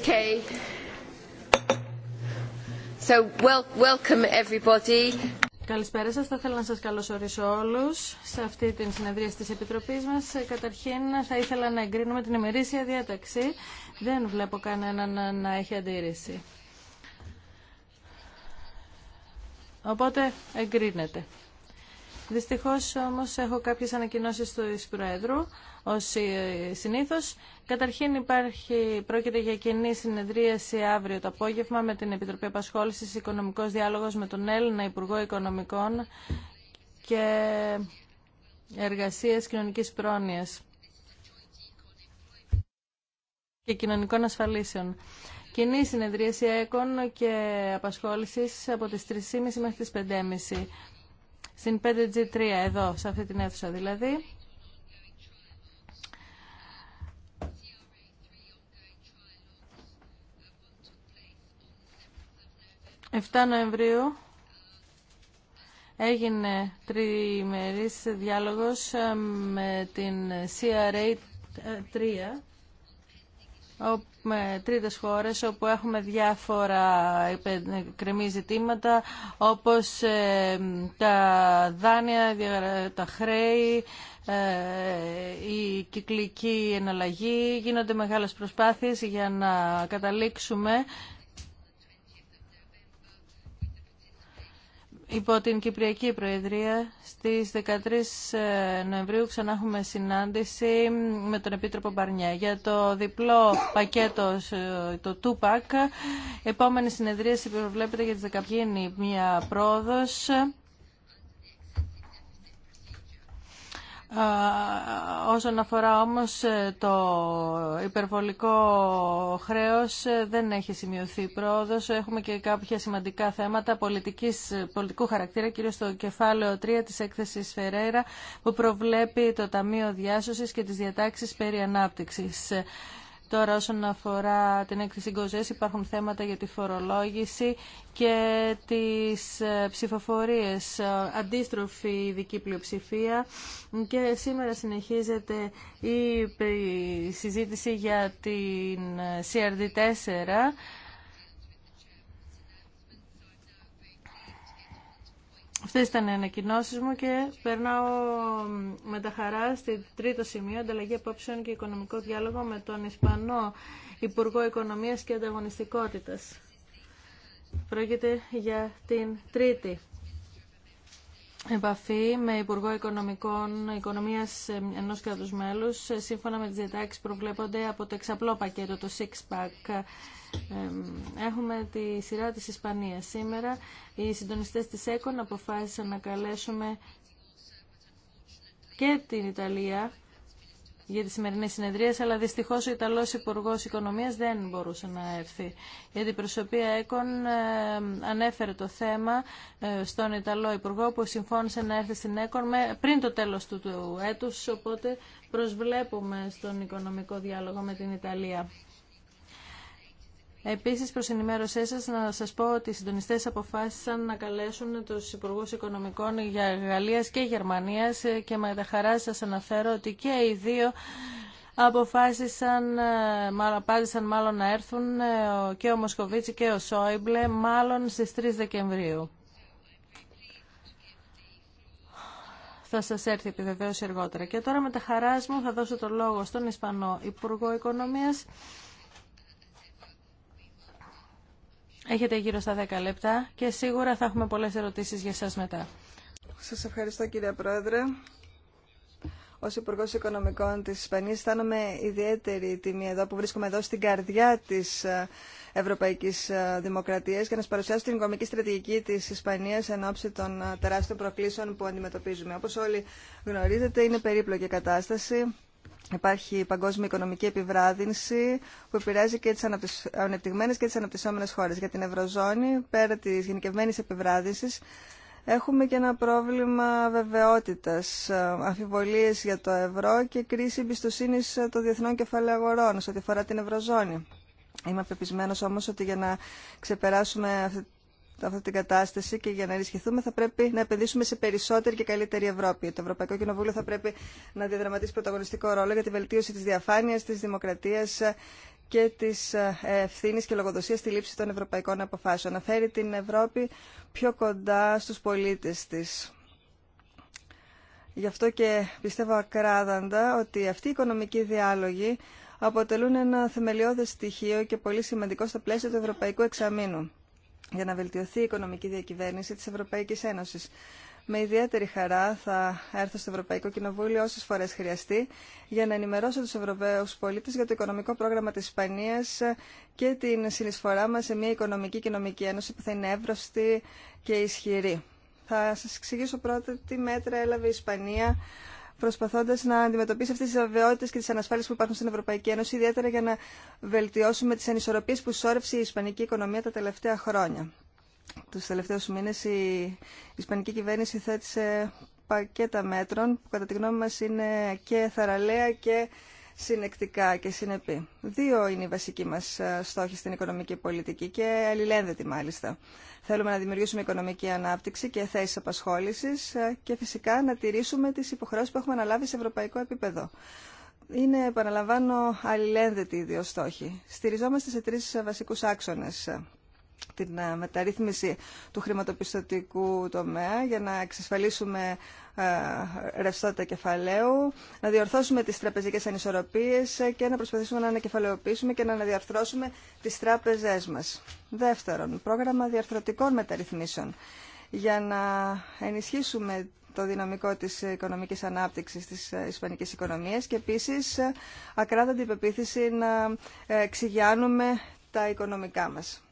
Okay. So, welcome everybody. Καλησπέρα σας. Θα ήθελα να σας καλωσορίσω όλους σε αυτή την συνεδρία της Επιτροπής μας. Καταρχήν θα ήθελα να εγκρίνουμε την ημερήσια διάταξη. Δεν βλέπω κανέναν να έχει αντίρρηση. Οπότε εγκρίνεται. Δυστυχώς όμως έχω κάποιες ανακοινώσεις του Προέδρου, ως συνήθως. Καταρχήν υπάρχει, πρόκειται για κοινή συνεδρίαση αύριο το απόγευμα με την Επιτροπή Απασχόλησης Οικονομικός Διάλογος με τον Έλληνα Υπουργό Οικονομικών και Εργασίες Κοινωνικής Πρόνοιας και Κοινωνικών Ασφαλίσεων. Κοινή συνεδρίαση ΕΚΟΝ και απασχόλησης από τις 3.30 μέχρι τις 5.30 στην 5G3 εδώ, σε αυτή την αίθουσα δηλαδή. 7 Νοεμβρίου έγινε τριμερής διάλογος ε, με την CRA 3 με τρίτες χώρες όπου έχουμε διάφορα κρεμή ζητήματα όπως ε, τα δάνεια, τα χρέη, ε, η κυκλική εναλλαγή. Γίνονται μεγάλες προσπάθειες για να καταλήξουμε υπό την Κυπριακή Προεδρία στις 13 ε, Νοεμβρίου ξανά έχουμε συνάντηση με τον Επίτροπο Μπαρνιά για το διπλό πακέτο ε, το Τούπακ επόμενη συνεδρίαση προβλέπεται για τις 15 μια πρόοδος Όσον αφορά όμως ε, το υπερβολικό χρέος ε, δεν έχει σημειωθεί πρόοδος. Έχουμε και κάποια σημαντικά θέματα πολιτικής, ε, πολιτικού χαρακτήρα, κυρίως το κεφάλαιο 3 της έκθεσης Φερέρα που προβλέπει το Ταμείο Διάσωσης και τις διατάξεις περί ανάπτυξης. Τώρα όσον αφορά την έκθεση Γκοζές υπάρχουν θέματα για τη φορολόγηση και τις ε, ψηφοφορίες, ε, αντίστροφη ειδική πλειοψηφία και σήμερα συνεχίζεται η συζήτηση για την ε, CRD4 Αυτέ ήταν οι ανακοινώσει μου και περνάω με τα χαρά στη τρίτο σημείο, ανταλλαγή απόψεων και οικονομικό διάλογο με τον Ισπανό Υπουργό Οικονομίας και Ανταγωνιστικότητας. Πρόκειται για την τρίτη επαφή με Υπουργό Οικονομικών Οικονομίας ε, ενός κράτους μέλους ε, σύμφωνα με τις διατάξεις προβλέπονται από το εξαπλό πακέτο, το Six Pack. Ε, έχουμε τη σειρά της Ισπανίας σήμερα. Οι συντονιστές της ΕΚΟΝ αποφάσισαν να καλέσουμε και την Ιταλία για τη σημερινή συνεδρία, αλλά δυστυχώ ο Ιταλό Υπουργό Οικονομία δεν μπορούσε να έρθει. η προσωπία ΕΚΟΝ ε, ανέφερε το θέμα ε, στον Ιταλό Υπουργό που συμφώνησε να έρθει στην ΕΚΟΝ πριν το τέλο του έτου. Οπότε προσβλέπουμε στον οικονομικό διάλογο με την Ιταλία. Επίσης, προς ενημέρωσή σας, να σας πω ότι οι συντονιστές αποφάσισαν να καλέσουν τους Υπουργούς Οικονομικών για Γαλλία και Γερμανία και με τα χαρά σας αναφέρω ότι και οι δύο αποφάσισαν, ε, μάλλον, απάντησαν μάλλον να έρθουν ε, και ο Μοσκοβίτση και ο Σόιμπλε, μάλλον στις 3 Δεκεμβρίου. θα σας έρθει επιβεβαίωση αργότερα. Και τώρα με τα χαρά μου θα δώσω το λόγο στον Ισπανό Υπουργό Οικονομίας, Έχετε γύρω στα 10 λεπτά και σίγουρα θα έχουμε πολλές ερωτήσεις για σας μετά. Σας ευχαριστώ κύριε Πρόεδρε. Ως Υπουργό Οικονομικών της Ισπανίας αισθάνομαι ιδιαίτερη τιμή εδώ που βρίσκομαι εδώ στην καρδιά της ε, Ευρωπαϊκής ε, Δημοκρατίας και να σας παρουσιάσω την οικονομική στρατηγική της Ισπανίας εν ώψη των ε, τεράστιων προκλήσεων που αντιμετωπίζουμε. Όπω όλοι γνωρίζετε είναι περίπλοκη κατάσταση Υπάρχει η παγκόσμια οικονομική επιβράδυνση που επηρεάζει και τις ανεπτυγμένε και τις αναπτυσσόμενες χώρες. Για την Ευρωζώνη, πέρα τη γενικευμένης επιβράδυνσης, έχουμε και ένα πρόβλημα βεβαιότητας, ε, αμφιβολίες για το ευρώ και κρίση εμπιστοσύνη ε, των διεθνών κεφαλαίων αγορών σε ό,τι αφορά την Ευρωζώνη. Είμαι πεπισμένο όμω ότι για να ξεπεράσουμε αυτή αυτή την κατάσταση και για να ενισχυθούμε θα πρέπει να επενδύσουμε σε περισσότερη και καλύτερη Ευρώπη. Το Ευρωπαϊκό Κοινοβούλιο θα πρέπει να διαδραματίσει πρωταγωνιστικό ρόλο για τη βελτίωση της διαφάνειας, της δημοκρατίας και της ε, ευθύνη και λογοδοσίας στη λήψη των ευρωπαϊκών αποφάσεων. Να φέρει την Ευρώπη πιο κοντά στους πολίτες της. Γι' αυτό και πιστεύω ακράδαντα ότι αυτοί οι οικονομικοί διάλογοι αποτελούν ένα θεμελιώδες στοιχείο και πολύ σημαντικό στο πλαίσιο του Ευρωπαϊκού Εξαμήνου για να βελτιωθεί η οικονομική διακυβέρνηση της Ευρωπαϊκής Ένωσης. Με ιδιαίτερη χαρά θα έρθω στο Ευρωπαϊκό Κοινοβούλιο όσε φορέ χρειαστεί για να ενημερώσω του Ευρωπαίου πολίτε για το οικονομικό πρόγραμμα τη Ισπανία και την συνεισφορά μα σε μια οικονομική και νομική ένωση που θα είναι εύρωστη και ισχυρή. Θα σα εξηγήσω πρώτα τι μέτρα έλαβε η Ισπανία προσπαθώντας να αντιμετωπίσει αυτές τις αβεβαιότητες και τις ανασφάλειες που υπάρχουν στην Ευρωπαϊκή Ένωση, ιδιαίτερα για να βελτιώσουμε τις ανισορροπίες που σώρευσε η Ισπανική οικονομία τα τελευταία χρόνια. Τους τελευταίους μήνες η Ισπανική κυβέρνηση θέτησε πακέτα μέτρων που κατά τη γνώμη μας είναι και θαραλέα και συνεκτικά και συνεπή. Δύο είναι οι βασικοί μας ε, στόχοι στην οικονομική πολιτική και αλληλένδετοι μάλιστα. Θέλουμε να δημιουργήσουμε οικονομική ανάπτυξη και θέσεις απασχόλησης ε, και φυσικά να τηρήσουμε τις υποχρεώσεις που έχουμε αναλάβει σε ευρωπαϊκό επίπεδο. Είναι, επαναλαμβάνω, αλληλένδετοι οι δύο στόχοι. Στηριζόμαστε σε τρεις βασικούς άξονες ε, την μεταρρύθμιση του χρηματοπιστωτικού τομέα για να εξασφαλίσουμε ε, ρευστότητα κεφαλαίου, να διορθώσουμε τις τραπεζικές ανισορροπίες και να προσπαθήσουμε να ανακεφαλαιοποιήσουμε και να αναδιαρθρώσουμε τις τράπεζές μας. Δεύτερον, πρόγραμμα διαρθρωτικών μεταρρυθμίσεων για να ενισχύσουμε το δυναμικό της οικονομικής ανάπτυξης της ισπανικής οικονομίας και επίσης ε, ακράδαντη υπεποίθηση να εξηγιάνουμε τα οικονομικά μας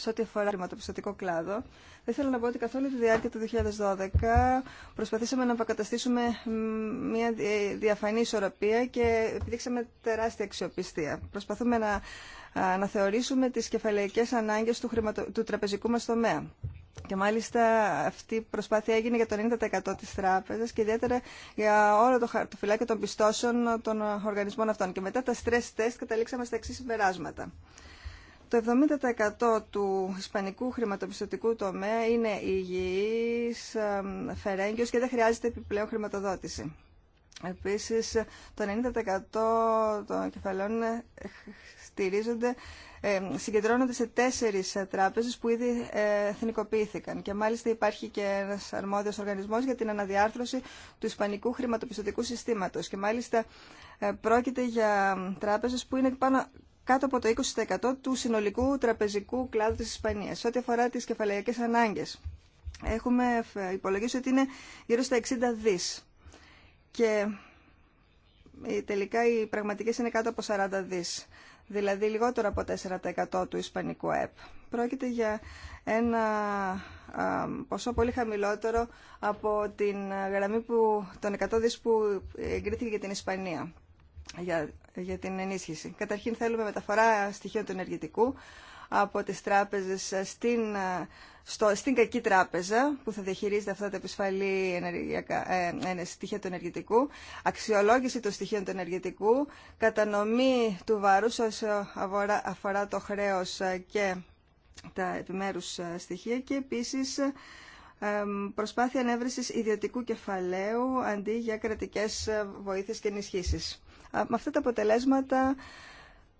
σε ό,τι αφορά το χρηματοπιστωτικό κλάδο, θα ήθελα να πω ότι καθ' όλη τη διάρκεια του 2012 προσπαθήσαμε να αποκαταστήσουμε μια διαφανή ισορροπία και επιδείξαμε τεράστια αξιοπιστία. Προσπαθούμε να θεωρήσουμε τις κεφαλαϊκές ανάγκες του, χρηματο... του τραπεζικού μας τομέα. Και μάλιστα αυτή η προσπάθεια έγινε για το 90% της τράπεζας και ιδιαίτερα για όλο το χαρτοφυλάκιο των πιστώσεων των οργανισμών αυτών. Και μετά τα stress test καταλήξαμε στα εξή συμπεράσματα. Το 70% του ισπανικού χρηματοπιστωτικού τομέα είναι υγιής, φερέγγιος και δεν χρειάζεται επιπλέον χρηματοδότηση. Επίσης, το 90% των κεφαλαίων ε, στηρίζονται, συγκεντρώνονται σε τέσσερις ε, τράπεζες που ήδη ε, εθνικοποιήθηκαν. Και μάλιστα υπάρχει και ένας αρμόδιος οργανισμός για την αναδιάρθρωση του ισπανικού χρηματοπιστωτικού συστήματος. Και μάλιστα πρόκειται για τράπεζες που είναι πάνω κάτω από το 20% του συνολικού τραπεζικού κλάδου της Ισπανίας. Ό,τι αφορά τις κεφαλαϊκές ανάγκες, έχουμε υπολογίσει ότι είναι γύρω στα 60 δις. Και ε, τελικά οι πραγματικές είναι κάτω από 40 δις, δηλαδή λιγότερο από 4% του ισπανικού ΕΠ. Πρόκειται για ένα ποσό πολύ χαμηλότερο από την γραμμή που, των 100 δις που εγκρίθηκε για την Ισπανία για, για την ενίσχυση. Καταρχήν θέλουμε μεταφορά στοιχείων του ενεργητικού από τις τράπεζες στην, στο, στην κακή τράπεζα που θα διαχειρίζεται αυτά τα επισφαλή ενεργειακά, ε, ε, στοιχεία του ενεργητικού, αξιολόγηση των στοιχείων του ενεργητικού, κατανομή του βάρους όσο αφορά το χρέος και τα επιμέρους στοιχεία και επίσης προσπάθεια ανέβρεσης ιδιωτικού κεφαλαίου αντί για κρατικές βοήθειες και ενισχύσεις. Με αυτά τα αποτελέσματα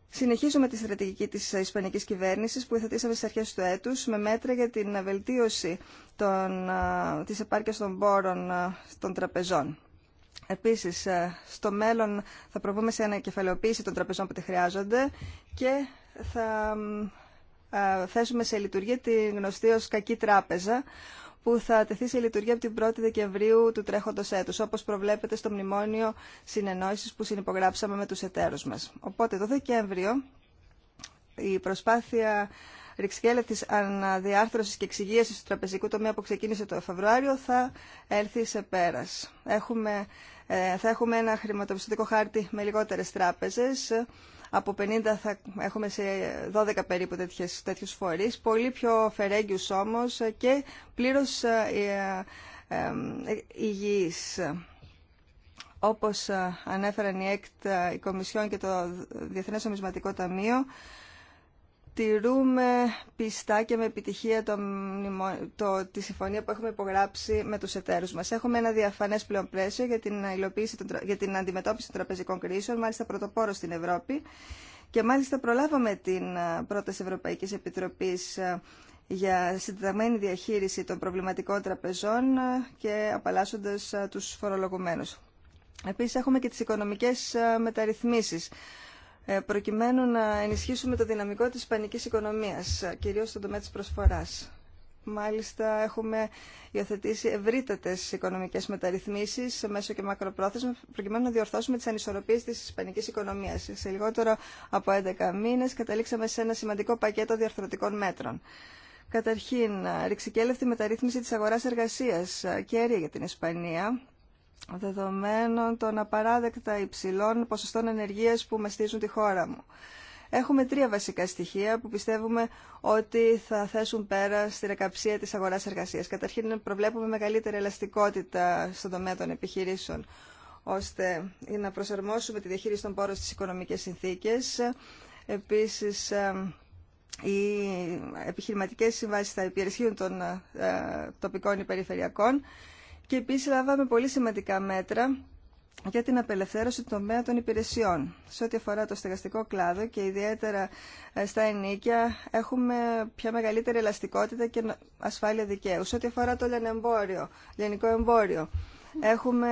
συνεχίζουμε τη στρατηγική της Ισπανικής κυβέρνησης που υιοθετήσαμε στις αρχές του έτους με μέτρα για την βελτίωση τη της επάρκειας των πόρων των τραπεζών. Επίσης, στο μέλλον θα προβούμε σε ανακεφαλαιοποίηση των τραπεζών που τη χρειάζονται και θα θέσουμε σε λειτουργία τη γνωστή ως κακή τράπεζα, που θα τεθεί σε λειτουργία από την 1η Δεκεμβρίου του τρέχοντο έτου, όπω προβλέπεται στο μνημόνιο συνεννόησης που συνυπογράψαμε με του εταίρους μα. Οπότε το Δεκέμβριο η προσπάθεια ρηξικέλευτη αναδιάρθρωση και εξηγίαση του τραπεζικού τομέα που ξεκίνησε το Φεβρουάριο θα έρθει σε πέρα. Έχουμε, ε, θα έχουμε ένα χρηματοπιστωτικό χάρτη με λιγότερε τράπεζε από 50 θα έχουμε σε 12 περίπου τέτοιες, τέτοιους φορείς, πολύ πιο φερέγγιους όμως και πλήρως ε, ε, ε, υγιείς. Όπως ανέφεραν η ΕΚΤ, η Κομισιόν και το Διεθνές Ομισματικό Ταμείο, τηρούμε πιστά και με επιτυχία το, το, τη συμφωνία που έχουμε υπογράψει με τους εταίρους μας. Έχουμε ένα διαφανές πλέον πλαίσιο για την, υλοποίηση, για την αντιμετώπιση των τραπεζικών κρίσεων, μάλιστα πρωτοπόρο στην Ευρώπη. Και μάλιστα προλάβαμε την πρόταση Ευρωπαϊκής Επιτροπής για συνδεδεμένη διαχείριση των προβληματικών τραπεζών και απαλλάσσοντας τους φορολογουμένους. Επίσης έχουμε και τις οικονομικές μεταρρυθμίσεις ε, προκειμένου να ενισχύσουμε το δυναμικό της ισπανικής οικονομίας, ε, κυρίως στον τομέα της προσφοράς. Μάλιστα, έχουμε υιοθετήσει ευρύτατε οικονομικέ μεταρρυθμίσει μέσω και μακροπρόθεσμα, προκειμένου να διορθώσουμε τι ανισορροπίε τη ισπανική οικονομία. Σε λιγότερο από 11 μήνε, καταλήξαμε σε ένα σημαντικό πακέτο διαρθρωτικών μέτρων. Καταρχήν, ρηξικέλευτη μεταρρύθμιση τη αγορά εργασία, ε, κέρια για την Ισπανία, δεδομένων των απαράδεκτα υψηλών ποσοστών ενεργείας που μαστίζουν τη χώρα μου. Έχουμε τρία βασικά στοιχεία που πιστεύουμε ότι θα θέσουν πέρα στη ρεκαψία της αγοράς εργασίας. Καταρχήν προβλέπουμε μεγαλύτερη ελαστικότητα στον τομέα των επιχειρήσεων ώστε να προσαρμόσουμε τη διαχείριση των πόρων στις οικονομικές συνθήκες. Επίσης, ε, οι επιχειρηματικές συμβάσεις θα υπηρεσχύουν των ε, τοπικών ή και επίσης λάβαμε πολύ σημαντικά μέτρα για την απελευθέρωση του τομέα των υπηρεσιών. Σε ό,τι αφορά το στεγαστικό κλάδο και ιδιαίτερα ε, στα ενίκια, έχουμε πια μεγαλύτερη ελαστικότητα και ασφάλεια δικαίου. Σε ό,τι αφορά το λιανεμπόριο, λιανικό εμπόριο, έχουμε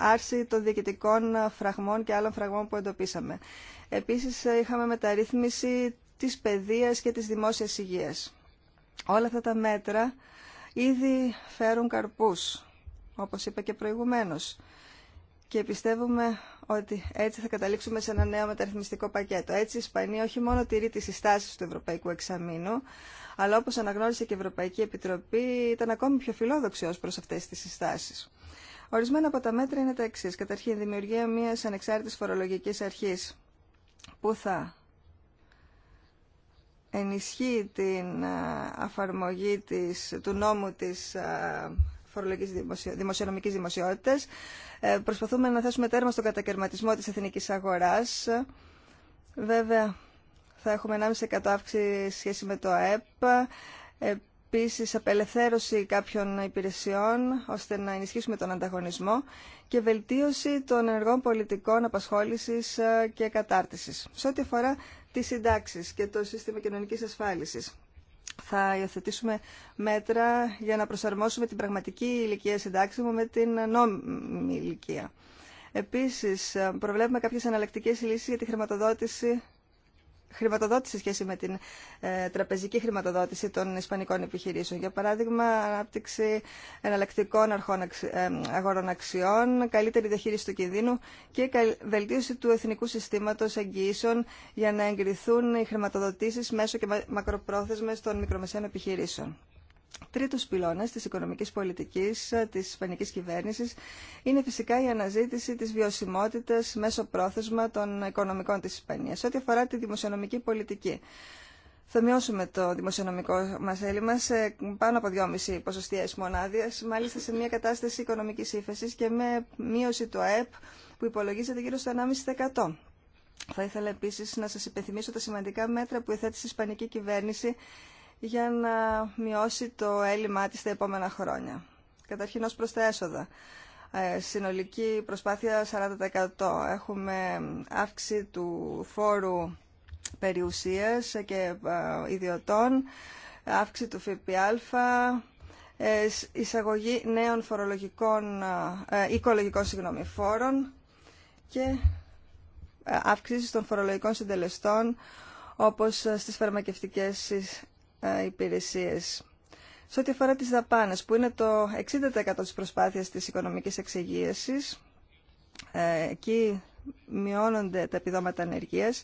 άρση των διοικητικών φραγμών και άλλων φραγμών που εντοπίσαμε. Επίσης, ε, είχαμε μεταρρύθμιση της παιδείας και της δημόσιας υγείας. Όλα αυτά τα μέτρα ήδη φέρουν καρπούς, όπως είπα και προηγουμένως. Και πιστεύουμε ότι έτσι θα καταλήξουμε σε ένα νέο μεταρρυθμιστικό πακέτο. Έτσι η Ισπανία όχι μόνο τηρεί τις συστάσεις του Ευρωπαϊκού Εξαμήνου, αλλά όπως αναγνώρισε και η Ευρωπαϊκή Επιτροπή ήταν ακόμη πιο φιλόδοξη ως προς αυτές τις συστάσεις. Ορισμένα από τα μέτρα είναι τα εξή. Καταρχήν, δημιουργία μιας ανεξάρτητης φορολογικής αρχής που θα ενισχύει την ε, αφαρμογή της, του νόμου της ε, φορολογικής δημοσιο, δημοσιονομικής δημοσιότητας. Ε, προσπαθούμε να θέσουμε τέρμα στον κατακαιρματισμό της εθνικής αγοράς. Βέβαια, θα έχουμε 1,5% αύξηση σχέση με το ΑΕΠ. Επίσης, απελευθέρωση κάποιων υπηρεσιών, ώστε να ενισχύσουμε τον ανταγωνισμό και βελτίωση των ενεργών πολιτικών απασχόλησης και κατάρτισης. Σε ό,τι αφορά τις συντάξεις και το σύστημα κοινωνικής ασφάλισης. Θα υιοθετήσουμε μέτρα για να προσαρμόσουμε την πραγματική ηλικία συντάξιμου με την νόμιμη ηλικία. Επίσης, προβλέπουμε κάποιες αναλλακτικές λύσεις για τη χρηματοδότηση χρηματοδότηση σχέση με την ε, τραπεζική χρηματοδότηση των ισπανικών επιχειρήσεων. Για παράδειγμα, ανάπτυξη εναλλακτικών αρχών, ε, αγορών αξιών, καλύτερη διαχείριση του κινδύνου και βελτίωση του εθνικού συστήματο εγγυήσεων για να εγκριθούν οι χρηματοδοτήσει μέσω και μακροπρόθεσμες των μικρομεσαίων επιχειρήσεων. Τρίτο πυλώνας τη οικονομική πολιτική ε, τη ισπανική κυβέρνηση είναι φυσικά η αναζήτηση τη βιωσιμότητα μέσω πρόθεσμα των οικονομικών τη Ισπανία, ό,τι αφορά τη δημοσιονομική πολιτική. Θα μειώσουμε το δημοσιονομικό μα έλλειμμα σε πάνω από 2,5 ποσοστιαίε μονάδε, μάλιστα σε μια κατάσταση οικονομική ύφεση και με μείωση του ΑΕΠ που υπολογίζεται γύρω στο 1,5%. Θα ήθελα επίση να σας υπενθυμίσω τα σημαντικά μέτρα που εθέτει η Ισπανική κυβέρνηση για να μειώσει το έλλειμμά της τα επόμενα χρόνια. Καταρχήν ως προς τα έσοδα. Ε, συνολική προσπάθεια 40%. Έχουμε αύξηση του φόρου περιουσίας και ε, ιδιωτών, αύξηση του ΦΠΑ, ε, εισαγωγή νέων φορολογικών, οικολογικών συγγνώμη, φόρων και αύξηση των φορολογικών συντελεστών όπως στις φαρμακευτικές ε, υπηρεσίες. Σε ό,τι αφορά τις δαπάνες, που είναι το 60% της προσπάθειας της οικονομικής εξεγείωσης, ε, εκεί μειώνονται τα επιδόματα ανεργίας,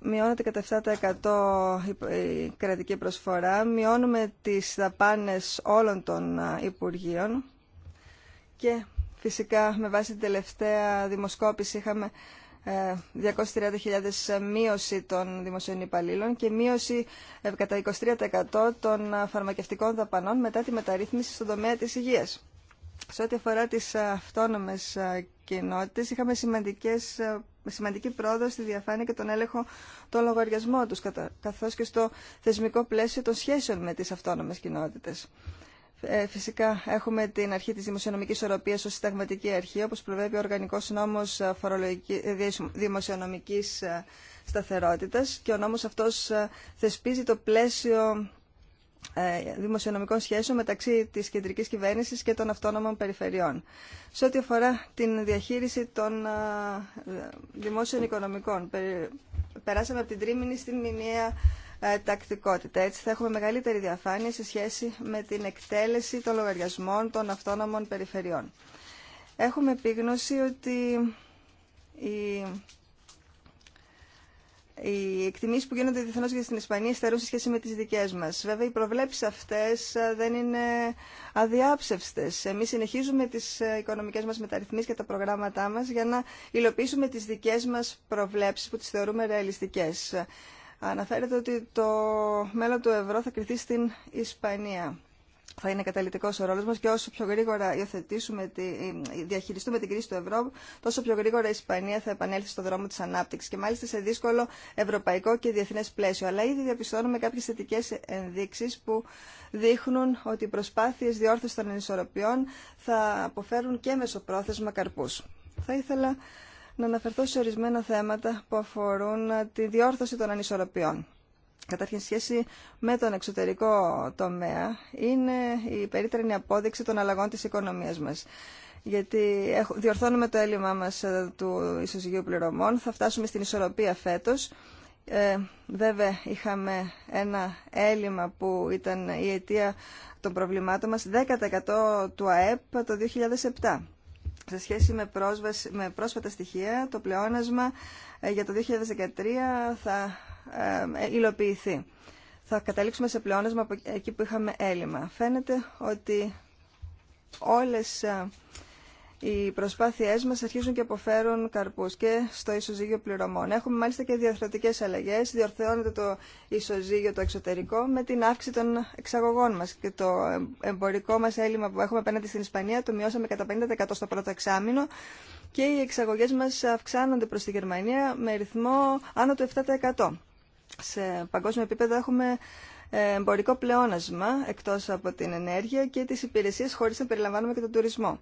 μειώνεται κατά 7% η κρατική προσφορά, μειώνουμε τις δαπάνες όλων των ε, Υπουργείων και φυσικά με βάση την τελευταία δημοσκόπηση είχαμε 230.000 ε, μείωση των δημοσίων υπαλλήλων και μείωση ε, κατά 23% των ε, φαρμακευτικών δαπανών μετά τη μεταρρύθμιση στον τομέα της υγείας. Σε ό,τι αφορά τις αυτόνομες κοινότητες, είχαμε σημαντικές, σημαντική πρόοδο στη διαφάνεια και τον έλεγχο των λογαριασμών τους, καθώς και στο θεσμικό πλαίσιο των σχέσεων με τις αυτόνομες κοινότητες. Ε, φυσικά έχουμε την αρχή της δημοσιονομικής οροπίας ως συνταγματική αρχή, όπως προβλέπει ο Οργανικός Νόμος ε, ε, Δημοσιονομικής Σταθερότητας και ο νόμος αυτός θεσπίζει το πλαίσιο δημοσιονομικών σχέσεων μεταξύ της κεντρικής κυβέρνησης και των αυτόνομων περιφερειών. Σε ό,τι αφορά την διαχείριση των δημόσιων οικονομικών, περάσαμε από την τρίμηνη στην μηνιαία ε, τακτικότητα. Έτσι θα έχουμε μεγαλύτερη διαφάνεια σε σχέση με την εκτέλεση των λογαριασμών των αυτόνομων περιφερειών. Έχουμε επίγνωση ότι η οι εκτιμήσει που γίνονται διεθνώ για την Ισπανία στερούν σε σχέση με τι δικέ μα. Βέβαια, οι προβλέψει αυτέ ε, δεν είναι αδιάψευστε. Εμεί συνεχίζουμε τι ε, οικονομικέ μα μεταρρυθμίσει και τα προγράμματά μα για να υλοποιήσουμε τι δικέ μα προβλέψει που τι θεωρούμε ρεαλιστικέ. Αναφέρεται ότι το μέλλον του ευρώ θα κριθεί στην Ισπανία. Θα είναι καταλητικό ο ρόλο μα και όσο πιο γρήγορα υιοθετήσουμε τη, ε, διαχειριστούμε την κρίση του ευρώ, τόσο πιο γρήγορα η Ισπανία θα επανέλθει στον δρόμο τη ανάπτυξη και μάλιστα σε δύσκολο ευρωπαϊκό και διεθνέ πλαίσιο. Αλλά ήδη διαπιστώνουμε κάποιε θετικέ ενδείξει που δείχνουν ότι οι προσπάθειε διόρθωση των ανισορροπιών θα αποφέρουν και μεσοπρόθεσμα καρπού. Θα ήθελα να αναφερθώ σε ορισμένα θέματα που αφορούν ε, τη διόρθωση των ανισορροπιών. Καταρχήν σχέση με τον εξωτερικό τομέα είναι η περίτρανη απόδειξη των αλλαγών της οικονομίας μας. Γιατί διορθώνουμε το έλλειμμα μας ε, του ισοζυγίου πληρωμών, θα φτάσουμε στην ισορροπία φέτος. Ε, βέβαια είχαμε ένα έλλειμμα που ήταν η αιτία των προβλημάτων μας, 10% του ΑΕΠ το 2007. Σε σχέση με, πρόσβαση, με πρόσφατα στοιχεία, το πλεόνασμα ε, για το 2013 θα ε, ε, υλοποιηθεί. Θα καταλήξουμε σε πλεόνασμα εκεί που είχαμε έλλειμμα. Φαίνεται ότι όλες οι προσπάθειε μα αρχίζουν και αποφέρουν καρπού και στο ισοζύγιο πληρωμών. Έχουμε μάλιστα και διαθροτικέ αλλαγέ, διορθώνεται το ισοζύγιο το εξωτερικό με την αύξηση των εξαγωγών μα και το εμπορικό μα έλλειμμα που έχουμε απέναντι στην Ισπανία το μειώσαμε κατά 50% στο πρώτο εξάμεινο και οι εξαγωγέ μα αυξάνονται προ τη Γερμανία με ρυθμό άνω του 7%. Σε παγκόσμιο επίπεδο έχουμε ε, εμπορικό πλεόνασμα εκτό από την ενέργεια και τι υπηρεσίε χωρί να περιλαμβάνουμε και τον τουρισμό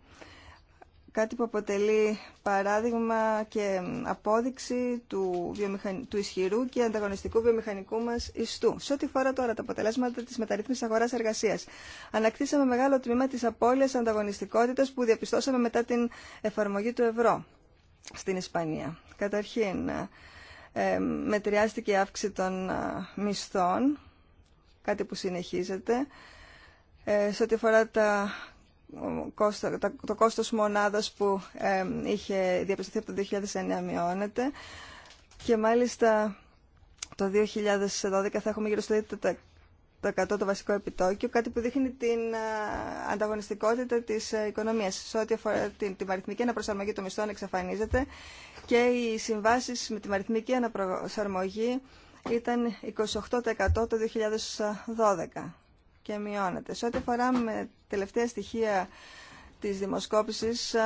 κάτι που αποτελεί παράδειγμα και απόδειξη του, βιομηχαν... του ισχυρού και ανταγωνιστικού βιομηχανικού μας ιστού. Σε ό,τι φορά τώρα τα αποτελέσματα της μεταρρύθμισης αγοράς εργασίας. Ανακτήσαμε μεγάλο τμήμα της απώλειας ανταγωνιστικότητας που διαπιστώσαμε μετά την εφαρμογή του ευρώ στην Ισπανία. Καταρχήν, ε, μετριάστηκε η αύξηση των ε, μισθών, κάτι που συνεχίζεται. Ε, σε ό,τι αφορά τα το κόστος μονάδας που είχε διαπιστωθεί από το 2009 μειώνεται και μάλιστα το 2012 θα έχουμε γύρω στο 100% το βασικό επιτόκιο, κάτι που δείχνει την ε, ανταγωνιστικότητα της ε, οικονομίας. Σε ό,τι αφορά την, την αριθμική αναπροσαρμογή των μισθών εξαφανίζεται και οι συμβάσεις με την αριθμική αναπροσαρμογή ήταν 28% το 2012 και μειώνεται. Σε ό,τι αφορά με τελευταία στοιχεία της δημοσκόπησης, ε,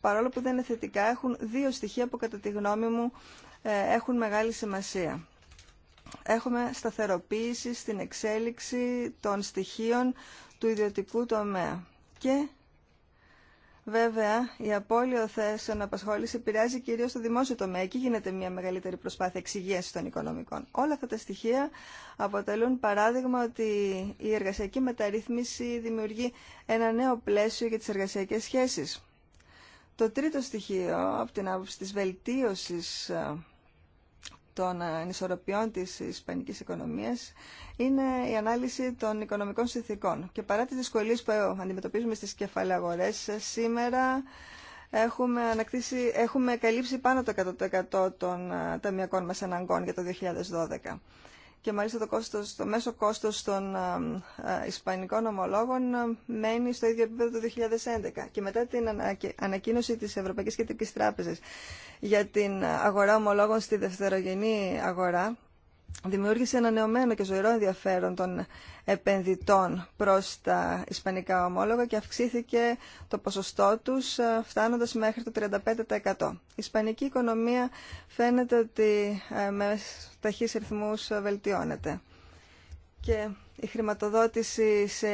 παρόλο που δεν είναι θετικά, έχουν δύο στοιχεία που κατά τη γνώμη μου ε, έχουν μεγάλη σημασία. Έχουμε σταθεροποίηση στην εξέλιξη των στοιχείων του ιδιωτικού τομέα και Βέβαια, η απώλεια θέσεων απασχόληση επηρεάζει κυρίω το δημόσιο τομέα. Εκεί γίνεται μια μεγαλύτερη προσπάθεια εξυγίαση των οικονομικών. Όλα αυτά τα στοιχεία αποτελούν παράδειγμα ότι η εργασιακή μεταρρύθμιση δημιουργεί ένα νέο πλαίσιο για τι εργασιακέ σχέσει. Το τρίτο στοιχείο, από την άποψη τη βελτίωση ε, των ανισορροπιών της ισπανικής οικονομίας είναι η ανάλυση των οικονομικών συνθήκων. Και παρά τις δυσκολίες που αντιμετωπίζουμε στις κεφαλαγορές, σήμερα έχουμε, ανακτήσει, έχουμε καλύψει πάνω το 100% των ταμιακών μας αναγκών για το 2012 και μάλιστα το, κόστος, το μέσο κόστος των ισπανικών ομολόγων μένει στο ίδιο επίπεδο του 2011. Και μετά την ανακοίνωση της Ευρωπαϊκής Κεντρικής Τράπεζας για την αγορά ομολόγων στη δευτερογενή αγορά, δημιούργησε ένα νεωμένο και ζωηρό ενδιαφέρον των επενδυτών προς τα ισπανικά ομόλογα και αυξήθηκε το ποσοστό τους ε, φτάνοντας μέχρι το 35%. Η ισπανική οικονομία φαίνεται ότι ε, με ταχύς ρυθμούς ε, βελτιώνεται. Και η χρηματοδότηση σε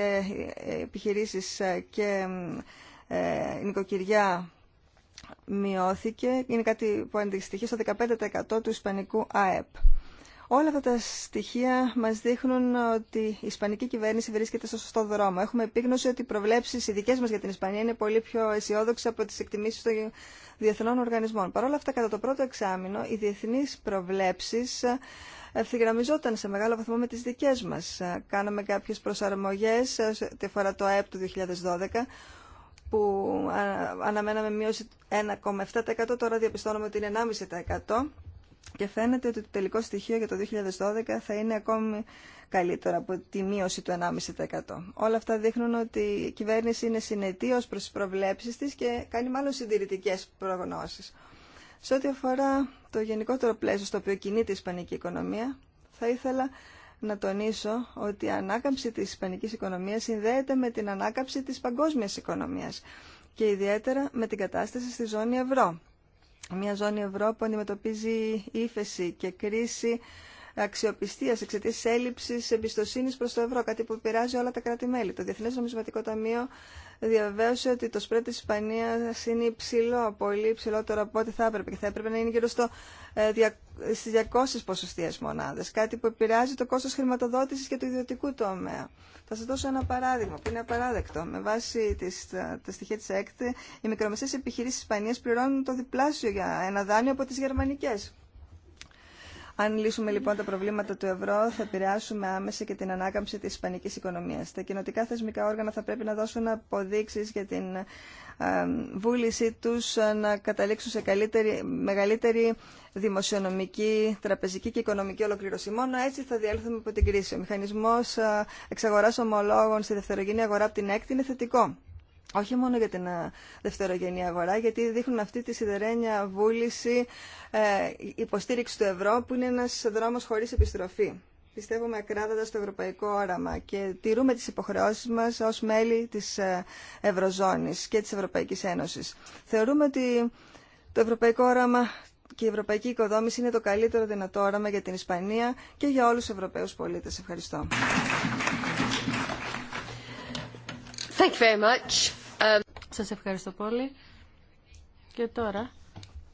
επιχειρήσεις και νοικοκυριά μειώθηκε. Είναι κάτι που αντιστοιχεί στο 15% του ισπανικού ΑΕΠ. Όλα αυτά τα στοιχεία μα δείχνουν ότι η Ισπανική κυβέρνηση βρίσκεται στο σωστό δρόμο. Έχουμε επίγνωση ότι οι προβλέψει, οι δικέ μα για την Ισπανία είναι πολύ πιο αισιόδοξε από τι εκτιμήσει των διεθνών οργανισμών. Παρ' όλα αυτά, κατά το πρώτο εξάμεινο, οι διεθνεί προβλέψει ευθυγραμμιζόταν σε μεγάλο βαθμό με τι δικέ μα. Κάναμε κάποιε προσαρμογέ τη φορά το ΑΕΠ του 2012, που αναμέναμε μείωση 1,7%, τώρα διαπιστώνουμε ότι είναι 1,5% και φαίνεται ότι το τελικό στοιχείο για το 2012 θα είναι ακόμη καλύτερο από τη μείωση του 1,5%. Όλα αυτά δείχνουν ότι η κυβέρνηση είναι συνετή ως προς τις προβλέψεις της και κάνει μάλλον συντηρητικές προγνώσεις. Σε ό,τι αφορά το γενικότερο πλαίσιο στο οποίο κινείται η ισπανική οικονομία, θα ήθελα να τονίσω ότι η ανάκαμψη της ισπανικής οικονομίας συνδέεται με την ανάκαμψη της παγκόσμιας οικονομίας και ιδιαίτερα με την κατάσταση στη ζώνη ευρώ μια ζώνη Ευρώπη που αντιμετωπίζει ύφεση και κρίση αξιοπιστίας εξαιτίας έλλειψης εμπιστοσύνης προς το ευρώ, κάτι που πειράζει όλα τα κράτη-μέλη. Το Διεθνές Νομισματικό Ταμείο διαβεβαίωσε ότι το σπρέτ της Ισπανίας είναι υψηλό, πολύ υψηλότερο από ό,τι θα έπρεπε και θα έπρεπε να είναι γύρω στο, ε, στις 200 ποσοστίες μονάδες, κάτι που επηρεάζει το κόστος χρηματοδότησης και του ιδιωτικού τομέα. Θα σας δώσω ένα παράδειγμα που είναι απαράδεκτο. Με βάση τις, τα, ε, τα στοιχεία της ΕΚΤ, οι μικρομεσαίες επιχειρήσεις της Ισπανίας πληρώνουν το διπλάσιο για ένα δάνειο από τις γερμανικές. Αν λύσουμε λοιπόν τα προβλήματα του ευρώ, θα επηρεάσουμε άμεσα και την ανάκαμψη τη ισπανική οικονομία. Τα κοινοτικά θεσμικά όργανα θα πρέπει να δώσουν αποδείξει για την βούλησή τους να καταλήξουν σε καλύτερη, μεγαλύτερη δημοσιονομική, τραπεζική και οικονομική ολοκλήρωση. Μόνο έτσι θα διέλθουμε από την κρίση. Ο μηχανισμό ε, εξαγορά ομολόγων στη δευτερογενή αγορά από την έκτη είναι θετικό όχι μόνο για την ε, δευτερογενή αγορά, γιατί δείχνουν αυτή τη σιδερένια βούληση ε, υποστήριξη του ευρώ, που είναι ένας δρόμος χωρίς επιστροφή. Πιστεύουμε ακράδαντα στο ευρωπαϊκό όραμα και τηρούμε τις υποχρεώσεις μας ως μέλη της ε, Ευρωζώνης και της Ευρωπαϊκής Ένωσης. Θεωρούμε ότι το ευρωπαϊκό όραμα και η ευρωπαϊκή οικοδόμηση είναι το καλύτερο δυνατό όραμα για την Ισπανία και για όλους τους Ευρωπαίους πολίτες. Ευχαριστώ. Thank um, Σας ευχαριστώ πολύ. Και τώρα,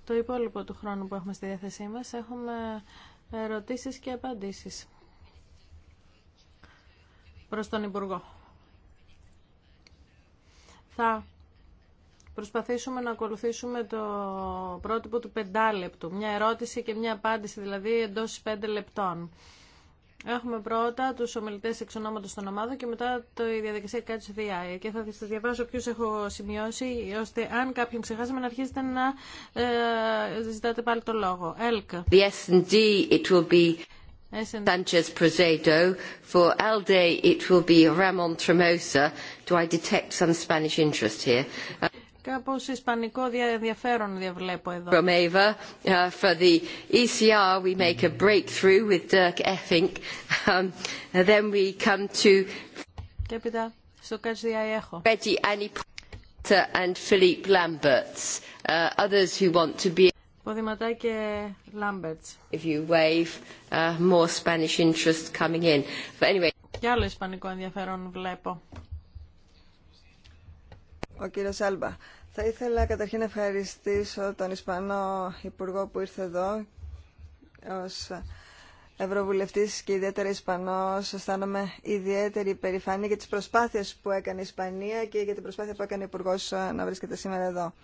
το υπόλοιπο του χρόνου που έχουμε στη διάθεσή μας, έχουμε ερωτήσεις και απαντήσεις προς τον Υπουργό. Θα προσπαθήσουμε να ακολουθήσουμε το πρότυπο του πεντάλεπτου. Μια ερώτηση και μια απάντηση, δηλαδή εντός πέντε λεπτών. Έχουμε πρώτα του ομιλητέ εξ ονόματο των ομάδων και μετά το, διαδικασία Catch the Eye. Και θα σα διαβάσω ποιου έχω σημειώσει, ώστε αν κάποιον ξεχάσαμε να αρχίσετε να ε, ζητάτε πάλι το λόγο. Ελκ. The S&D, it will be Sanchez Prozedo. For ALDE, it will be Ramon Tremosa. Do I detect some Spanish interest here? Uh... Κάπως ισπανικό ενδιαφέρον διαβλέπω εδώ. From Ava, uh, for the ECR we make a breakthrough with Dirk Effink. Um, then we come to... Και έπειτα στο Κατζιάι έχω. Betty Annie and Philippe Lamberts. Uh, others who want to be... Ποδηματά και If you wave, uh, more Spanish interest coming in. But anyway... Κι άλλο ισπανικό ενδιαφέρον βλέπω. Ο κύριος Άλμπα. Θα ήθελα καταρχήν να ευχαριστήσω τον Ισπανό Υπουργό που ήρθε εδώ ως Ευρωβουλευτής και ιδιαίτερα Ισπανός. Αισθάνομαι ιδιαίτερη περηφανή για τις προσπάθειες που έκανε η Ισπανία και για την προσπάθεια που έκανε ο υπουργό να βρίσκεται σήμερα εδώ.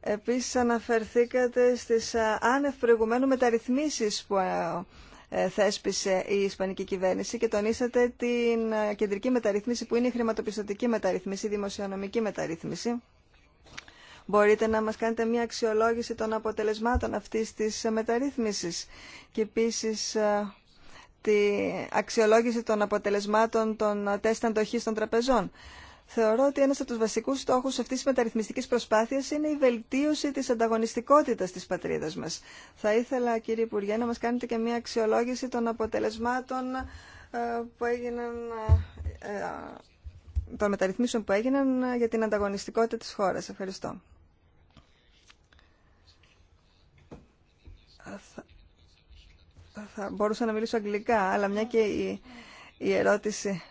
Επίσης αναφερθήκατε στις άνευ προηγουμένου μεταρρυθμίσεις που ε, θέσπισε η Ισπανική κυβέρνηση και τονίσατε την ε, κεντρική μεταρρύθμιση που είναι η χρηματοπιστωτική μεταρρύθμιση, η δημοσιονομική μεταρρύθμιση. Μπορείτε να μας κάνετε μια αξιολόγηση των αποτελεσμάτων αυτής της μεταρρύθμισης και επίσης ε, την αξιολόγηση των αποτελεσμάτων των τεστ αντοχής των τραπεζών θεωρώ ότι ένας από τους βασικούς στόχους αυτής της μεταρρυθμιστικής προσπάθειας είναι η βελτίωση της ανταγωνιστικότητας της πατρίδας μας. Θα ήθελα, κύριε Υπουργέ, να μας κάνετε και μια αξιολόγηση των αποτελεσμάτων ε, που έγιναν, ε, ε, των μεταρρυθμίσεων που έγιναν για την ανταγωνιστικότητα της χώρας. Ευχαριστώ. Θα μπορούσα να μιλήσω αγγλικά, αλλά μια και η ερώτηση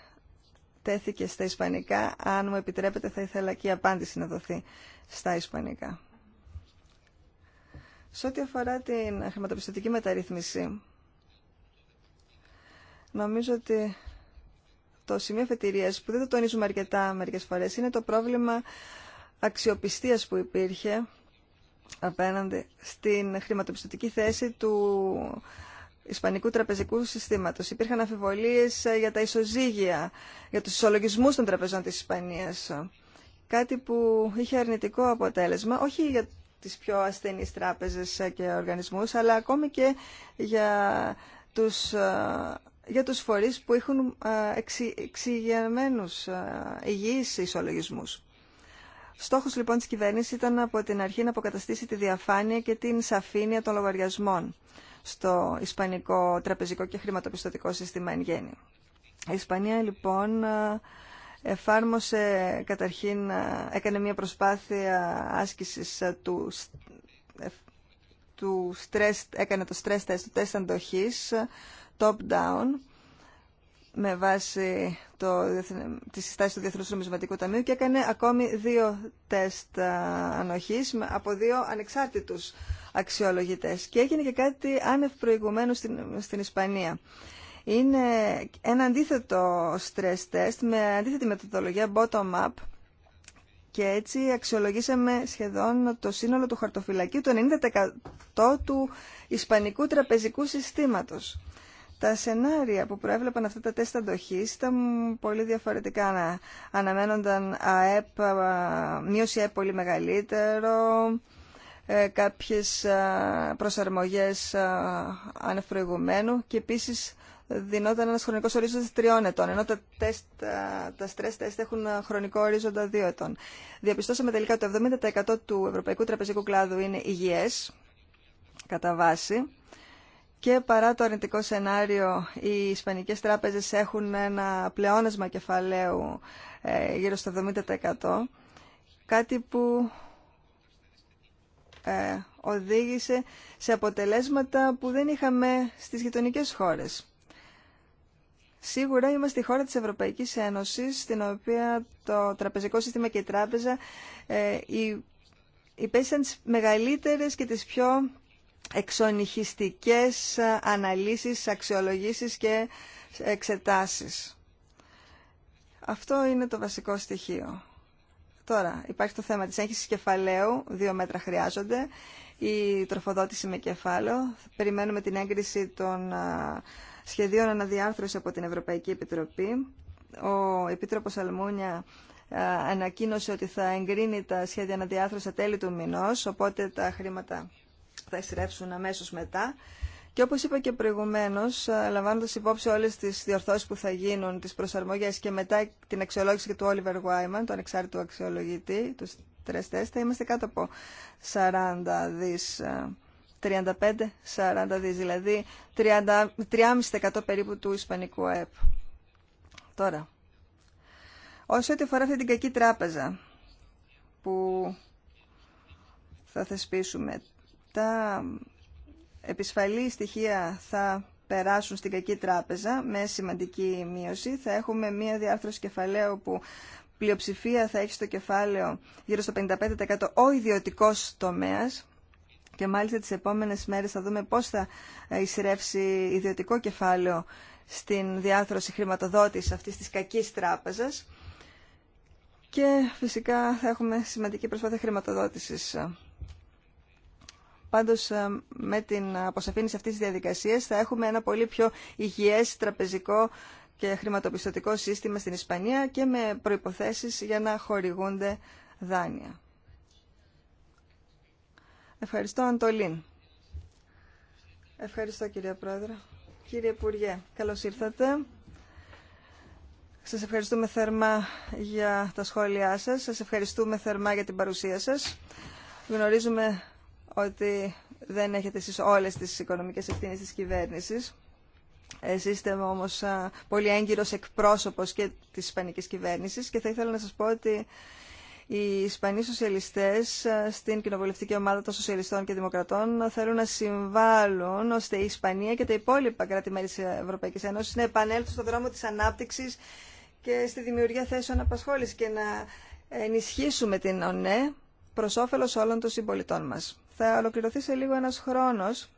τέθηκε στα ισπανικά. Αν μου επιτρέπετε θα ήθελα και η απάντηση να δοθεί στα ισπανικά. Σε ό,τι αφορά την χρηματοπιστωτική μεταρρύθμιση, νομίζω ότι το σημείο φετηρίας, που δεν το τονίζουμε αρκετά μερικές φορές είναι το πρόβλημα αξιοπιστίας που υπήρχε απέναντι στην χρηματοπιστωτική θέση του Ισπανικού τραπεζικού συστήματο. Υπήρχαν αφιβολίε ε, για τα ισοζύγια, για του ισολογισμού των τραπεζών τη Ισπανία, Κάτι που είχε αρνητικό αποτέλεσμα, όχι για τις πιο ασθενείς τράπεζες ε, και οργανισμούς, αλλά ακόμη και για τους, ε, για τους φορείς που έχουν εξι, εξηγιαμένους υγιείς ισολογισμούς. Στόχος λοιπόν της κυβέρνησης ήταν από την αρχή να αποκαταστήσει τη διαφάνεια και την σαφήνεια των λογαριασμών στο ισπανικό τραπεζικό και χρηματοπιστωτικό σύστημα εν γέννη. Η Ισπανία λοιπόν εφάρμοσε καταρχήν, έκανε μια προσπάθεια άσκησης του, του stress, έκανε το stress test, το τεστ αντοχής, top-down, με βάση το, συστάση του Διεθνούς Νομισματικού Ταμείου και έκανε ακόμη δύο τεστ ανοχής από δύο ανεξάρτητους αξιολογητές. Και έγινε και κάτι άνευ προηγουμένου στην, στην Ισπανία. Είναι ένα αντίθετο stress test με αντίθετη μεθοδολογία bottom-up και έτσι αξιολογήσαμε σχεδόν το σύνολο του χαρτοφυλακίου, το 90% του ισπανικού τραπεζικού συστήματος. Τα σενάρια που προέβλεπαν αυτά τα τεστ αντοχής ήταν πολύ διαφορετικά. Αναμένονταν ΑΕΠ, μείωση ΑΕΠ πολύ μεγαλύτερο, ε, κάποιες ε, προσαρμογές ανεφροηγουμένου ε, και επίσης δινόταν ένας χρονικός ορίζοντας τριών ετών, ενώ τα, τεστ, τα stress test έχουν χρονικό ορίζοντα δύο ετών. Διαπιστώσαμε τελικά το 70% του ευρωπαϊκού τραπεζικού κλάδου είναι υγιές, κατά βάση, και παρά το αρνητικό σενάριο, οι ισπανικές τράπεζες έχουν ένα πλεόνασμα κεφαλαίου γύρω στο 70%, κάτι που ε, οδήγησε σε αποτελέσματα που δεν είχαμε στις γειτονικέ χώρες. Σίγουρα είμαστε η χώρα της Ευρωπαϊκής Ένωσης, στην οποία το τραπεζικό σύστημα και η τράπεζα ε, υπέστησαν τις μεγαλύτερες και τις πιο εξονυχιστικές αναλύσεις, αξιολογήσεις και εξετάσεις. Αυτό είναι το βασικό στοιχείο. Τώρα, υπάρχει το θέμα της έγχυσης κεφαλαίου, δύο μέτρα χρειάζονται, η τροφοδότηση με κεφάλαιο. Περιμένουμε την έγκριση των σχεδίων αναδιάρθρωση από την Ευρωπαϊκή Επιτροπή. Ο Επίτροπος Αλμούνια ανακοίνωσε ότι θα εγκρίνει τα σχέδια αναδιάρθρωση τέλη του μηνός, οπότε τα χρήματα θα εισρεύσουν αμέσως μετά. Και όπως είπα και προηγουμένως, ε, λαμβάνοντας υπόψη όλες τις διορθώσεις που θα γίνουν, τις προσαρμογές και μετά την αξιολόγηση του Όλιβερ Γουάιμαν, του ανεξάρτητου αξιολογητή, του stress θα είμαστε κάτω από 40 δις 35-40 ε, δις, δηλαδή 3,5% περίπου του Ισπανικού ΑΕΠ. Τώρα, όσο ό,τι αφορά αυτή την κακή τράπεζα που θα θεσπίσουμε, τα επισφαλή στοιχεία θα περάσουν στην κακή τράπεζα με σημαντική μείωση. Θα έχουμε μία διάρθρωση κεφαλαίου που πλειοψηφία θα έχει στο κεφάλαιο γύρω στο 55% ο ιδιωτικό τομέα. Και μάλιστα τις επόμενες μέρες θα δούμε πώς θα εισρεύσει ιδιωτικό κεφάλαιο στην διάθρωση χρηματοδότηση αυτή της κακής τράπεζας. Και φυσικά θα έχουμε σημαντική προσπάθεια χρηματοδότησης Πάντως ε, με την αποσαφήνιση αυτής τη διαδικασία. θα έχουμε ένα πολύ πιο υγιές τραπεζικό και χρηματοπιστωτικό σύστημα στην Ισπανία και με προϋποθέσεις για να χορηγούνται δάνεια. Ευχαριστώ Αντολίν. Ευχαριστώ κύριε Πρόεδρε. Κύριε Υπουργέ, καλώς ήρθατε. Σας ευχαριστούμε θερμά για τα σχόλιά σας. Σας ευχαριστούμε θερμά για την παρουσία σας. Γνωρίζουμε ότι δεν έχετε εσείς όλες τις οικονομικές ευθύνες της κυβέρνησης. Εσείς είστε όμως πολύ έγκυρος εκπρόσωπος και της Ισπανικής κυβέρνησης και θα ήθελα να σας πω ότι οι Ισπανοί σοσιαλιστές στην κοινοβουλευτική ομάδα των σοσιαλιστών και δημοκρατών θέλουν να συμβάλλουν ώστε η Ισπανία και τα υπόλοιπα κράτη-μέλη της Ευρωπαϊκής Ένωσης να επανέλθουν στον δρόμο της ανάπτυξης και στη δημιουργία θέσεων απασχόλησης και να ενισχύσουμε την ΟΝΕ προς όφελος όλων των συμπολιτών μας. Θα ολοκληρωθεί σε λίγο ένας χρόνος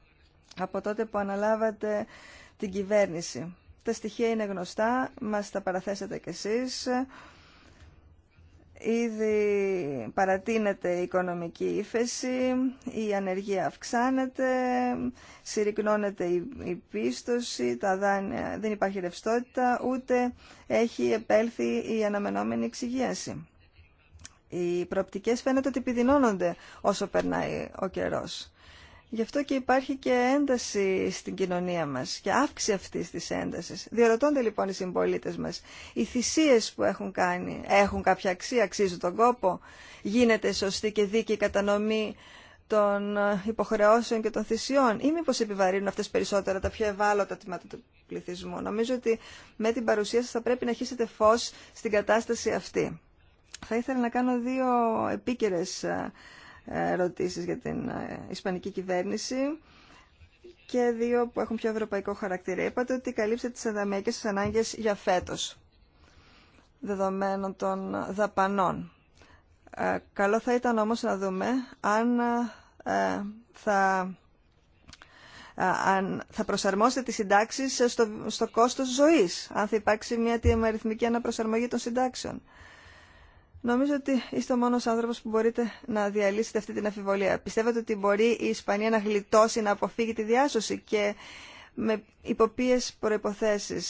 από τότε που αναλάβατε την κυβέρνηση. Τα στοιχεία είναι γνωστά, μας τα παραθέσατε κι εσείς. Ήδη παρατείνεται η οικονομική ύφεση, η ανεργία αυξάνεται, συρρυκνώνεται η πίστοση, τα δεν υπάρχει ρευστότητα, ούτε έχει επέλθει η αναμενόμενη εξυγίαση. Οι προοπτικές φαίνεται ότι επιδεινώνονται όσο περνάει ο καιρός. Γι' αυτό και υπάρχει και ένταση στην κοινωνία μας και αύξηση αυτής της έντασης. Διερωτώνται λοιπόν οι συμπολίτες μας. Οι θυσίες που έχουν κάνει έχουν κάποια αξία, αξίζουν τον κόπο. Γίνεται σωστή και δίκαιη κατανομή των υποχρεώσεων και των θυσιών ή μήπως επιβαρύνουν αυτές περισσότερα τα πιο ευάλωτα τμήματα του πληθυσμού. Νομίζω ότι με την παρουσία σας θα πρέπει να χύσετε φως στην κατάσταση αυτή. Θα ήθελα να κάνω δύο επίκαιρες ε, ερωτήσεις για την ε, Ισπανική κυβέρνηση και δύο που έχουν πιο ευρωπαϊκό χαρακτήρα. Είπατε ότι καλύψετε τις ανταμέικες σας ανάγκες για φέτος, δεδομένων των δαπανών. Ε, καλό θα ήταν όμως να δούμε αν θα αν θα προσαρμόσετε τις συντάξεις στο, στο κόστος ζωής, αν θα υπάρξει μια αριθμική αναπροσαρμογή των συντάξεων. Νομίζω ότι είστε ο μόνο άνθρωπος που μπορείτε να διαλύσετε αυτή την αφιβολία. Πιστεύετε ότι μπορεί η Ισπανία να γλιτώσει, να αποφύγει τη διάσωση και με υποπίες προποθέσει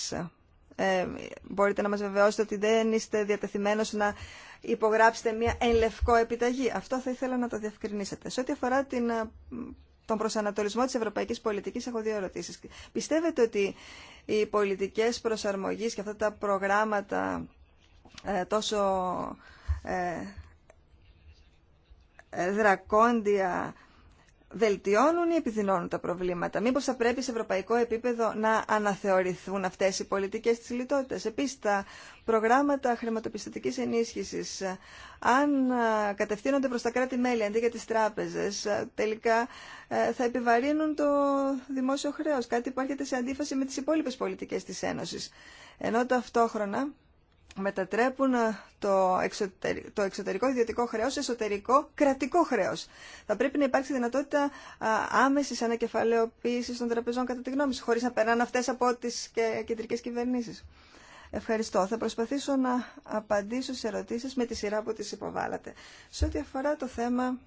Ε, μπορείτε να μας βεβαιώσετε ότι δεν είστε διατεθειμένος να υπογράψετε μια λευκό επιταγή. Αυτό θα ήθελα να το διευκρινίσετε. Σε ό,τι αφορά την, ε, τον προσανατολισμό της ευρωπαϊκής πολιτικής, έχω δύο ερωτήσεις. Πιστεύετε ότι οι πολιτικές προσαρμογής και αυτά τα προγράμματα ε, τόσο ε, ε, δρακόντια βελτιώνουν ή επιδεινώνουν τα προβλήματα. Μήπως θα πρέπει σε ευρωπαϊκό επίπεδο να αναθεωρηθούν αυτές οι πολιτικές της λιτότητας. Επίσης, τα προγράμματα χρηματοπιστωτικής ενίσχυσης, αν ε, κατευθύνονται προς τα κράτη-μέλη αντί για τις τράπεζες, τελικά θα επιβαρύνουν το δημόσιο χρέος, κάτι που έρχεται σε αντίφαση με τις υπόλοιπες πολιτικές της Ένωσης. Ενώ ταυτόχρονα μετατρέπουν ε, το, εξωτερικό, το εξωτερικό ιδιωτικό χρέος σε εσωτερικό κρατικό χρέος. Θα πρέπει να υπάρξει δυνατότητα ε, άμεσης ανακεφαλαιοποίησης των τραπεζών κατά τη γνώμη χωρίς να περνάνε αυτές από τις κεντρικές κυβερνήσεις. Ευχαριστώ. Θα προσπαθήσω να απαντήσω σε ερωτήσεις με τη σειρά που τις υποβάλλατε. Σε ό,τι αφορά το θέμα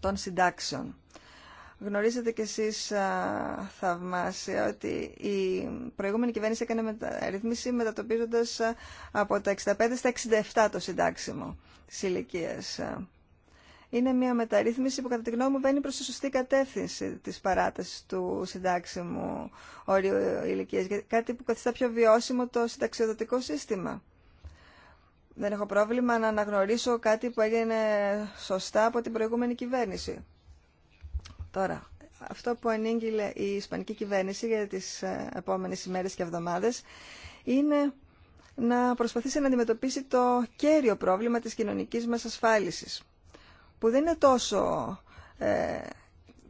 των συντάξεων. Γνωρίζετε κι εσείς θαυμάσια ότι η προηγούμενη κυβέρνηση έκανε μεταρρύθμιση μετατοπίζοντας από τα 65 στα 67 το συντάξιμο της ηλικία. Είναι μια μεταρρύθμιση που κατά τη γνώμη μου βαίνει προς τη σωστή κατεύθυνση της παράτασης του συντάξιμου όριου ηλικίας. Κάτι που καθιστά πιο βιώσιμο το συνταξιοδοτικό σύστημα. Δεν έχω πρόβλημα να αναγνωρίσω κάτι που έγινε σωστά από την προηγούμενη κυβέρνηση. Τώρα, αυτό που ανήγγειλε η Ισπανική κυβέρνηση για τις ε, επόμενες ημέρες και εβδομάδες είναι να προσπαθήσει να αντιμετωπίσει το κέριο πρόβλημα της κοινωνικής μας ασφάλισης, που δεν είναι τόσο ε,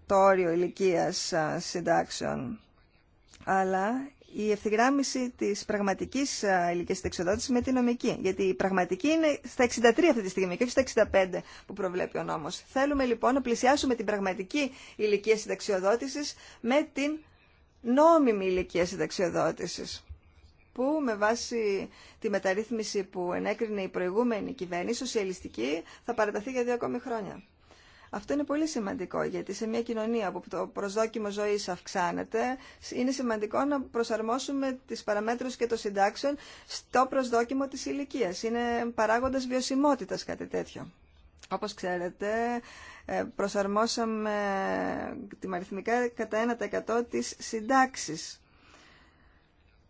το όριο ηλικίας ε, συντάξεων, αλλά η ευθυγράμμιση τη πραγματική ε, ηλικία συνταξιοδότηση με τη νομική. Γιατί η πραγματική είναι στα 63 αυτή τη στιγμή και όχι στα 65 που προβλέπει ο νόμο. Θέλουμε λοιπόν να πλησιάσουμε την πραγματική ηλικία συνταξιοδότηση με την νόμιμη ηλικία συνταξιοδότηση. Που με βάση τη μεταρρύθμιση που ενέκρινε η προηγούμενη κυβέρνηση, η σοσιαλιστική, θα παραταθεί για δύο ακόμη χρόνια. Αυτό είναι πολύ σημαντικό γιατί σε μια κοινωνία που το προσδόκιμο ζωή αυξάνεται, είναι σημαντικό να προσαρμόσουμε τι παραμέτρου και των συντάξεων στο προσδόκιμο τη ηλικία. Είναι παράγοντα βιωσιμότητα κάτι τέτοιο. Όπω ξέρετε, ε, προσαρμόσαμε τη μαριθμικά κατά 1% της συντάξει.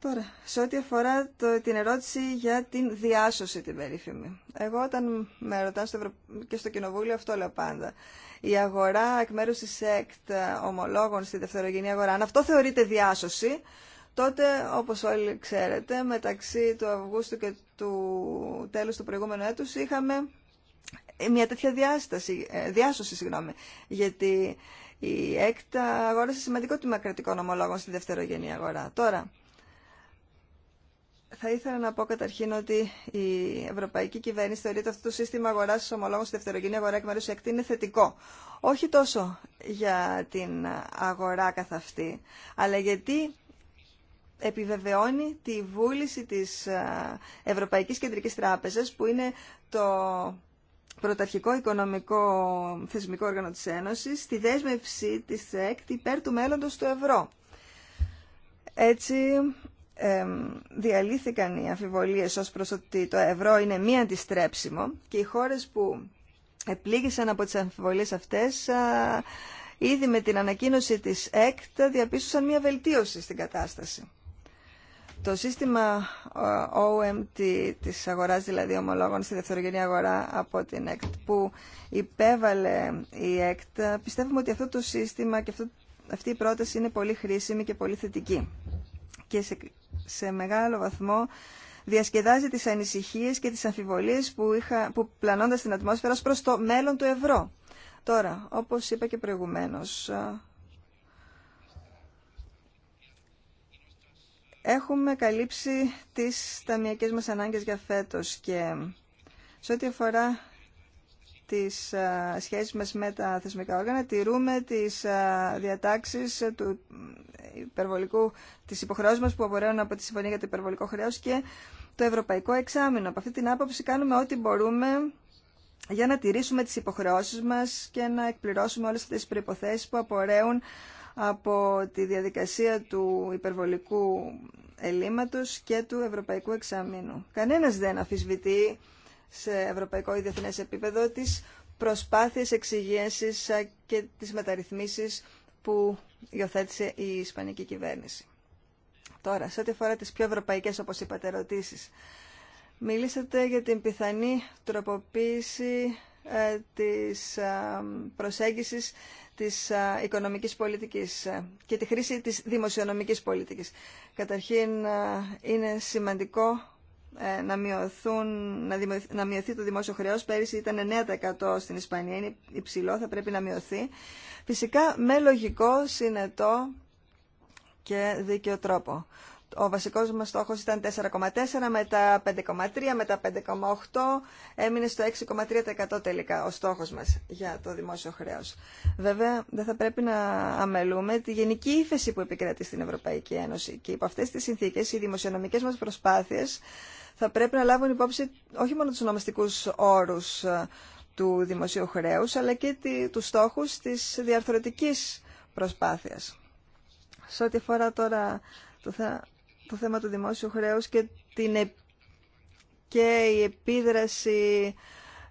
Τώρα, σε ό,τι αφορά το, την ερώτηση για την διάσωση την περίφημη. Εγώ όταν με ρωτάνε και στο Κοινοβούλιο αυτό λέω πάντα. Η αγορά εκ μέρους της ΕΚΤ ε, ομολόγων στη δευτερογενή αγορά, αν αυτό θεωρείται διάσωση, τότε όπως όλοι ξέρετε μεταξύ του Αυγούστου και του τέλους του προηγούμενου έτους είχαμε μια τέτοια ε, διάσωση, γιατί η ΕΚΤ αγόρασε σημαντικό τμήμα κρατικών ομολόγων στη δευτερογενή αγορά. Τώρα, θα ήθελα να πω καταρχήν ότι η ευρωπαϊκή κυβέρνηση θεωρεί ότι αυτό το σύστημα αγορά ομολόγων στη δευτερογενή αγορά και μέρου ΕΚΤ είναι θετικό. Όχι τόσο για την αγορά καθ' αυτή, αλλά γιατί επιβεβαιώνει τη βούληση της ε, Ευρωπαϊκής Κεντρικής Τράπεζας, που είναι το πρωταρχικό οικονομικό θεσμικό όργανο της Ένωσης, στη δέσμευση της ΕΚΤ υπέρ του μέλλοντος του ευρώ. Έτσι, διαλύθηκαν οι αμφιβολίες ως προς ότι το ευρώ είναι μη αντιστρέψιμο και οι χώρες που επλήγησαν από τις αμφιβολίες αυτές ήδη με την ανακοίνωση της ΕΚΤ διαπίστωσαν μια βελτίωση στην κατάσταση. Το σύστημα OMT της αγοράς, δηλαδή ομολόγων στη δευτερογενή αγορά από την ΕΚΤ που υπέβαλε η ΕΚΤ, πιστεύουμε ότι αυτό το σύστημα και αυτή η πρόταση είναι πολύ χρήσιμη και πολύ θετική και σε σε μεγάλο βαθμό διασκεδάζει τις ανησυχίες και τις αμφιβολίες που, είχα, που πλανώντας την ατμόσφαιρα προς το μέλλον του ευρώ. Τώρα, όπως είπα και προηγουμένως, έχουμε καλύψει τις ταμιακές μας ανάγκες για φέτος και σε ό,τι αφορά τις ε, σχέσεις μας με τα θεσμικά όργανα τηρούμε τις ε, διατάξεις του υπερβολικού, της υποχρεώσεις μας που απορρέουν από τη Συμφωνία για το Υπερβολικό Χρέος και το Ευρωπαϊκό Εξάμεινο. Από αυτή την άποψη κάνουμε ό,τι μπορούμε για να τηρήσουμε τις υποχρεώσεις μας και να εκπληρώσουμε όλες αυτές τις προϋποθέσεις που απορρέουν από τη διαδικασία του υπερβολικού ελλείμματος και του Ευρωπαϊκού Εξαμήνου. Κανένας δεν αφισβητεί σε ευρωπαϊκό ή διεθνές επίπεδο τις προσπάθειες εξηγήσεις και τις μεταρρυθμίσεις που υιοθέτησε η Ισπανική κυβέρνηση. Τώρα, σε ό,τι αφορά τις πιο ευρωπαϊκές, όπως είπατε, ερωτήσεις, μιλήσατε για την πιθανή τροποποίηση ε, της ε, προσέγγισης της οικονομικής πολιτικής ε, και τη χρήση της δημοσιονομικής πολιτικής. Καταρχήν, είναι σημαντικό ε, να, μειωθούν, να, μειωθεί το δημόσιο χρέος. Πέρυσι ήταν 9% στην Ισπανία, είναι υψηλό, θα πρέπει να μειωθεί. Φυσικά με λογικό, συνετό και δίκαιο τρόπο. Ο βασικός μας στόχος ήταν 4,4, μετά 5,3, μετά 5,8, έμεινε στο 6,3% τελικά ο στόχος μας για το δημόσιο χρέος. Βέβαια, δεν θα πρέπει να αμελούμε τη γενική ύφεση που επικρατεί στην Ευρωπαϊκή Ένωση και υπό αυτές τις συνθήκες οι δημοσιονομικές μας προσπάθειες θα πρέπει να λάβουν υπόψη όχι μόνο τους ονομαστικούς όρους ε, του δημοσίου χρέους, αλλά και τους στόχους της διαρθρωτικής προσπάθειας. Σε ό,τι αφορά τώρα το, το θέμα του δημόσιου χρέους και, την, και η επίδραση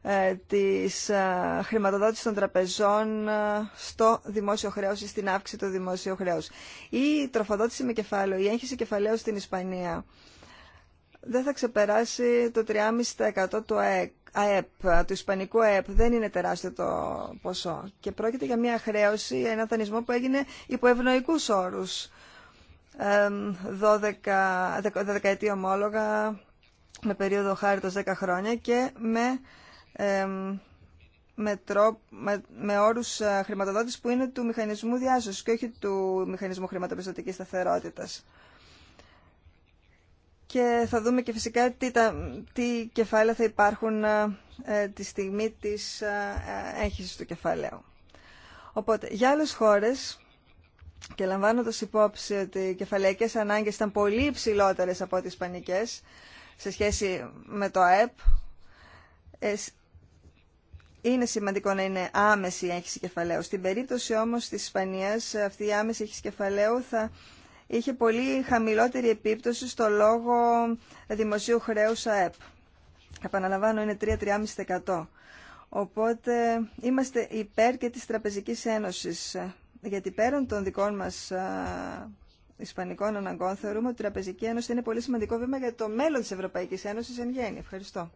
ε, της ε, χρηματοδότησης των τραπεζών ε, στο δημόσιο χρέος ή στην αύξηση του δημόσιου χρέους. Η τροφοδότηση με κεφάλαιο, η έγχυση κεφαλαίου στην Ισπανία δεν θα ξεπεράσει το 3,5% του ΑΕΠ, του Ισπανικού ΑΕΠ. Δεν είναι τεράστιο το ποσό. Και πρόκειται για μια χρέωση, ένα δανεισμό που έγινε υπό ευνοϊκούς όρους. 12, ομόλογα με περίοδο χάριτος 10 χρόνια και με, με, με, με όρους ε, χρηματοδότης που είναι του μηχανισμού διάσωσης και όχι του μηχανισμού χρηματοπιστωτικής σταθερότητας και θα δούμε και φυσικά τι, τα, κεφάλαια θα υπάρχουν ε, ε, τη στιγμή της ε, έγχυσης του κεφαλαίου. Οπότε, για άλλες χώρες, και λαμβάνοντας υπόψη ότι οι κεφαλαϊκές ανάγκες ήταν πολύ υψηλότερε από τις ισπανικές σε σχέση με το ΑΕΠ, είναι σημαντικό να είναι άμεση η έγχυση κεφαλαίου. Στην περίπτωση όμως της Ισπανίας, αυτή η άμεση έγχυση κεφαλαίου θα είχε πολύ χαμηλότερη επίπτωση στο λόγο δημοσίου χρέους ΑΕΠ. Επαναλαμβάνω, είναι 3-3,5%. Οπότε είμαστε υπέρ και της Τραπεζικής Ένωσης, γιατί πέραν των δικών μας ισπανικών αναγκών, θεωρούμε ότι η Τραπεζική Ένωση είναι πολύ σημαντικό βήμα για το μέλλον της Ευρωπαϊκής Ένωσης εν γέννη. Ευχαριστώ.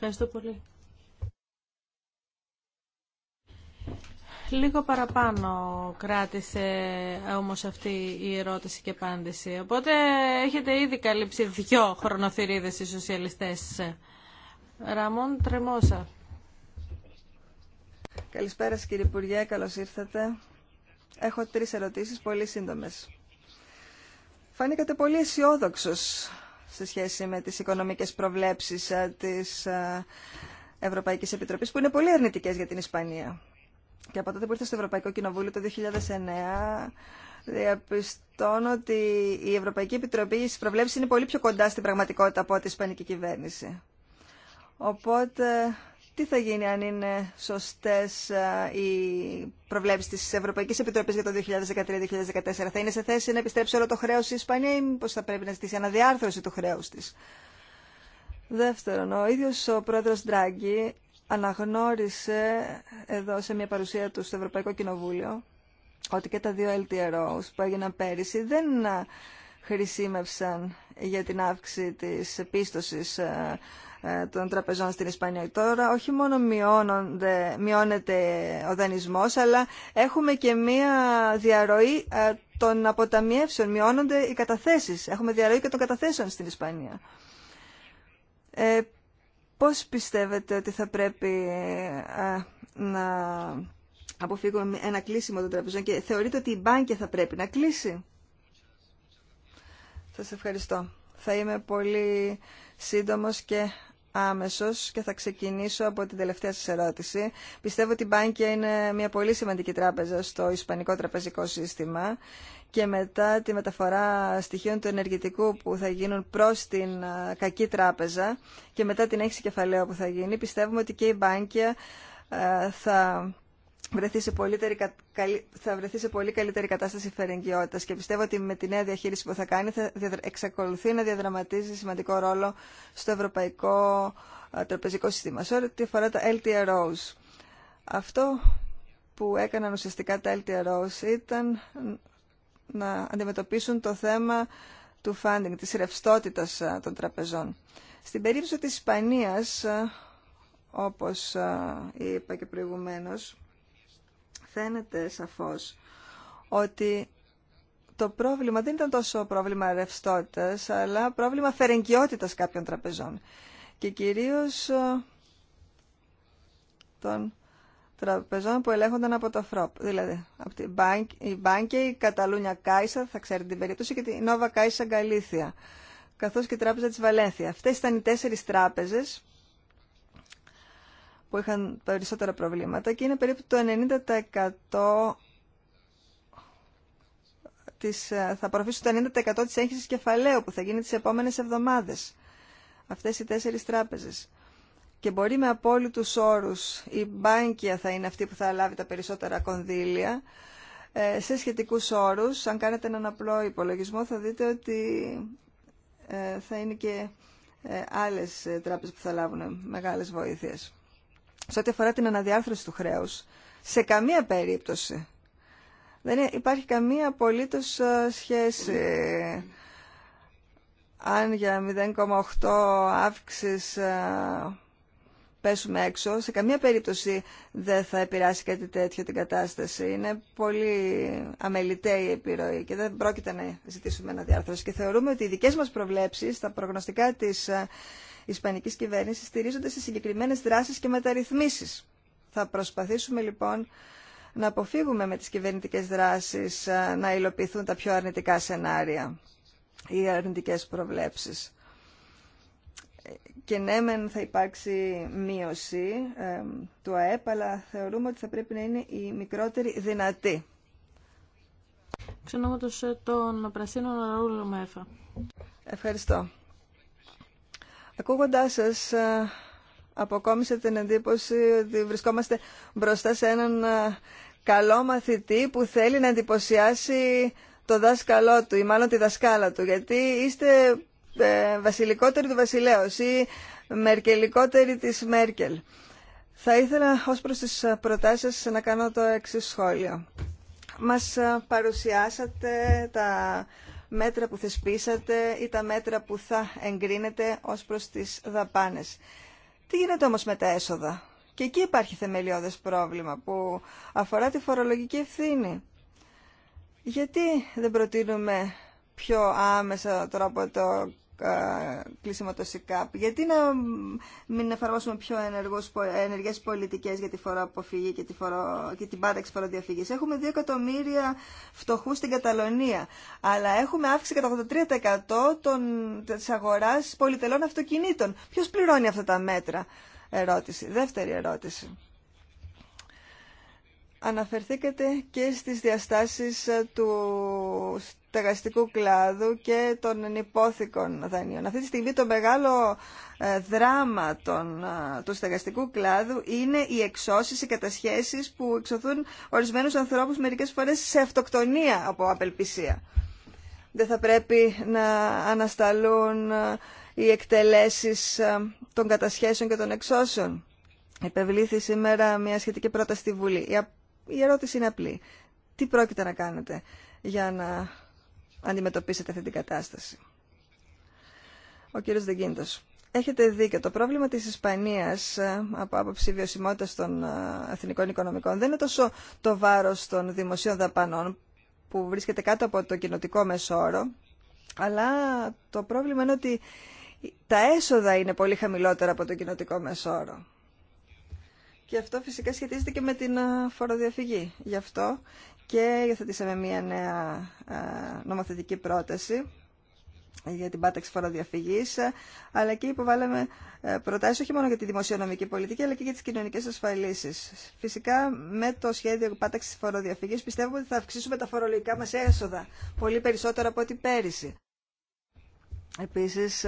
Uh, πολύ. Λίγο παραπάνω κράτησε όμως αυτή η ερώτηση και απάντηση. Οπότε έχετε ήδη καλύψει δυο χρονοθυρίδες οι σοσιαλιστές. Ραμόν Τρεμόσα. Καλησπέρα κύριε Υπουργέ, καλώς ήρθατε. Έχω τρεις ερωτήσεις, πολύ σύντομες. Φάνηκατε πολύ αισιόδοξο σε σχέση με τις οικονομικές προβλέψεις ε, της ε, Ευρωπαϊκής Επιτροπής, που είναι πολύ αρνητικές για την Ισπανία. Και από τότε που ήρθα στο Ευρωπαϊκό Κοινοβούλιο το 2009, διαπιστώνω ότι η Ευρωπαϊκή Επιτροπή στι προβλέψει είναι πολύ πιο κοντά στην πραγματικότητα από ό,τι η Ισπανική κυβέρνηση. Οπότε, τι θα γίνει αν είναι σωστέ οι προβλέψει τη Ευρωπαϊκή Επιτροπή για το 2013-2014. Θα είναι σε θέση να επιστρέψει όλο το χρέο η Ισπανία ή μήπω θα πρέπει να ζητήσει αναδιάρθρωση του χρέου τη. Δεύτερον, ο ίδιο ο πρόεδρο Ντράγκη αναγνώρισε εδώ σε μια παρουσία του στο Ευρωπαϊκό Κοινοβούλιο ότι και τα δύο LTROs που έγιναν πέρυσι δεν χρησιμεύσαν για την αύξηση της πίστοσης ε, ε, των τραπεζών στην Ισπανία. Τώρα όχι μόνο μειώνεται ο δανεισμός, αλλά έχουμε και μία διαρροή ε, των αποταμιεύσεων. Μειώνονται οι καταθέσεις. Έχουμε διαρροή και των καταθέσεων στην Ισπανία. Πώς πιστεύετε ότι θα πρέπει ε, να αποφύγουμε ένα κλείσιμο των τραπεζών και θεωρείτε ότι η μπάνκια θα πρέπει να κλείσει. Σας ευχαριστώ. Θα είμαι πολύ σύντομος και άμεσος και θα ξεκινήσω από την τελευταία σας ερώτηση. Πιστεύω ότι η Μπάνκια είναι μια πολύ σημαντική τράπεζα στο ισπανικό τραπεζικό σύστημα και μετά τη μεταφορά στοιχείων του ενεργητικού που θα γίνουν προς την κακή τραπεζα και μετά την έχηση κεφαλαίου που θα γίνει, πιστεύουμε ότι και η Μπάνκια θα θα βρεθεί σε πολύ καλύτερη κατάσταση φερεγγιότητας και πιστεύω ότι με τη νέα διαχείριση που θα κάνει θα εξακολουθεί να διαδραματίζει σημαντικό ρόλο στο ευρωπαϊκό τραπεζικό σύστημα. Σε ό,τι αφορά τα LTROs, αυτό που έκαναν ουσιαστικά τα LTROs ήταν να αντιμετωπίσουν το θέμα του funding, της ρευστότητας των τραπεζών. Στην περίπτωση της Ισπανίας, όπως είπα και προηγουμένως, φαίνεται σαφώς ότι το πρόβλημα δεν ήταν τόσο πρόβλημα ρευστότητα, αλλά πρόβλημα φερενκιότητας κάποιων τραπεζών. Και κυρίως ε, των τραπεζών που ελέγχονταν από το ΦΡΟΠ. Δηλαδή, από την Bank, η Μπάνκε, η Καταλούνια Κάισα, θα ξέρετε την περίπτωση, και την Νόβα Κάισα Γκαλήθια, καθώς και η Τράπεζα της Βαλένθια. Αυτές ήταν οι τέσσερις τράπεζες που είχαν περισσότερα προβλήματα και είναι περίπου το 90% της, ε, θα απορροφήσουν το 90% της έγχυσης κεφαλαίου που θα γίνει τις επόμενες εβδομάδες. Αυτές οι τέσσερις τράπεζες. Και μπορεί με απόλυτους όρους η μπάνκια θα είναι αυτή που θα λάβει τα περισσότερα κονδύλια. Ε, σε σχετικούς όρους, αν κάνετε έναν απλό υπολογισμό, θα δείτε ότι ε, θα είναι και ε, άλλες ε, τράπεζες που θα λάβουν μεγάλες βοήθειες σε ό,τι αφορά την αναδιάρθρωση του χρέους. Σε καμία περίπτωση. Δεν υπάρχει καμία απολύτως ε, σχέση αν για 0,8 αύξηση ε, πέσουμε έξω. Σε καμία περίπτωση δεν θα επηρεάσει κάτι τέτοιο την κατάσταση. Είναι πολύ αμεληταία η επιρροή και δεν πρόκειται να ζητήσουμε αναδιάρθρωση. Και θεωρούμε ότι οι δικές μας προβλέψεις, τα προγνωστικά της ε, Ισπανικής κυβέρνησης στηρίζονται σε συγκεκριμένες δράσεις και μεταρρυθμίσεις. Θα προσπαθήσουμε λοιπόν να αποφύγουμε με τις κυβερνητικές δράσεις ε, να υλοποιηθούν τα πιο αρνητικά σενάρια ή αρνητικές προβλέψεις. Και ναι, μεν θα υπάρξει μείωση ε, του ΑΕΠ, αλλά θεωρούμε ότι θα πρέπει να είναι η μικρότερη δυνατή. Ξενόματος ε, των Πρασίνων Ευχαριστώ. Ακούγοντάς σας, ε, αποκόμισε την εντύπωση ότι βρισκόμαστε μπροστά σε έναν ε, καλό μαθητή που θέλει να εντυπωσιάσει το δάσκαλό του ή μάλλον τη δασκάλα του, γιατί είστε ε, βασιλικότεροι του βασιλέως ή μερκελικότεροι της Μέρκελ. Θα ήθελα ως προς τις προτάσεις να κάνω το εξής σχόλιο. Μας παρουσιάσατε τα μέτρα που θεσπίσατε ή τα μέτρα που θα εγκρίνετε ως προς τις δαπάνες. Τι γίνεται όμως με τα έσοδα. Και εκεί υπάρχει θεμελιώδες πρόβλημα που αφορά τη φορολογική ευθύνη. Γιατί δεν προτείνουμε πιο άμεσα τρόπο το κλείσιμο το ΣΥΚΑΠ. Γιατί να μην εφαρμόσουμε πιο ενεργούς, ενεργές πολιτικές για τη φοροαποφυγή και, τη φορο... και την πάταξη φοροδιαφυγής. Έχουμε 2 εκατομμύρια φτωχούς στην Καταλωνία, αλλά έχουμε αύξηση κατά 83% των... της αγοράς πολυτελών αυτοκινήτων. Ποιο πληρώνει αυτά τα μέτρα, ερώτηση. Δεύτερη ερώτηση. Αναφερθήκατε και στις διαστάσεις ε, του, στεγαστικού κλάδου και των ενυπόθηκων δανείων. Αυτή τη στιγμή το μεγάλο ε, δράμα των, ε, του στεγαστικού κλάδου είναι οι εξώσει οι κατασχέσει που εξωθούν ορισμένους ανθρώπους μερικές φορές σε αυτοκτονία από απελπισία. Δεν θα πρέπει να ανασταλούν ε, οι εκτελέσεις των κατασχέσεων και των εξώσεων. Επευλήθη σήμερα μια σχετική πρόταση στη Βουλή. Η ερώτηση είναι απλή. Τι πρόκειται να κάνετε για να αντιμετωπίσετε αυτή την κατάσταση. Ο κύριος Δεγκίντος. Έχετε και Το πρόβλημα της Ισπανίας ε, από άποψη βιωσιμότητας των ε, εθνικών οικονομικών δεν είναι τόσο το βάρος των δημοσίων δαπανών που βρίσκεται κάτω από το κοινοτικό μεσόρο, αλλά το πρόβλημα είναι ότι τα έσοδα είναι πολύ χαμηλότερα από το κοινοτικό μεσόρο. Και αυτό φυσικά σχετίζεται και με την ε, φοροδιαφυγή. Γι' αυτό και υιοθετήσαμε μια νέα ε, νομοθετική πρόταση για την πάταξη φοροδιαφυγής, ε, αλλά και υποβάλαμε ε, προτάσεις όχι μόνο για τη δημοσιονομική πολιτική, αλλά και για τις κοινωνικές ασφαλίσεις. Φυσικά, με το σχέδιο πάταξης φοροδιαφυγής πιστεύουμε ότι θα αυξήσουμε τα φορολογικά μας έσοδα πολύ περισσότερο από ό,τι πέρυσι. Επίσης,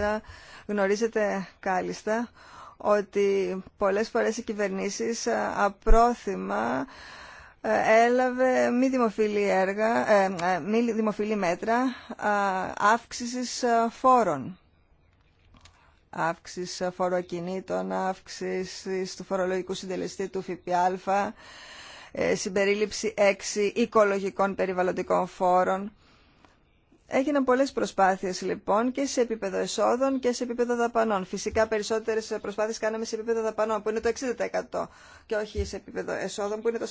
γνωρίζετε κάλλιστα ότι πολλές φορές οι κυβερνήσεις απρόθυμα ε, έλαβε μη δημοφιλή, έργα, ε, ε, μη δημοφιλή μέτρα αύξησης φόρων. αύξησης φοροκινήτων, αύξηση του φορολογικού συντελεστή του ΦΠΑ, συμπερίληψη έξι οικολογικών περιβαλλοντικών φόρων. Έγιναν πολλές προσπάθειες λοιπόν και σε επίπεδο εσόδων και σε επίπεδο δαπανών. Φυσικά περισσότερες προσπάθειες κάναμε σε επίπεδο δαπανών που είναι το 60% και όχι σε επίπεδο εσόδων που είναι το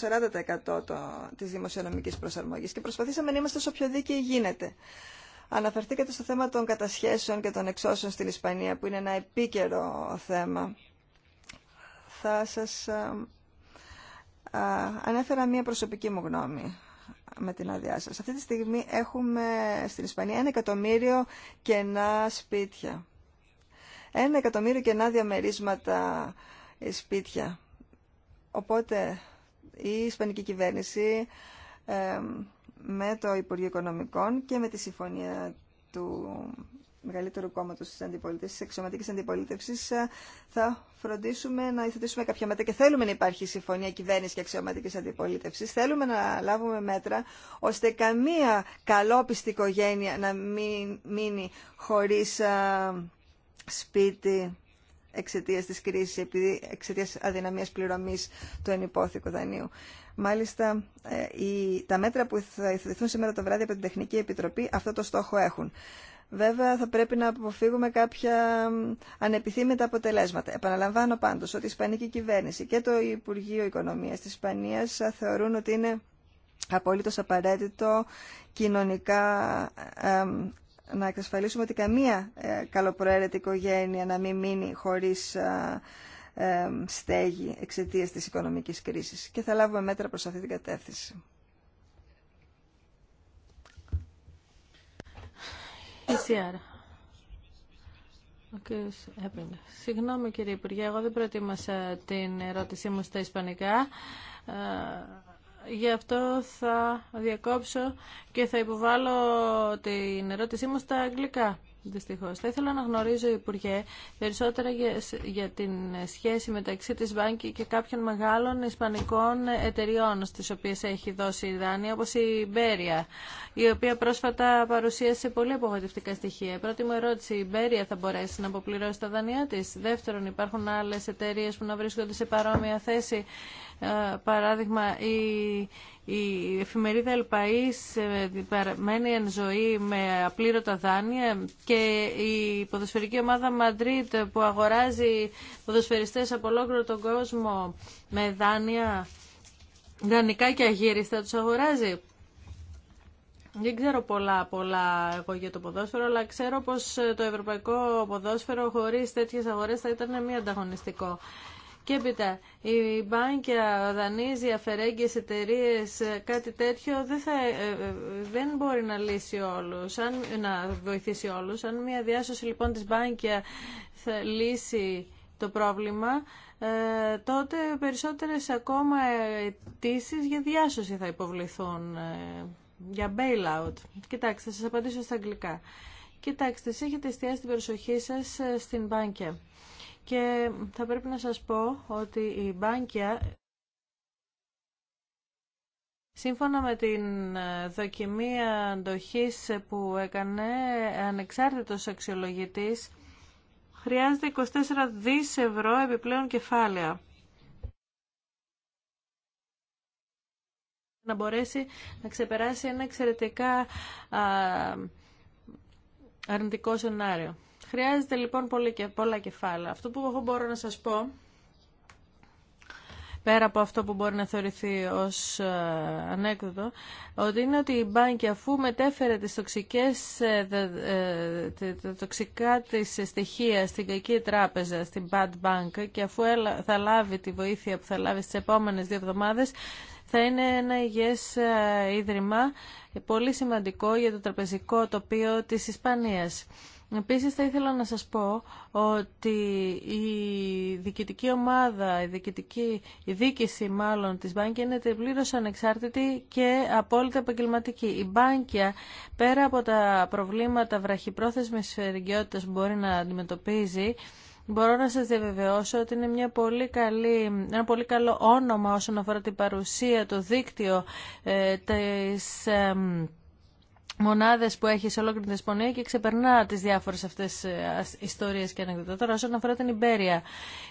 40% το, της δημοσιονομικής προσαρμογής και προσπαθήσαμε να είμαστε όσο πιο δίκαιοι γίνεται. Αναφερθήκατε στο θέμα των κατασχέσεων και των εξώσεων στην Ισπανία που είναι ένα επίκαιρο θέμα. Θα σας ανέφερα μία προσωπική μου γνώμη με την άδειά σας. Αυτή τη στιγμή έχουμε στην Ισπανία ένα εκατομμύριο κενά σπίτια. Ένα εκατομμύριο κενά διαμερίσματα ε, σπίτια. Οπότε η Ισπανική κυβέρνηση ε, με το Υπουργείο Οικονομικών και με τη συμφωνία του μεγαλύτερου κόμματο τη αντιπολίτευση, τη αντιπολίτευση, ε, θα φροντίσουμε να υιοθετήσουμε κάποια μέτρα και θέλουμε να υπάρχει συμφωνία κυβέρνηση και αξιωματική αντιπολίτευση. Θέλουμε να λάβουμε μέτρα ώστε καμία καλόπιστη οικογένεια να μην μείνει χωρί ε, σπίτι εξαιτία τη κρίση, επειδή εξαιτία αδυναμία πληρωμή του ενυπόθηκου δανείου. Μάλιστα, ε, τα μέτρα που θα υιοθετηθούν σήμερα το βράδυ από την Τεχνική Επιτροπή αυτό το στόχο έχουν. Βέβαια θα πρέπει να αποφύγουμε κάποια ανεπιθύμητα αποτελέσματα. Επαναλαμβάνω πάντως ότι η Ισπανική κυβέρνηση και το Υπουργείο Οικονομίας της Ισπανίας ε, θεωρούν ότι είναι απολύτω απαραίτητο κοινωνικά ε, να εξασφαλίσουμε ότι καμία ε, καλοπροαίρετη οικογένεια να μην μείνει χωρίς στέγη εξαιτία της οικονομικής κρίσης και θα λάβουμε μέτρα προς αυτή την κατεύθυνση. Συγγνώμη κύριε Υπουργέ, εγώ δεν προετοίμασα την ερώτησή μου στα ισπανικά. Ε, γι' αυτό θα διακόψω και θα υποβάλω την ερώτησή μου στα αγγλικά δυστυχώς. Θα ήθελα να γνωρίζω, Υπουργέ, περισσότερα για, την σχέση μεταξύ της Βάνκη και κάποιων μεγάλων ισπανικών εταιριών στις οποίες έχει δώσει η Δάνεια, όπως η Μπέρια, η οποία πρόσφατα παρουσίασε πολύ απογοητευτικά στοιχεία. πρώτη μου ερώτηση, η Μπέρια θα μπορέσει να αποπληρώσει τα δανειά της. Δεύτερον, υπάρχουν άλλες εταιρείε που να βρίσκονται σε παρόμοια θέση ε, παράδειγμα, η η εφημερίδα Ελπαΐς παραμένει εν ζωή με απλήρωτα δάνεια και η ποδοσφαιρική ομάδα Μαντρίτ που αγοράζει ποδοσφαιριστές από ολόκληρο τον κόσμο με δάνεια δανεικά και αγύριστα τους αγοράζει. Δεν ξέρω πολλά πολλά εγώ για το ποδόσφαιρο, αλλά ξέρω πως το ευρωπαϊκό ποδόσφαιρο χωρίς τέτοιες αγορές θα ήταν μη ανταγωνιστικό. Και έπειτα, η μπάνκια, δανείζει αφαιρέγγιες εταιρείε, κάτι τέτοιο, δεν, θα, ε, ε, δεν μπορεί να λύσει όλους, να βοηθήσει όλους. Αν μια διάσωση λοιπόν της μπάνκια θα λύσει το πρόβλημα, ε, τότε περισσότερες ακόμα αιτήσει για διάσωση θα υποβληθούν, ε, για bailout. Κοιτάξτε, σας απαντήσω στα αγγλικά. Κοιτάξτε, έχετε εστιάσει την προσοχή σας στην μπάνκια και θα πρέπει να σας πω ότι η Μπάνκια Σύμφωνα με την ε, δοκιμή αντοχής που έκανε ανεξάρτητος αξιολογητής, χρειάζεται 24 δις ευρώ επιπλέον κεφάλαια. Να μπορέσει να ξεπεράσει ένα εξαιρετικά αρνητικό σενάριο. Χρειάζεται λοιπόν πολλά, και πολλά κεφάλαια. Αυτό που εγώ μπορώ να σας πω, πέρα από αυτό που μπορεί να θεωρηθεί ως ε, ανέκδοτο, ότι είναι ότι η μπάνκη αφού μετέφερε τις τοξικές, ε, ε, τα τοξικά της στοιχεία στην κακή τράπεζα, στην bad bank και αφού θα λάβει τη βοήθεια που θα λάβει στις επόμενες δύο εβδομάδες, θα είναι ένα υγιές ίδρυμα πολύ σημαντικό για το τραπεζικό τοπίο της Ισπανίας. Επίσης θα ήθελα να σας πω ότι η διοικητική ομάδα, η διοικητική δίκηση μάλλον της Μπάνκια είναι πλήρω ανεξάρτητη και απόλυτα επαγγελματική. Η Μπάνκια πέρα από τα προβλήματα βραχυπρόθεσμης φερικαιότητας που μπορεί να αντιμετωπίζει Μπορώ να σας διαβεβαιώσω ότι είναι μια πολύ καλή, ένα πολύ καλό όνομα όσον αφορά την παρουσία, το δίκτυο ε, της, Μονάδε που έχει σε ολόκληρη την και ξεπερνά τι διάφορε αυτέ ε, ιστορίε και ανεκδοτά. Τώρα όσον αφορά την Ιμπέρια,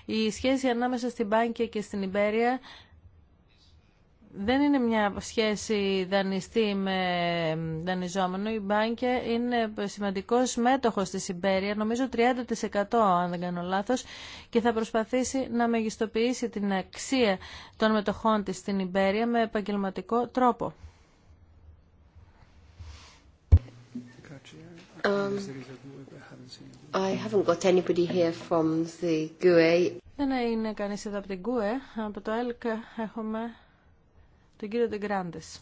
η σχέση ανάμεσα στην Πάνκια και στην Ιμπέρια δεν είναι μια σχέση δανειστή με δανειζόμενο. Η Μπάνκια είναι σημαντικός μέτοχος της Ιμπέρια, νομίζω 30% αν δεν κάνω λάθος, και θα προσπαθήσει να μεγιστοποιήσει την αξία των μετοχών της στην Ιμπέρια με επαγγελματικό τρόπο. Um, e. Δεν είναι κανείς εδώ από την ΚΟΕ. E. Από το ΕΛΚ έχουμε τον κύριο Τεγκράντες.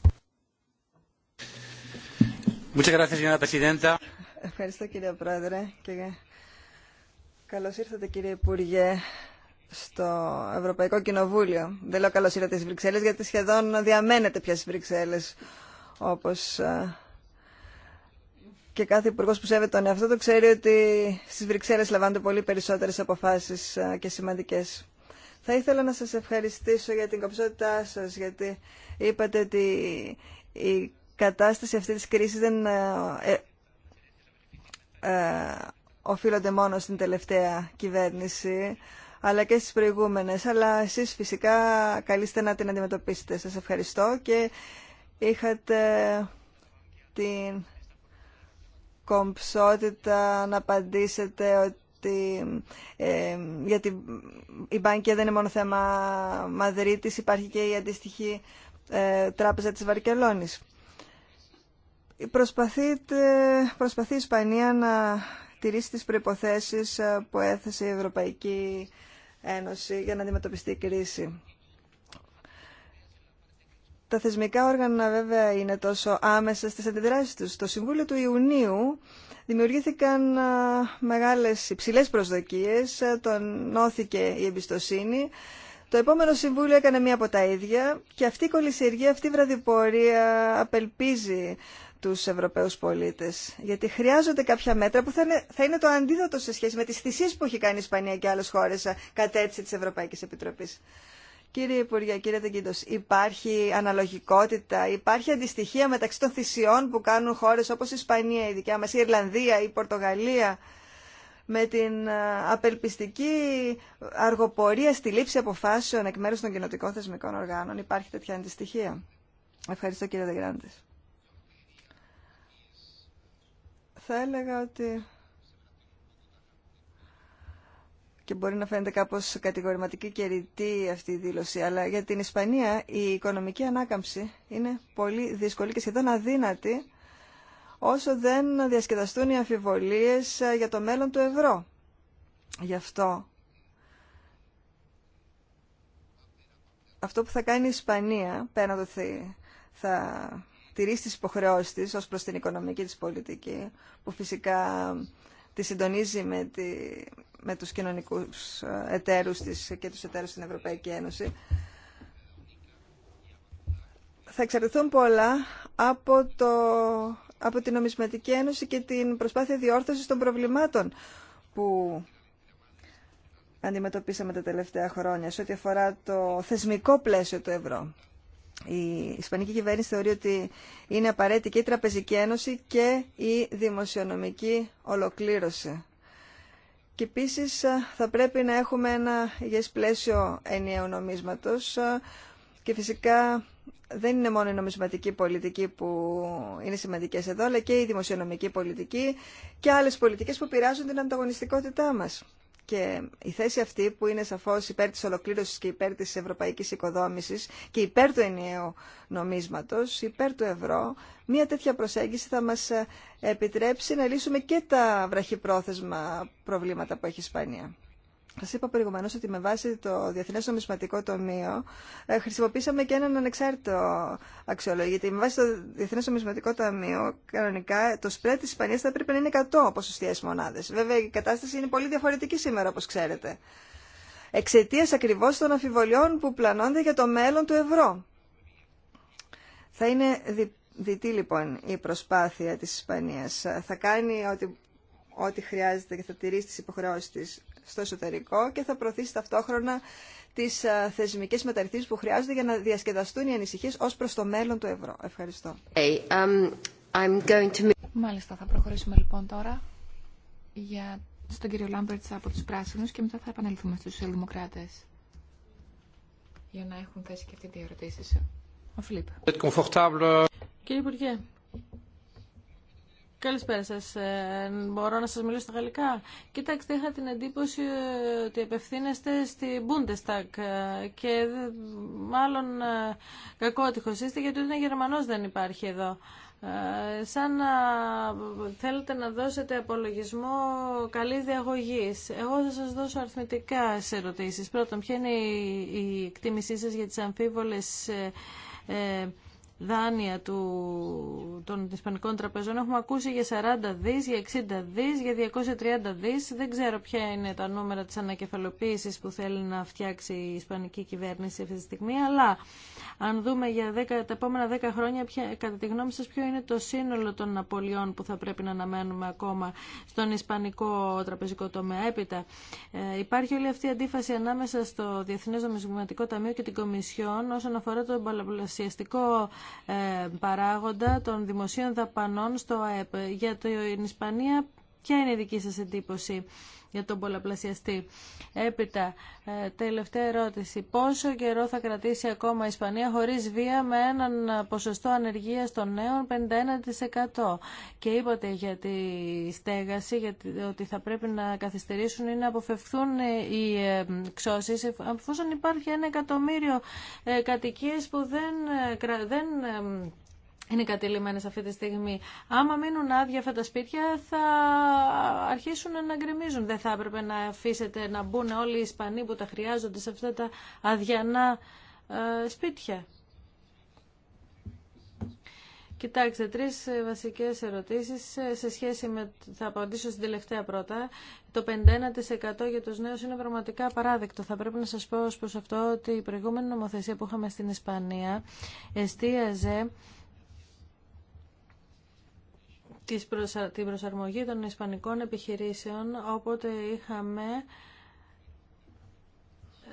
Ευχαριστώ κύριε Πρόεδρε και καλώς ήρθατε κύριε Υπουργέ στο Ευρωπαϊκό Κοινοβούλιο. Δεν λέω καλώς ήρθατε στις Βρυξέλλες γιατί σχεδόν διαμένετε πια στις Βρυξέλλες όπως ε, και κάθε υπουργό που σέβεται τον εαυτό του ξέρει ότι στι Βρυξέλλε λαμβάνονται πολύ περισσότερες αποφάσεις και σημαντικές. Θα ήθελα να σας ευχαριστήσω για την κοψότητά σα γιατί είπατε ότι η κατάσταση αυτή της κρίσης δεν ε, οφείλονται μόνο στην τελευταία κυβέρνηση, αλλά και στις προηγούμενες. Αλλά εσείς φυσικά καλείστε να την αντιμετωπίσετε. Σας ευχαριστώ και είχατε την κομψότητα να απαντήσετε ότι ε, γιατί η Μπάνκια δεν είναι μόνο θέμα Μαδρίτης, υπάρχει και η αντίστοιχη ε, τράπεζα της Βαρκελόνης. Προσπαθείτε, προσπαθεί η Ισπανία να τηρήσει τις προϋποθέσεις ε, που έθεσε η Ευρωπαϊκή Ένωση για να αντιμετωπιστεί η κρίση τα θεσμικά όργανα βέβαια είναι τόσο άμεσα στις αντιδράσεις τους. Στο Συμβούλιο του Ιουνίου δημιουργήθηκαν μεγάλες υψηλές προσδοκίες, τονώθηκε η εμπιστοσύνη. Το επόμενο Συμβούλιο έκανε μία από τα ίδια και αυτή η κολυσιεργία, αυτή η βραδιπορία απελπίζει τους Ευρωπαίους πολίτες. Γιατί χρειάζονται κάποια μέτρα που θα είναι, είναι το αντίδοτο σε σχέση με τις θυσίες που έχει κάνει η Ισπανία και άλλες χώρες κατ' έτσι της Ευρωπαϊκής Επιτροπής. Κύριε Υπουργέ, κύριε Τεγκίντος, υπάρχει αναλογικότητα, υπάρχει αντιστοιχεία μεταξύ των θυσιών που κάνουν χώρε, όπω η Ισπανία, η δικιά μα, η Ιρλανδία, η Πορτογαλία, με την ε, απελπιστική αργοπορία στη λήψη αποφάσεων εκ μέρου των κοινοτικών θεσμικών οργάνων. Υπάρχει τέτοια αντιστοιχεία. Ευχαριστώ κύριε Δεγκράντη. Θα έλεγα ότι και μπορεί να φαίνεται κάπω κατηγορηματική και ρητή αυτή η δήλωση, αλλά για την Ισπανία η οικονομική ανάκαμψη είναι πολύ δύσκολη και σχεδόν αδύνατη όσο δεν διασκεδαστούν οι αμφιβολίες ε, για το μέλλον του ευρώ. Γι' αυτό αυτό που θα κάνει η Ισπανία, πέραν το θα τηρήσει τις υποχρεώσεις της ως προς την οικονομική της πολιτική, που φυσικά τη συντονίζει με, τη, με τους κοινωνικούς ε, εταίρους της και τους εταίρους στην Ευρωπαϊκή Ένωση. Θα εξαρτηθούν πολλά από, το, από την Νομισματική Ένωση και την προσπάθεια διόρθωσης των προβλημάτων που αντιμετωπίσαμε τα τελευταία χρόνια σε ό,τι αφορά το θεσμικό πλαίσιο του ευρώ η Ισπανική κυβέρνηση θεωρεί ότι είναι απαραίτητη και η Τραπεζική Ένωση και η δημοσιονομική ολοκλήρωση. Και επίση θα πρέπει να έχουμε ένα υγιές πλαίσιο ενιαίου νομίσματος και φυσικά δεν είναι μόνο η νομισματική πολιτική που είναι σημαντικές εδώ, αλλά και η δημοσιονομική πολιτική και άλλες πολιτικές που πειράζουν την ανταγωνιστικότητά μας. Και η θέση αυτή που είναι σαφώς υπέρ της ολοκλήρωσης και υπέρ της ευρωπαϊκής οικοδόμησης και υπέρ του ενιαίου νομίσματος, υπέρ του ευρώ, μια τέτοια προσέγγιση θα μας ε, επιτρέψει να λύσουμε και τα βραχυπρόθεσμα προβλήματα που έχει η Ισπανία. Σα είπα προηγουμένω ότι με βάση το Διεθνέ Νομισματικό Τομείο ε, χρησιμοποίησαμε και έναν ανεξάρτητο αξιολογητή. Με βάση το Διεθνέ Νομισματικό Ταμείο, κανονικά το σπρέτ τη Ισπανίας θα έπρεπε να είναι 100 ποσοστιαίες μονάδε. Βέβαια η κατάσταση είναι πολύ διαφορετική σήμερα όπω ξέρετε. Εξαιτία ακριβώ των αμφιβολιών που πλανώνται για το μέλλον του ευρώ. Θα είναι δι... διτή λοιπόν η προσπάθεια τη Ισπανίας. Θα κάνει ό,τι, ό,τι χρειάζεται και θα τηρήσει τις υποχρεώσεις της στο εσωτερικό και θα προωθήσει ταυτόχρονα τις ε, θεσμικές μεταρρυθμίσει που χρειάζονται για να διασκεδαστούν οι ανησυχίε ω προς το μέλλον του ευρώ. Ευχαριστώ. Hey, um, I'm going to... Μάλιστα, θα προχωρήσουμε λοιπόν τώρα για... στον κύριο Λάμπερτς από του πράσινου και μετά θα επανέλθουμε στους Ελδημοκράτε. για να έχουν θέσει και αυτή τη ερωτήση. Ο Φιλίπ. Κύριε Υπουργέ, Καλησπέρα σας. Ε, μπορώ να σας μιλήσω στα γαλλικά. Κοιτάξτε, είχα την εντύπωση ε, ότι απευθύνεστε στη Bundestag ε, και μάλλον κακότυχο είστε γιατί ούτε Γερμανός δεν υπάρχει εδώ. σαν να θέλετε να δώσετε απολογισμό καλή διαγωγή. Εγώ θα σας δώσω αριθμητικά σε ερωτήσεις. Πρώτον, ποια είναι η, εκτίμησή σα για τις ε, δάνεια του, των Ισπανικών τραπεζών έχουμε ακούσει για 40 δις, για 60 δις, για 230 δις. Δεν ξέρω ποια είναι τα νούμερα της ανακεφαλοποίησης που θέλει να φτιάξει η Ισπανική κυβέρνηση αυτή τη στιγμή, αλλά αν δούμε για 10, τα επόμενα 10 χρόνια, κατά τη γνώμη σας, ποιο είναι το σύνολο των απολειών που θα πρέπει να αναμένουμε ακόμα στον Ισπανικό τραπεζικό τομέα. Έπειτα, ε, υπάρχει όλη αυτή η αντίφαση ανάμεσα στο Διεθνές Νομισματικό Ταμείο και την Κομισιόν όσον αφορά το πολλαπλασιαστικό ε, παράγοντα των δημοσίων δαπανών στο ΑΕΠ. Για την Ισπανία, ποια είναι η δική σας εντύπωση για τον πολλαπλασιαστή. Έπειτα, ε, τελευταία ερώτηση. Πόσο καιρό θα κρατήσει ακόμα η Ισπανία χωρίς βία με έναν ποσοστό ανεργίας των νέων 51% και είπατε για τη στέγαση γιατί, ότι θα πρέπει να καθυστερήσουν ή να αποφευθούν οι ε, ξώσεις αφού υπάρχει ένα εκατομμύριο ε, κατοικίες που δεν, δεν είναι κατελημένες αυτή τη στιγμή. Άμα μείνουν άδεια αυτά τα σπίτια θα αρχίσουν να γκρεμίζουν. Δεν θα έπρεπε να αφήσετε να μπουν όλοι οι Ισπανοί που τα χρειάζονται σε αυτά τα αδιανά ε, σπίτια. Κοιτάξτε, τρεις ε, βασικές ερωτήσεις ε, σε σχέση με, θα απαντήσω στην τελευταία πρώτα, το 51% για τους νέους είναι πραγματικά παράδεκτο. Θα πρέπει να σας πω ως προς αυτό ότι η προηγούμενη νομοθεσία που είχαμε στην Ισπανία εστίαζε της την προσαρμογή των ισπανικών επιχειρήσεων, όποτε είχαμε ε,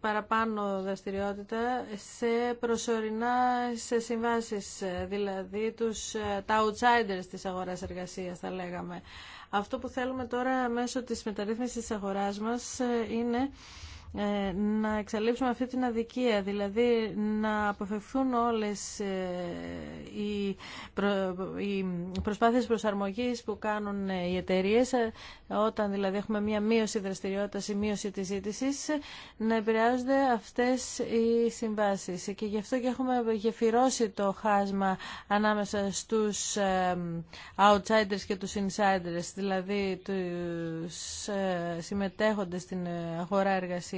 παραπάνω δραστηριότητα σε προσωρινά σε συμβάσεις, ε, δηλαδή τους, ε, τα outsiders της αγοράς εργασίας θα λέγαμε. Αυτό που θέλουμε τώρα μέσω της μεταρρύθμισης της αγοράς μας είναι ε, να εξαλείψουμε αυτή την αδικία, δηλαδή να αποφευθούν όλες ε, οι, προ, οι προσπάθειες προσαρμογής που κάνουν ε, οι εταιρείε, όταν δηλαδή έχουμε μία μείωση δραστηριότητας ή μείωση της ζήτησης, να επηρεάζονται αυτές οι συμβάσεις. Και γι' αυτό και έχουμε γεφυρώσει το χάσμα ανάμεσα στους outsiders και τους insiders, δηλαδή τους συμμετέχοντες στην αγορά εργασίας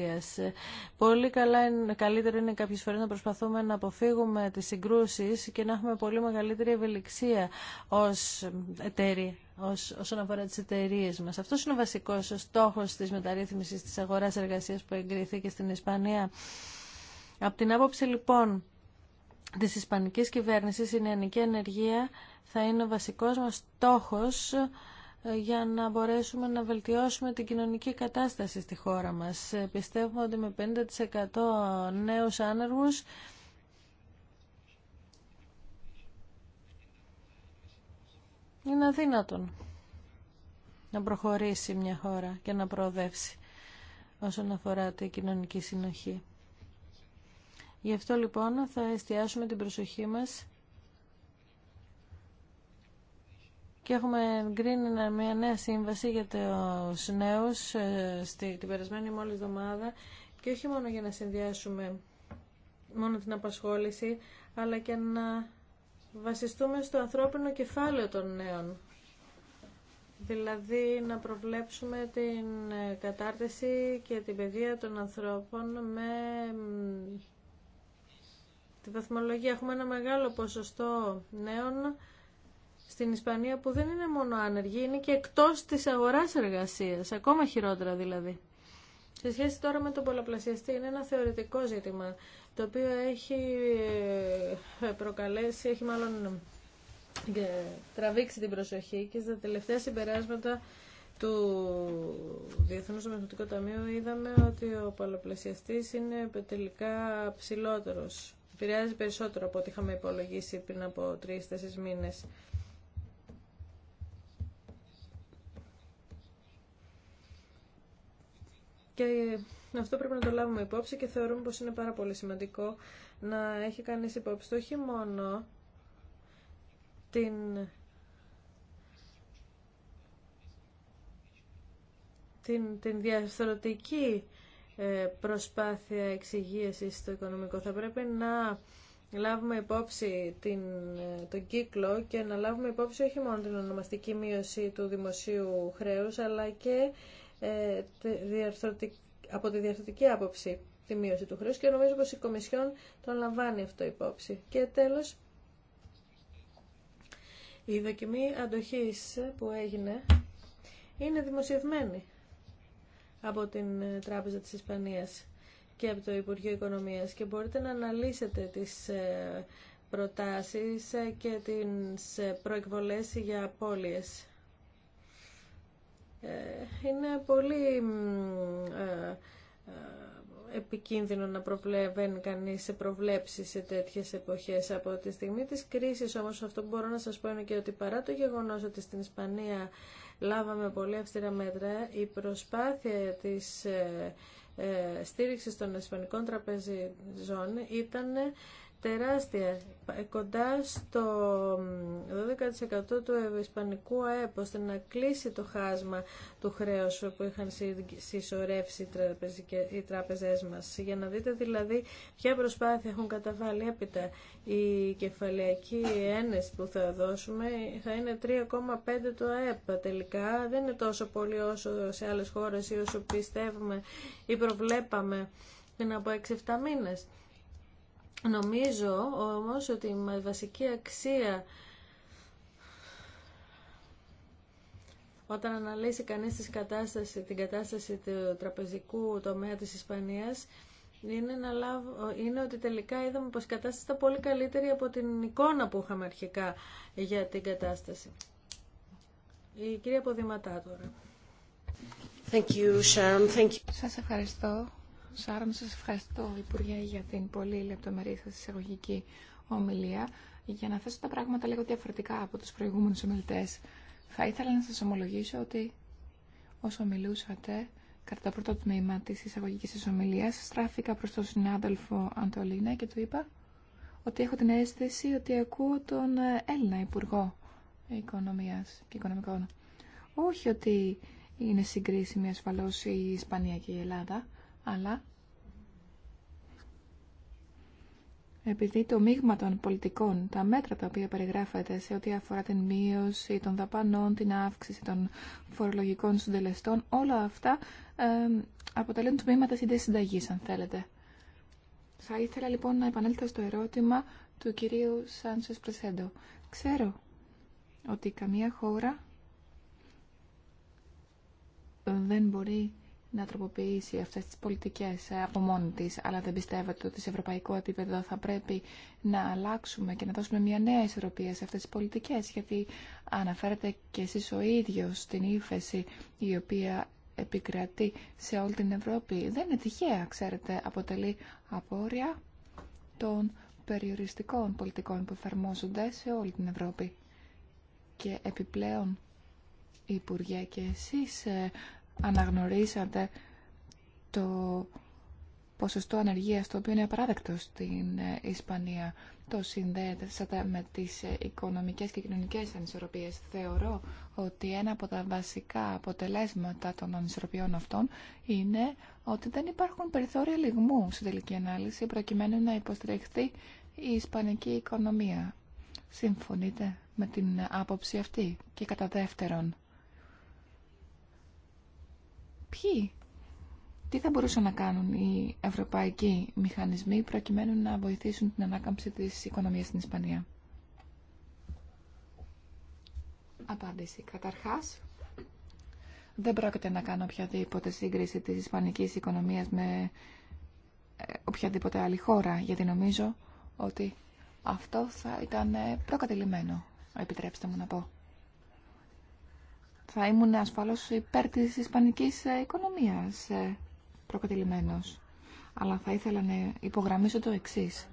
Πολύ καλά, καλύτερο είναι κάποιε φορέ να προσπαθούμε να αποφύγουμε τις συγκρούσει και να έχουμε πολύ μεγαλύτερη ευελιξία ως όσον αφορά τις εταιρείε μας. Αυτό είναι ο βασικός στόχο στόχος της μεταρρύθμισης της αγοράς εργασίας που εγκρίθηκε στην Ισπανία. Από την άποψη λοιπόν της Ισπανικής κυβέρνησης η νεανική ενεργεία θα είναι ο βασικός μας στόχος ε, για να μπορέσουμε να βελτιώσουμε την κοινωνική κατάσταση στη χώρα μας. Ε, πιστεύουμε ότι με 50% νέους άνεργους είναι αδύνατον να προχωρήσει μια χώρα και να προοδεύσει όσον αφορά την κοινωνική συνοχή. Γι' αυτό λοιπόν θα εστιάσουμε την προσοχή μας και έχουμε γκρίνει μια νέα σύμβαση για τους νέους ε, την περασμένη μόλις εβδομάδα και όχι μόνο για να συνδυάσουμε μόνο την απασχόληση αλλά και να βασιστούμε στο ανθρώπινο κεφάλαιο των νέων. Δηλαδή να προβλέψουμε την ε, κατάρτιση και την παιδεία των ανθρώπων με τη βαθμολογία. Έχουμε ένα μεγάλο ποσοστό νέων στην Ισπανία που δεν είναι μόνο άνεργοι, είναι και εκτός της αγοράς εργασίας, ακόμα χειρότερα δηλαδή. Σε σχέση τώρα με τον πολλαπλασιαστή, είναι ένα θεωρητικό ζήτημα, το οποίο έχει ε, προκαλέσει, έχει μάλλον ε, τραβήξει την προσοχή και στα τελευταία συμπεράσματα του Διεθνούς Νομισματικού Ταμείου είδαμε ότι ο πολλαπλασιαστής είναι τελικά ψηλότερος. Επηρεάζει περισσότερο από ό,τι είχαμε υπολογίσει πριν από τρεις-τέσσερις μήνες. Και αυτό πρέπει να το λάβουμε υπόψη και θεωρούμε πως είναι πάρα πολύ σημαντικό να έχει κανείς υπόψη όχι μόνο την την, διαφθορωτική ε, προσπάθεια εξυγίασης στο οικονομικό. Θα πρέπει να λάβουμε υπόψη την, ε, τον κύκλο και να λάβουμε υπόψη όχι μόνο την ονομαστική μείωση του δημοσίου χρέους, αλλά και ε, από τη διαρθρωτική άποψη τη μείωση του χρέους και νομίζω πως η Κομισιόν τον λαμβάνει αυτό υπόψη. Και τέλος, η δοκιμή αντοχής που έγινε είναι δημοσιευμένη από την Τράπεζα της Ισπανίας και από το Υπουργείο Οικονομίας και μπορείτε να αναλύσετε τις ε, προτάσεις ε, και τις προεκβολές για απώλειες. Ε, είναι πολύ ε, ε, επικίνδυνο να προβλέψει κανείς σε προβλέψεις σε τέτοιες εποχές από τη στιγμή της κρίσης όμως αυτό που μπορώ να σας πω είναι και ότι παρά το γεγονός ότι στην Ισπανία λάβαμε πολύ αυστηρά μέτρα η προσπάθεια της στήριξης των ισπανικών τραπεζιζών ήταν τεράστια, ε, κοντά στο 12% του Ισπανικού ΑΕΠ, ώστε να κλείσει το χάσμα του χρέους που είχαν συσσωρεύσει οι τράπεζές μας. Για να δείτε δηλαδή ποια προσπάθεια έχουν καταβάλει έπειτα η κεφαλιακή ένες που θα δώσουμε θα είναι 3,5 του ΑΕΠ τελικά. Δεν είναι τόσο πολύ όσο σε άλλες χώρες ή όσο πιστεύουμε ή προβλέπαμε πριν από 6-7 μήνες. Νομίζω όμως ότι η βασική αξία όταν αναλύσει κανείς την κατάσταση, την κατάσταση του τραπεζικού τομέα της Ισπανίας είναι, να είναι ότι τελικά είδαμε πως η κατάσταση ήταν πολύ καλύτερη από την εικόνα που είχαμε αρχικά για την κατάσταση. Η κυρία Ποδηματά τώρα. Σας ευχαριστώ Σάρων, σας ευχαριστώ Υπουργέ για την πολύ λεπτομερή σας εισαγωγική ομιλία. Για να θέσω τα πράγματα λίγο διαφορετικά από τους προηγούμενους ομιλητές, θα ήθελα να σας ομολογήσω ότι όσο μιλούσατε, κατά το πρώτο τμήμα της εισαγωγικής σας ομιλίας, στράφηκα προς τον συνάδελφο Αντολίνα και του είπα ότι έχω την αίσθηση ότι ακούω τον Έλληνα Υπουργό Οικονομίας και Οικονομικών. Όχι ότι είναι συγκρίσιμη ασφαλώς η Ισπανία και η Ελλάδα, αλλά επειδή το μείγμα των πολιτικών, τα μέτρα τα οποία περιγράφεται σε ό,τι αφορά την μείωση των δαπανών, την αύξηση των φορολογικών συντελεστών, όλα αυτά ε, αποτελούν τμήματα της συνταγή αν θέλετε. Θα ήθελα λοιπόν να επανέλθω στο ερώτημα του κυρίου Σάντσες Πρεσέντο. Ξέρω ότι καμία χώρα δεν μπορεί να τροποποιήσει αυτές τις πολιτικές ε, από μόνη της, αλλά δεν πιστεύετε ότι σε ευρωπαϊκό επίπεδο θα πρέπει να αλλάξουμε και να δώσουμε μια νέα ισορροπία σε αυτές τις πολιτικές, γιατί αναφέρετε και εσείς ο ίδιος την ύφεση η οποία επικρατεί σε όλη την Ευρώπη. Δεν είναι τυχαία, ξέρετε, αποτελεί απόρρια των περιοριστικών πολιτικών που εφαρμόζονται σε όλη την Ευρώπη. Και επιπλέον, Υπουργέ, και εσείς ε, αναγνωρίσατε το ποσοστό ανεργίας το οποίο είναι απαράδεκτο στην ε, Ισπανία. Το συνδέεται με τις ε, οικονομικές και κοινωνικές ανισορροπίες. Θεωρώ ότι ένα από τα βασικά αποτελέσματα των ανισορροπιών αυτών είναι ότι δεν υπάρχουν περιθώρια λιγμού στην τελική ανάλυση προκειμένου να υποστρέχθει η ισπανική οικονομία. Συμφωνείτε με την άποψη αυτή και κατά δεύτερον Ποιοι, τι θα μπορούσαν να κάνουν οι ευρωπαϊκοί μηχανισμοί προκειμένου να βοηθήσουν την ανάκαμψη της οικονομίας στην Ισπανία. Απάντηση. Καταρχάς, δεν πρόκειται να κάνω οποιαδήποτε σύγκριση της ισπανικής οικονομίας με ε, οποιαδήποτε άλλη χώρα, γιατί νομίζω ότι αυτό θα ήταν ε, προκατελημένο, επιτρέψτε μου να πω θα ήμουν ασφαλώς υπέρ της ισπανικής οικονομίας ε, προκατηλημένος. Αλλά θα ήθελα να υπογραμμίσω το εξής.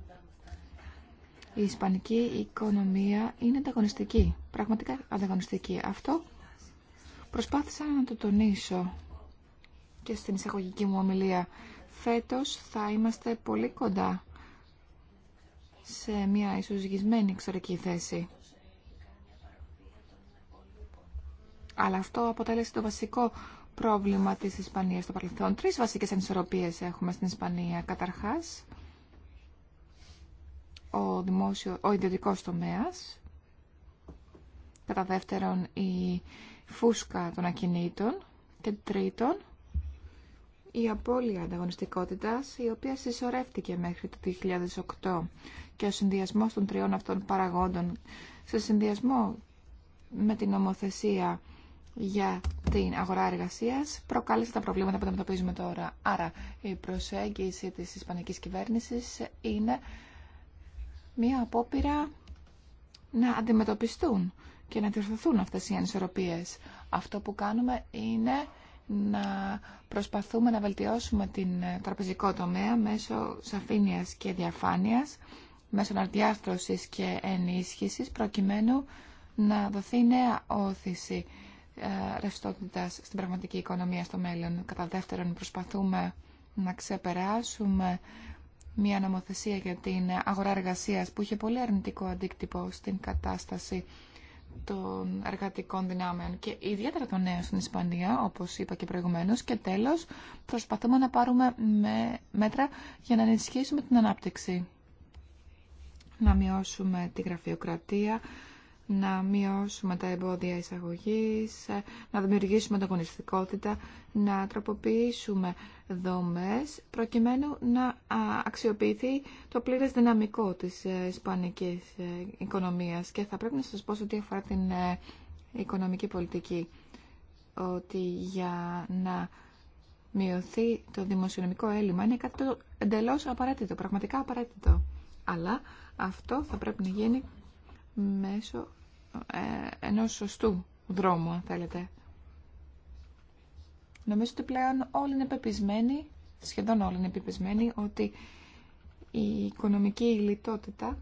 Η ισπανική οικονομία είναι ανταγωνιστική, πραγματικά ανταγωνιστική. Αυτό προσπάθησα να το τονίσω και στην εισαγωγική μου ομιλία. Φέτος θα είμαστε πολύ κοντά σε μια ισοζυγισμένη εξωτερική θέση. Αλλά αυτό αποτέλεσε το βασικό πρόβλημα της Ισπανίας στο παρελθόν. Τρεις βασικές ανισορροπίες έχουμε στην Ισπανία. Καταρχάς, ο, δημόσιο, ο ιδιωτικός τομέας. Κατά δεύτερον, η φούσκα των ακινήτων. Και τρίτον, η απώλεια ανταγωνιστικότητας, η οποία συσσωρεύτηκε μέχρι το 2008. Και ο συνδυασμός των τριών αυτών παραγόντων, σε συνδυασμό με την νομοθεσία για την αγορά εργασία. προκάλεσε τα προβλήματα που αντιμετωπίζουμε τώρα. Άρα η προσέγγιση της ισπανική κυβέρνηση είναι μία απόπειρα να αντιμετωπιστούν και να διορθωθούν αυτές οι ανισορροπίες. Αυτό που κάνουμε είναι να προσπαθούμε να βελτιώσουμε την ε, τραπεζικό τομέα μέσω σαφήνειας και διαφάνειας, μέσω αναδιάρθρωσης και ενίσχυσης, προκειμένου να δοθεί νέα όθηση ε, ρευστότητας στην πραγματική οικονομία στο μέλλον. Κατά δεύτερον, προσπαθούμε να ξεπεράσουμε μια νομοθεσία για την αγορά εργασίας που είχε πολύ αρνητικό αντίκτυπο στην κατάσταση των εργατικών δυνάμεων και ιδιαίτερα των νέων στην Ισπανία, όπως είπα και προηγουμένως. Και τέλος, προσπαθούμε να πάρουμε μέτρα για να ενισχύσουμε την ανάπτυξη. Να μειώσουμε τη γραφειοκρατία, να μειώσουμε τα εμπόδια εισαγωγής, να δημιουργήσουμε ανταγωνιστικότητα, να τροποποιήσουμε δομές, προκειμένου να αξιοποιηθεί το πλήρες δυναμικό της ε, ισπανικής ε, οικονομίας. Και θα πρέπει να σας πω ότι αφορά την ε, οικονομική πολιτική, ότι για να μειωθεί το δημοσιονομικό έλλειμμα είναι κάτι εντελώς απαραίτητο, πραγματικά απαραίτητο. Αλλά αυτό θα πρέπει να γίνει μέσω ε, ενός σωστού δρόμου, αν θέλετε. Νομίζω ότι πλέον όλοι είναι πεπισμένοι, σχεδόν όλοι είναι πεπισμένοι, ότι η οικονομική λιτότητα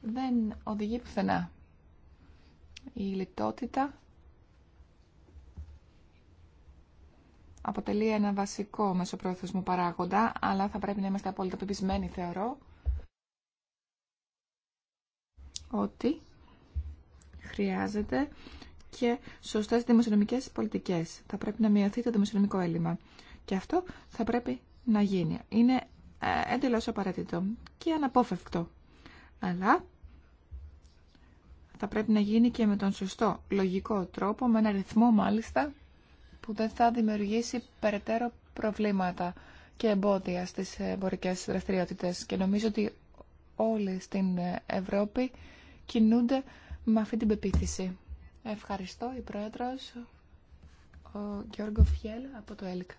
δεν οδηγεί πουθενά. Η λιτότητα αποτελεί ένα βασικό μεσοπρόθεσμο παράγοντα, αλλά θα πρέπει να είμαστε απόλυτα πεπισμένοι, θεωρώ, ότι χρειάζεται και σωστές δημοσιονομικέ πολιτικές. Θα πρέπει να μειωθεί το δημοσιονομικό έλλειμμα. Και αυτό θα πρέπει να γίνει. Είναι ε, εντελώ απαραίτητο και αναπόφευκτο. Αλλά θα πρέπει να γίνει και με τον σωστό λογικό τρόπο, με ένα ρυθμό μάλιστα που δεν θα δημιουργήσει περαιτέρω προβλήματα και εμπόδια στις εμπορικές δραστηριότητες. Και νομίζω ότι όλοι στην Ευρώπη κινούνται με αυτή την πεποίθηση. Ευχαριστώ, η Πρόεδρος, ο Γιώργο Φιέλ από το ΕΛΚ.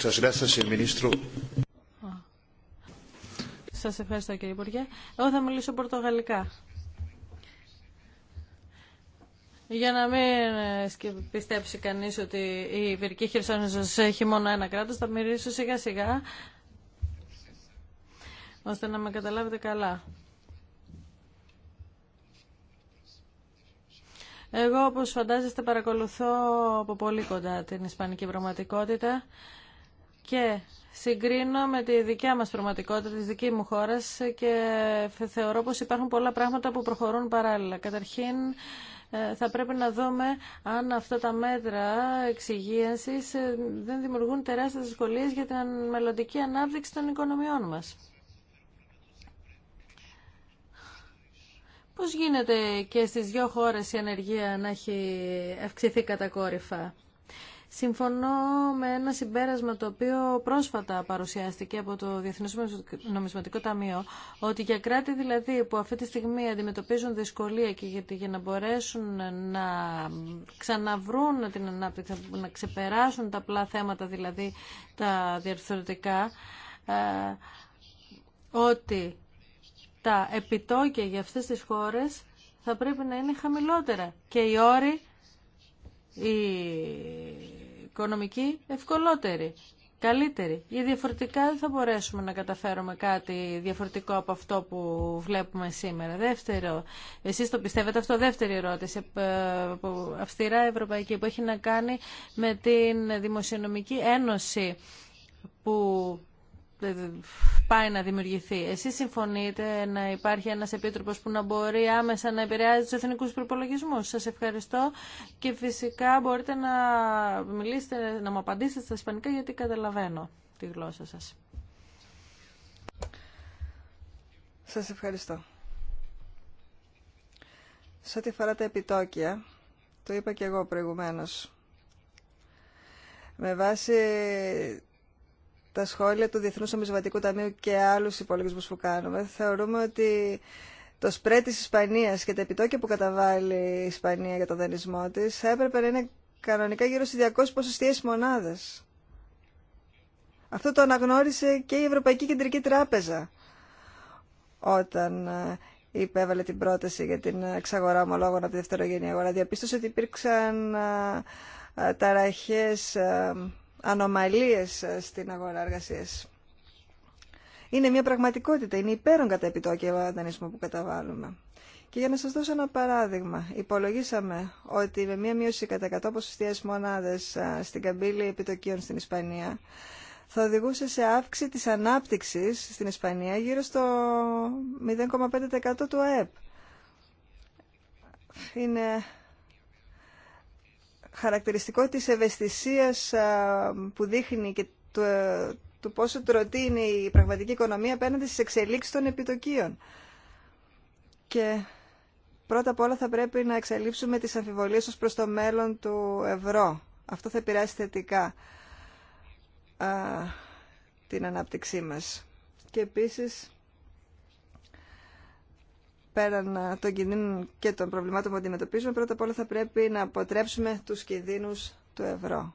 Σας ευχαριστώ, Σας ευχαριστώ, κύριε Υπουργέ. Εγώ θα μιλήσω πορτογαλικά. Για να μην ε, πιστέψει κανείς ότι η Βυρική Χερσόνησο έχει μόνο ένα κράτος, θα μιλησω σιγά σιγά ώστε να με καταλάβετε καλά. Εγώ, όπως φαντάζεστε, παρακολουθώ από πολύ κοντά την ισπανική πραγματικότητα και συγκρίνω με τη δικιά μας πραγματικότητα της δική μου χώρας και θεωρώ πως υπάρχουν πολλά πράγματα που προχωρούν παράλληλα. Καταρχήν, ε, θα πρέπει να δούμε αν αυτά τα μέτρα εξυγίανσης ε, δεν δημιουργούν τεράστιες δυσκολίες για την μελλοντική ανάπτυξη των οικονομιών μας. Πώς γίνεται και στις δύο χώρες η ανεργία να έχει αυξηθεί κατακόρυφα. Συμφωνώ με ένα συμπέρασμα το οποίο πρόσφατα παρουσιάστηκε από το Διεθνές Νομισματικό Ταμείο ότι για κράτη δηλαδή που αυτή τη στιγμή αντιμετωπίζουν δυσκολία και γιατί για να μπορέσουν να ξαναβρούν την ανάπτυξη, να ξεπεράσουν τα απλά θέματα δηλαδή τα διαρθρωτικά ε, ότι τα επιτόκια για αυτές τις χώρες θα πρέπει να είναι χαμηλότερα και οι όροι οι οικονομικοί ευκολότεροι, καλύτεροι. η διαφορετικά δεν θα μπορέσουμε να καταφέρουμε κάτι διαφορετικό από αυτό που βλέπουμε σήμερα. Δεύτερο, εσείς το πιστεύετε αυτό, δεύτερη ερώτηση, ε, αυστηρά ευρωπαϊκή, που έχει να κάνει με την Δημοσιονομική Ένωση που ε, πάει να δημιουργηθεί. Εσείς συμφωνείτε να υπάρχει ένας επίτροπος που να μπορεί άμεσα να επηρεάζει του εθνικού προπολογισμού. Σας ευχαριστώ και φυσικά μπορείτε να μιλήσετε, να μου απαντήσετε στα ισπανικά γιατί καταλαβαίνω τη γλώσσα σας. Σας ευχαριστώ. Σε ό,τι αφορά τα επιτόκια, το είπα και εγώ προηγουμένως. Με βάση τα σχόλια του Διεθνούς Ομισβατικού Ταμείου και άλλους υπολογισμούς που κάνουμε, θεωρούμε ότι το σπρέ της Ισπανίας και τα επιτόκια που καταβάλει η Ισπανία για τον δανεισμό της θα έπρεπε να είναι κανονικά γύρω στις 200 ποσοστίες μονάδες. Αυτό το αναγνώρισε και η Ευρωπαϊκή Κεντρική Τράπεζα όταν ε, υπέβαλε την πρόταση για την εξαγορά ομολόγων από τη δευτερογενή αγορά. Διαπίστωσε ότι υπήρξαν ε, ε, ταραχές ανομαλίες ε, στην αγορά εργασίας. Είναι μια πραγματικότητα, είναι υπέρον κατά επιτόκια δανεισμό που καταβάλουμε. Και για να σας δώσω ένα παράδειγμα, υπολογίσαμε ότι με μια μείωση κατά 100 ποσοστιαίες μονάδες ε, στην καμπύλη επιτοκίων στην Ισπανία, θα οδηγούσε σε αύξηση της ανάπτυξης στην Ισπανία γύρω στο 0,5% του ΑΕΠ. Είναι χαρακτηριστικό της ευαισθησίας που δείχνει και του, πόσο τρωτή είναι η πραγματική οικονομία απέναντι στις εξελίξεις των επιτοκίων. Και πρώτα απ' όλα θα πρέπει να εξαλείψουμε τις αμφιβολίες ως προς το μέλλον του ευρώ. Αυτό θα επηρεάσει θετικά α, την ανάπτυξή μας. Και επίσης πέραν ε, των κινδύνων και των προβλημάτων που αντιμετωπίζουμε, πρώτα απ' όλα θα πρέπει να αποτρέψουμε τους κινδύνους του ευρώ.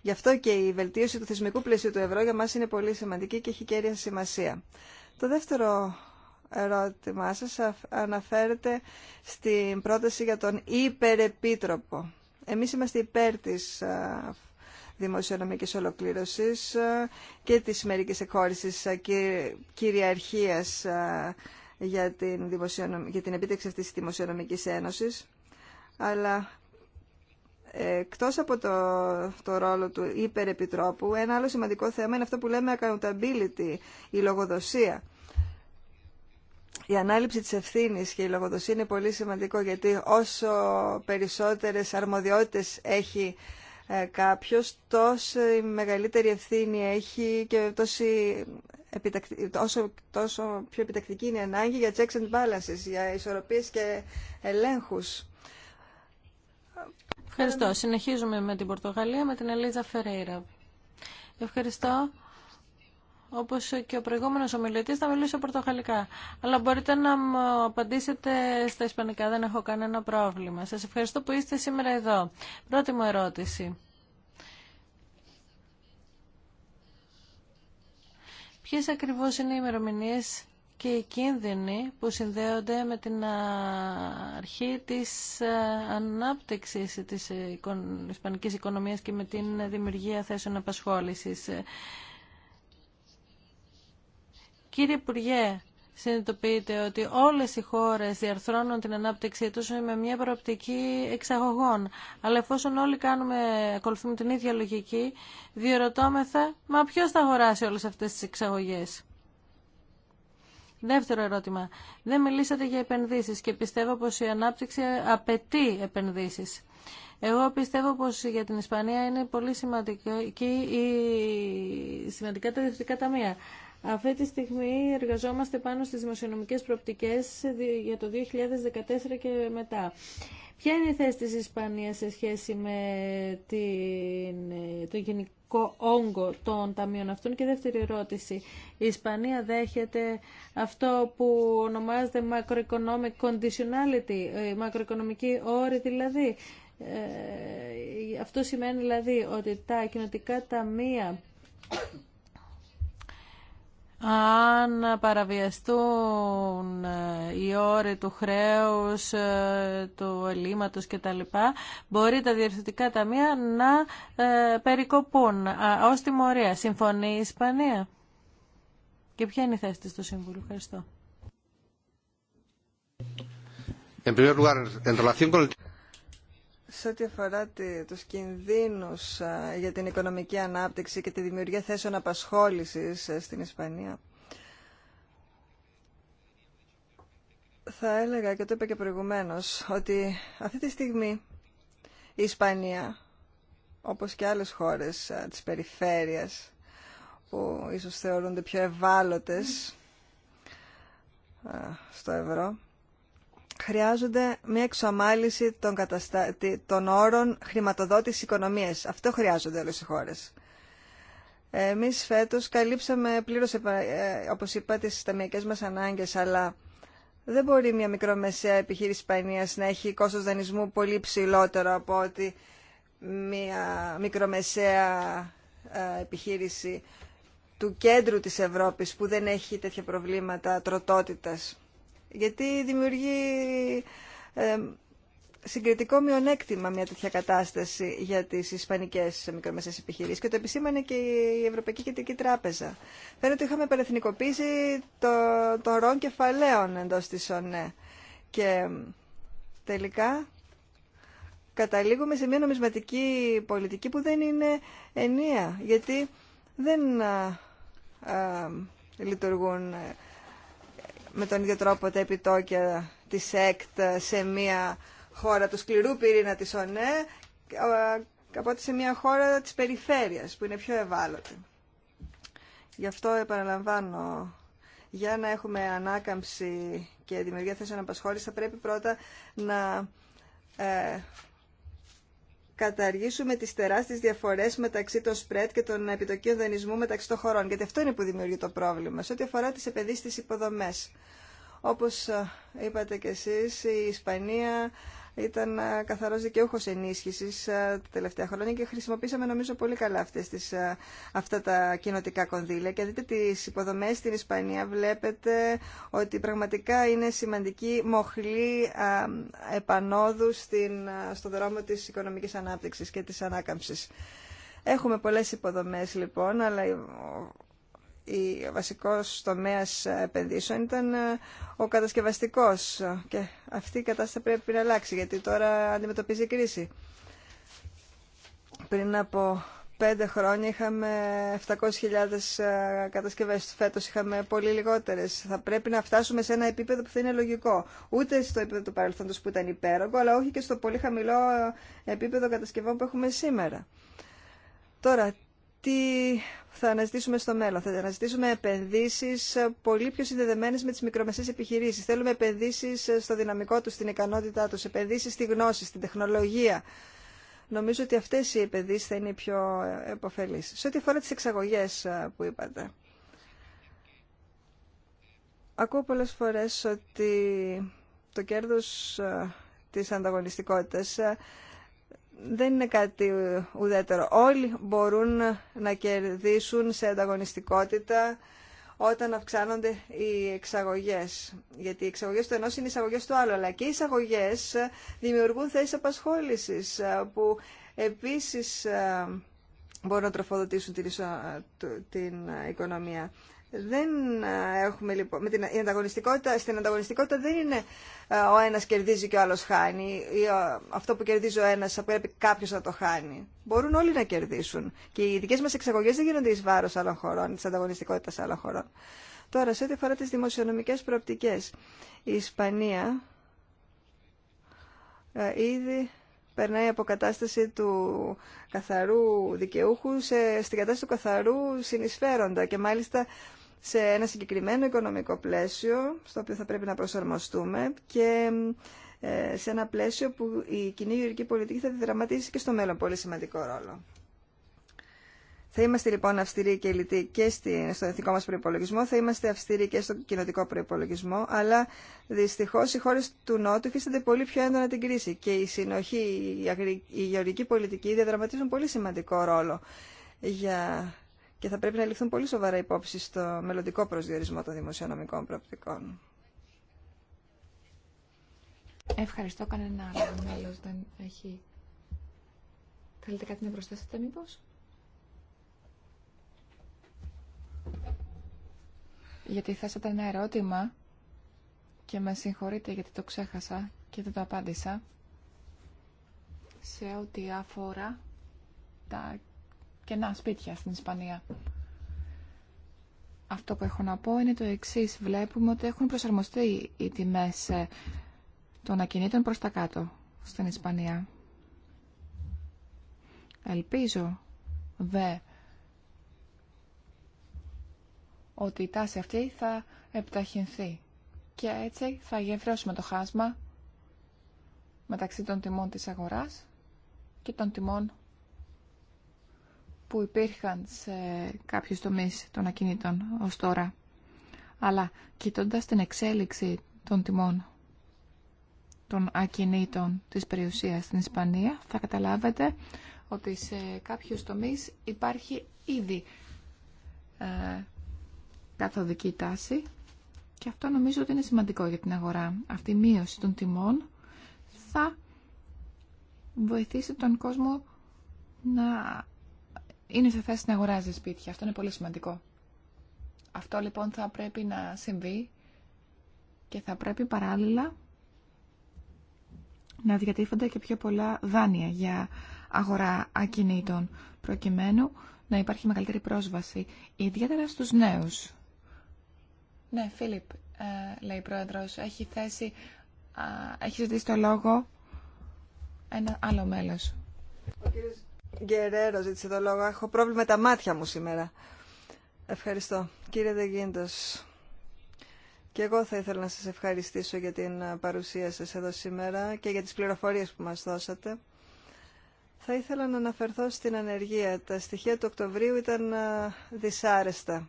Γι' αυτό και η βελτίωση του θεσμικού πλαισίου του ευρώ για μας είναι πολύ σημαντική και έχει κέρια σημασία. Το δεύτερο ερώτημά σας αναφέρεται στην πρόταση για τον υπερεπίτροπο. Εμείς είμαστε υπέρ της ε, δημοσιονομικής ολοκλήρωσης ε, και της μερικής εκχώρησης κυριαρχίας για την, δημοσιονομ... για την επίτευξη αυτής της Δημοσιονομικής Ένωσης, αλλά εκτός από το, το ρόλο του υπερεπιτρόπου, ένα άλλο σημαντικό θέμα είναι αυτό που λέμε accountability, η λογοδοσία. Η ανάληψη της ευθύνης και η λογοδοσία είναι πολύ σημαντικό γιατί όσο περισσότερες αρμοδιότητες έχει ε, κάποιος τόσο μεγαλύτερη ευθύνη έχει και τόσο, τόσο πιο επιτακτική είναι η ανάγκη για checks and balances, για ισορροπίες και ελέγχους. Ευχαριστώ. Συνεχίζουμε με την Πορτογαλία, με την Ελίζα Φερέιρα. Ευχαριστώ. Όπως και ο προηγούμενο ομιλητή θα μιλήσω πορτογαλικά. Αλλά μπορείτε να μου απαντήσετε στα ισπανικά, δεν έχω κανένα πρόβλημα. Σας ευχαριστώ που είστε σήμερα εδώ. Πρώτη μου ερώτηση. Ποιε ακριβώς είναι οι ημερομηνίε και οι κίνδυνοι που συνδέονται με την αρχή της ανάπτυξης της ε, ισπανικής οικονομίας και με την δημιουργία θέσεων απασχόλησης. Κύριε Υπουργέ, συνειδητοποιείτε ότι όλες οι χώρες διαρθρώνουν την ανάπτυξή τους με μια προοπτική εξαγωγών. Αλλά εφόσον όλοι κάνουμε, ακολουθούμε την ίδια λογική, διερωτώμεθα, μα ποιος θα αγοράσει όλες αυτές τις εξαγωγές. Δεύτερο ερώτημα. Δεν μιλήσατε για επενδύσεις και πιστεύω πως η ανάπτυξη απαιτεί επενδύσεις. Εγώ πιστεύω πως για την Ισπανία είναι πολύ σημαντική η... σημαντικά τα διευθυντικά ταμεία. Αυτή τη στιγμή εργαζόμαστε πάνω στις δημοσιονομικές προπτικές για το 2014 και μετά. Ποια είναι η θέση της Ισπανίας σε σχέση με την, το γενικό όγκο των ταμείων αυτών και δεύτερη ερώτηση. Η Ισπανία δέχεται αυτό που ονομάζεται macroeconomic conditionality, ε, μακροοικονομική όρη δηλαδή. Ε, αυτό σημαίνει δηλαδή ότι τα κοινοτικά ταμεία αν παραβιαστούν ε, οι όροι του χρέους, ε, του ελλείμματος κτλ, μπορεί τα διευθυντικά ταμεία να ε, περικοπούν ως τιμωρία. Συμφωνεί η Ισπανία. Και ποια είναι η θέση της στο Σύμβουλο. Ευχαριστώ σε ό,τι αφορά του κινδύνου για την οικονομική ανάπτυξη και τη δημιουργία θέσεων απασχόλησης στην Ισπανία. Θα έλεγα και το είπα και προηγουμένως ότι αυτή τη στιγμή η Ισπανία, όπως και άλλες χώρες της περιφέρειας που ίσως θεωρούνται πιο ευάλωτες στο ευρώ, χρειάζονται μια εξομάλυση των, όρων χρηματοδότηση οικονομίας. Αυτό χρειάζονται όλες οι χώρες. Εμείς φέτος καλύψαμε πλήρως, ε, όπως είπα, τις ταμιακές μας ανάγκες, αλλά δεν μπορεί μια μικρομεσαία επιχείρηση Ισπανίας να έχει κόστος δανεισμού πολύ ψηλότερο από ότι μια μικρομεσαία ε, επιχείρηση του κέντρου της Ευρώπης που δεν έχει τέτοια προβλήματα τροτότητας γιατί δημιουργεί ε, συγκριτικό μειονέκτημα μια τέτοια κατάσταση για τις ισπανικές μικρομεσαίες επιχειρήσεις και το επισήμανε και η Ευρωπαϊκή Κεντρική Τράπεζα. Φαίνεται ότι είχαμε παρεθνικοποίηση των το, ροών κεφαλαίων εντός της ΩΝΕ και τελικά καταλήγουμε σε μια νομισματική πολιτική που δεν είναι ενία γιατί δεν ε, ε, λειτουργούν με τον ίδιο τρόπο τα επιτόκια της ΕΚΤ σε μια χώρα του σκληρού πυρήνα της ΟΝΕ από ότι σε μια χώρα της περιφέρειας που είναι πιο ευάλωτη. Γι' αυτό επαναλαμβάνω, για να έχουμε ανάκαμψη και δημιουργία θέσεων απασχόληση θα πρέπει πρώτα να ε, καταργήσουμε τις τεράστιες διαφορές μεταξύ των σπρέτ και των επιτοκίων δανεισμού μεταξύ των χωρών. Γιατί αυτό είναι που δημιουργεί το πρόβλημα σε ό,τι αφορά τις επενδύσεις στις υποδομές. Όπως ε, είπατε κι εσείς, η Ισπανία ήταν ε, καθαρός δικαιούχος ενίσχυσης ε, τα τελευταία χρόνια και χρησιμοποίησαμε νομίζω πολύ καλά αυτές τις, ε, αυτά τα κοινοτικά κονδύλια. Και δείτε τις υποδομές στην Ισπανία βλέπετε ότι πραγματικά είναι σημαντική μοχλή επανόδου στην, στο δρόμο της οικονομικής ανάπτυξης και της ανάκαμψης. Έχουμε πολλές υποδομές λοιπόν, αλλά ο βασικός τομέας επενδύσεων ήταν ε, ο κατασκευαστικός και αυτή η κατάσταση πρέπει να αλλάξει γιατί τώρα αντιμετωπίζει κρίση. Πριν από πέντε χρόνια είχαμε 700.000 ε, κατασκευές. Φέτος είχαμε πολύ λιγότερες. Θα πρέπει να φτάσουμε σε ένα επίπεδο που θα είναι λογικό. Ούτε στο επίπεδο του παρελθόντος που ήταν υπέρογκο, αλλά όχι και στο πολύ χαμηλό ε, επίπεδο κατασκευών που έχουμε σήμερα. Τώρα, τι θα αναζητήσουμε στο μέλλον. Θα αναζητήσουμε επενδύσει πολύ πιο συνδεδεμένε με τι μικρομεσαίες επιχειρήσεις. Θέλουμε επενδύσει στο δυναμικό του, στην ικανότητά του, επενδύσει στη γνώση, στην τεχνολογία. Νομίζω ότι αυτές οι επενδύσεις θα είναι οι πιο επωφελεί. Σε ό,τι αφορά τι εξαγωγέ ε, που είπατε. Ακούω πολλές φορές ότι το κέρδος ε, της ανταγωνιστικότητας ε, δεν είναι κάτι ουδέτερο. Όλοι μπορούν να κερδίσουν σε ανταγωνιστικότητα όταν αυξάνονται οι εξαγωγές. Γιατί οι εξαγωγές του ενός είναι οι εισαγωγές του άλλου, αλλά και οι εισαγωγές δημιουργούν θέσεις απασχόλησης ε, που επίσης ε, μπορούν να τροφοδοτήσουν την ε, οικονομία. Δεν έχουμε λοιπόν, με την, ανταγωνιστικότητα, στην ανταγωνιστικότητα δεν είναι ο ένας κερδίζει και ο άλλος χάνει ή αυτό που κερδίζει ο ένας πρέπει κάποιος να το χάνει. Μπορούν όλοι να κερδίσουν και οι δικές μας εξαγωγές δεν γίνονται εις βάρος άλλων χωρών, της ανταγωνιστικότητας άλλων χωρών. Τώρα, σε ό,τι αφορά τις δημοσιονομικές προοπτικές, η Ισπανία ήδη περνάει από κατάσταση του καθαρού δικαιούχου σε, στην κατάσταση του καθαρού συνεισφέροντα και μάλιστα σε ένα συγκεκριμένο οικονομικό πλαίσιο στο οποίο θα πρέπει να προσαρμοστούμε και ε, σε ένα πλαίσιο που η κοινή γεωρική πολιτική θα διδραματίσει και στο μέλλον πολύ σημαντικό ρόλο. Θα είμαστε λοιπόν αυστηροί και λυτοί και στον εθνικό μας προϋπολογισμό, θα είμαστε αυστηροί και στον κοινοτικό προϋπολογισμό, αλλά δυστυχώς οι χώρες του Νότου υφίστανται πολύ πιο έντονα την κρίση και η συνοχή, η γεωρική πολιτική διαδραματίζουν πολύ σημαντικό ρόλο για και θα πρέπει να ληφθούν πολύ σοβαρά υπόψη στο μελλοντικό προσδιορισμό των δημοσιονομικών προοπτικών. Ευχαριστώ. Κανένα άλλο μέλο δεν έχει. Θέλετε κάτι να προσθέσετε, μήπω. Γιατί θέσατε ένα ερώτημα και με συγχωρείτε γιατί το ξέχασα και δεν το απάντησα σε ό,τι αφορά τα και να, σπίτια στην Ισπανία. Αυτό που έχω να πω είναι το εξή. Βλέπουμε ότι έχουν προσαρμοστεί οι τιμέ ε, των ακινήτων προς τα κάτω στην Ισπανία. Ελπίζω δε ότι η τάση αυτή θα επιταχυνθεί και έτσι θα γευρώσουμε το χάσμα μεταξύ των τιμών της αγοράς και των τιμών που υπήρχαν σε κάποιους τομείς των ακινήτων ως τώρα. Αλλά κοιτώντας την εξέλιξη των τιμών των ακινήτων της περιουσίας στην Ισπανία, θα καταλάβετε ότι σε κάποιους τομείς υπάρχει ήδη ε, καθοδική τάση και αυτό νομίζω ότι είναι σημαντικό για την αγορά. Αυτή η μείωση των τιμών θα βοηθήσει τον κόσμο να είναι σε θέση να αγοράζει σπίτια. Αυτό είναι πολύ σημαντικό. Αυτό λοιπόν θα πρέπει να συμβεί και θα πρέπει παράλληλα να διατύφονται και πιο πολλά δάνεια για αγορά ακινήτων προκειμένου να υπάρχει μεγαλύτερη πρόσβαση, ιδιαίτερα στους νέους. Ναι, Φίλιπ, ε, λέει η Πρόεδρος, έχει θέσει, έχει ζητήσει το λόγο ένα άλλο μέλος. Γκερέρο ζήτησε το λόγο. Έχω πρόβλημα με τα μάτια μου σήμερα. Ευχαριστώ. Κύριε Δεγίντο, και εγώ θα ήθελα να σα ευχαριστήσω για την παρουσία σα εδώ σήμερα και για τι πληροφορίε που μα δώσατε. Θα ήθελα να αναφερθώ στην ανεργία. Τα στοιχεία του Οκτωβρίου ήταν δυσάρεστα.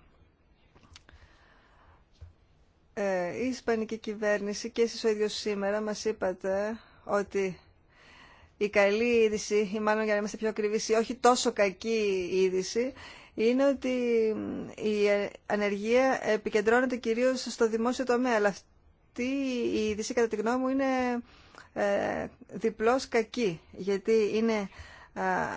Ε, η Ισπανική κυβέρνηση και εσείς ο ίδιος σήμερα μας είπατε ότι η καλή είδηση, ή μάλλον για να είμαστε πιο ακριβείς, η όχι τόσο κακή είδηση, είναι ότι η ανεργία επικεντρώνεται κυρίως στο δημόσιο τομέα, αλλά αυτή η είδηση κατά τη γνώμη μου είναι ε, διπλώς κακή, γιατί είναι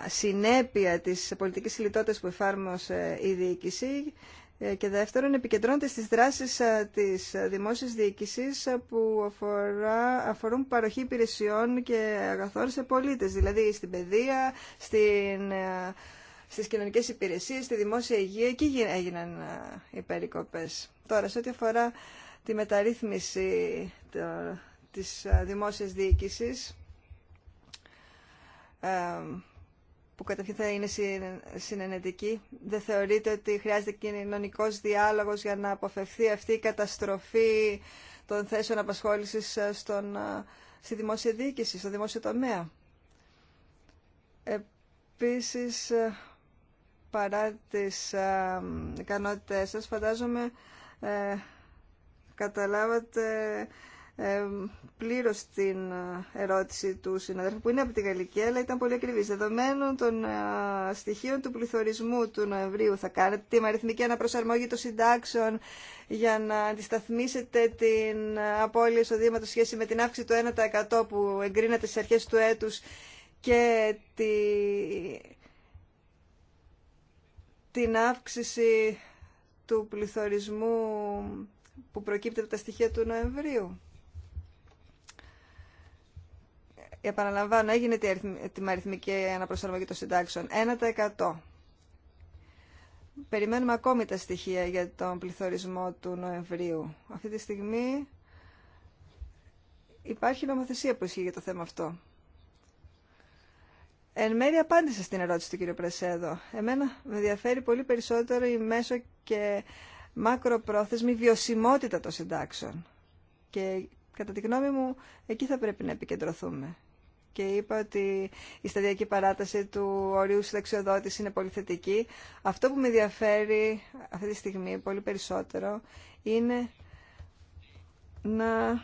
συνέπεια της πολιτικής λιτότητας που εφάρμοσε η διοίκηση ε, και δεύτερον, επικεντρώνεται στις δράσεις ε, της ε, δημόσιας διοίκησης που αφορά, αφορούν παροχή υπηρεσιών και αγαθών σε πολίτες, δηλαδή στην παιδεία, στην, στις κοινωνικές υπηρεσίες, στη δημόσια υγεία. Εκεί έγιναν οι περικοπές. Τώρα, σε ό,τι αφορά τη μεταρρύθμιση της δημόσιας διοίκησης, που καταρχήν θα είναι συνενετική. Δεν θεωρείτε ότι χρειάζεται κοινωνικό διάλογο για να αποφευθεί αυτή η καταστροφή των θέσεων απασχόληση ε, ε, στη δημόσια διοίκηση, στο δημόσιο τομέα. Επίση, ε, παρά τι ικανότητέ σα, φαντάζομαι καταλάβατε Πλήρω την ε, ερώτηση του συναδέλφου που είναι από τη Γαλλική αλλά ήταν πολύ ακριβής. Δεδομένων των ε, στοιχείων του πληθωρισμού του Νοεμβρίου θα κάνετε τη αριθμική αναπροσαρμόγη των συντάξεων για να αντισταθμίσετε την ε, απώλεια εισοδήματο σχέση με την αύξηση του 1% που εγκρίνεται στι αρχές του έτους και τη... την αύξηση του πληθωρισμού που προκύπτει από τα στοιχεία του Νοεμβρίου. επαναλαμβάνω, έγινε τη αριθμική αναπροσαρμογή των συντάξεων. 1%. Περιμένουμε ακόμη τα στοιχεία για τον πληθωρισμό του Νοεμβρίου. Αυτή τη στιγμή υπάρχει νομοθεσία που ισχύει για το θέμα αυτό. Εν μέρει απάντησα στην ερώτηση του κ. Πρεσέδο. Εμένα με ενδιαφέρει πολύ περισσότερο η μέσο και μακροπρόθεσμη βιωσιμότητα των συντάξεων. Και κατά τη γνώμη μου εκεί θα πρέπει να επικεντρωθούμε και είπα ότι η σταδιακή παράταση του ορίου συνταξιοδότηση είναι πολύ θετική. Αυτό που με ενδιαφέρει αυτή τη στιγμή πολύ περισσότερο είναι να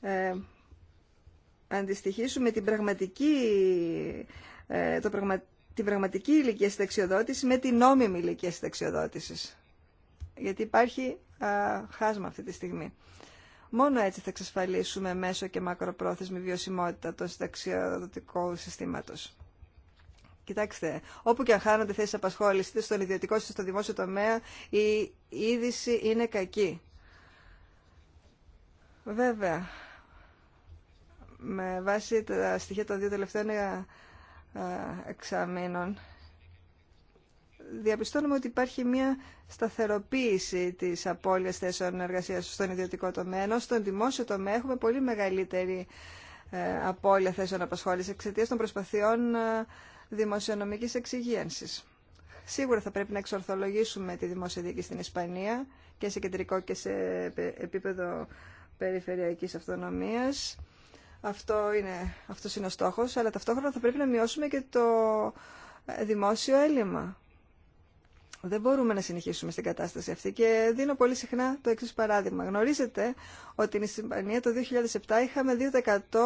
ε, αντιστοιχίσουμε την πραγματική, ε, το πραγμα, την πραγματική ηλικία συνταξιοδότηση με την νόμιμη ηλικία συνταξιοδότηση. Γιατί υπάρχει χάσμα αυτή τη στιγμή. Μόνο έτσι θα εξασφαλίσουμε μέσω και μακροπρόθεσμη βιωσιμότητα των συνταξιοδοτικών συστήματος. Κοιτάξτε, όπου και αν χάνονται θέσει απασχόληση, είτε στον ιδιωτικό είτε στο δημόσιο τομέα, η είδηση είναι κακή. Βέβαια, με βάση τα στοιχεία των δύο τελευταίων ε, ε, εξαμήνων, διαπιστώνουμε ότι υπάρχει μια σταθεροποίηση της απώλειας θέσεων εργασίας στον ιδιωτικό τομέα, ενώ στον δημόσιο τομέα έχουμε πολύ μεγαλύτερη ε, απώλεια θέσεων απασχόλησης εξαιτία των προσπαθειών ε, δημοσιονομικής εξυγίανσης. Σίγουρα θα πρέπει να εξορθολογήσουμε τη δημόσια δίκη στην Ισπανία και σε κεντρικό και σε επίπεδο περιφερειακής αυτονομίας. Αυτό είναι, αυτός είναι ο στόχος, αλλά ταυτόχρονα θα πρέπει να μειώσουμε και το ε, δημόσιο έλλειμμα. Δεν μπορούμε να συνεχίσουμε στην κατάσταση αυτή και δίνω πολύ συχνά το εξή παράδειγμα. Γνωρίζετε ότι στην Ισπανία το 2007 είχαμε 2%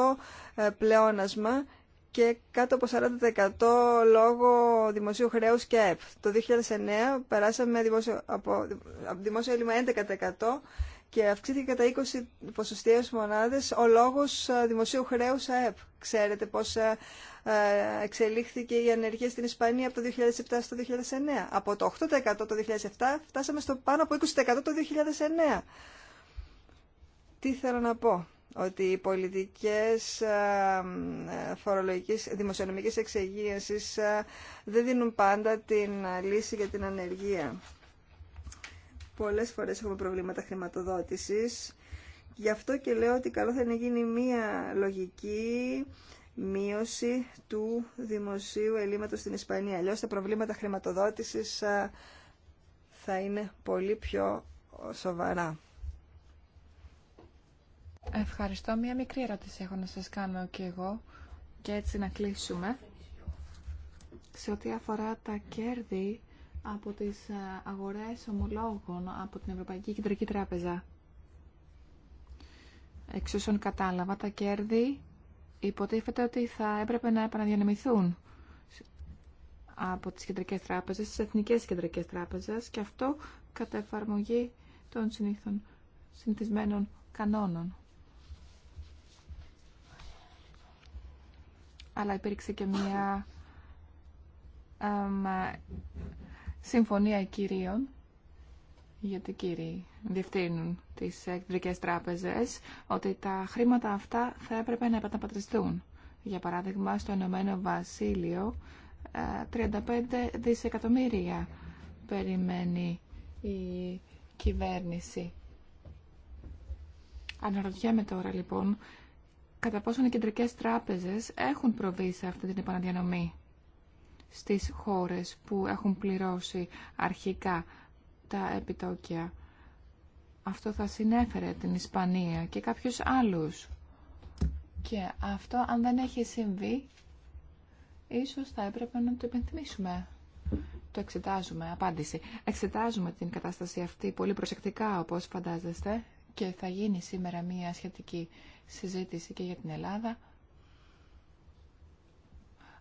ε, πλεόνασμα και κάτω από 40% λόγω δημοσίου χρέους και ΕΠ. Το 2009 περάσαμε δημόσιο, από δημόσιο έλλειμμα 11% και αυξήθηκε κατά 20 ποσοστιαίες μονάδες ο λόγος ε, δημοσίου χρέους ΑΕΠ. Ξέρετε πώς ε, ε, εξελίχθηκε η ανεργία στην Ισπανία από το 2007 στο 2009. Από το 8% το 2007 φτάσαμε στο πάνω από 20% το 2009. Τι θέλω να πω ότι οι πολιτικές ε, φορολογικές δημοσιονομικής εξεγείασης δεν δίνουν πάντα την λύση για την ανεργία. Πολλές φορές έχουμε προβλήματα χρηματοδότησης Γι' αυτό και λέω ότι καλό θα είναι να γίνει μία λογική μείωση του δημοσίου ελλείμματος στην Ισπανία. Αλλιώς τα προβλήματα χρηματοδότησης θα είναι πολύ πιο σοβαρά. Ευχαριστώ. Μία μικρή ερώτηση έχω να σας κάνω και εγώ και έτσι να κλείσουμε. Σε ό,τι αφορά τα κέρδη από τις αγορές ομολόγων από την Ευρωπαϊκή Κεντρική Τράπεζα. Εξ όσων κατάλαβα, τα κέρδη υποτίθεται ότι θα έπρεπε να επαναδιανεμηθούν από τις κεντρικές τράπεζες, τις εθνικές κεντρικές τράπεζες και αυτό κατά εφαρμογή των συνήθων συνηθισμένων κανόνων. Αλλά υπήρξε και μία συμφωνία κυρίων γιατί κύριοι διευθύνουν τις κεντρικές τράπεζες ότι τα χρήματα αυτά θα έπρεπε να επαναπατριστούν. Για παράδειγμα, στο Ηνωμένο Βασίλειο 35 ε, δισεκατομμύρια περιμένει η κυβέρνηση. Αναρωτιέμαι τώρα λοιπόν κατά πόσον οι κεντρικές τράπεζες έχουν προβεί σε αυτή την επαναδιανομή στις χώρες που έχουν πληρώσει αρχικά τα επιτόκια. Αυτό θα συνέφερε την Ισπανία και κάποιους άλλους. Και αυτό αν δεν έχει συμβεί, ίσως θα έπρεπε να το υπενθυμίσουμε. Το εξετάζουμε, απάντηση. Εξετάζουμε την κατάσταση αυτή πολύ προσεκτικά, όπως φαντάζεστε, και θα γίνει σήμερα μία σχετική συζήτηση και για την Ελλάδα.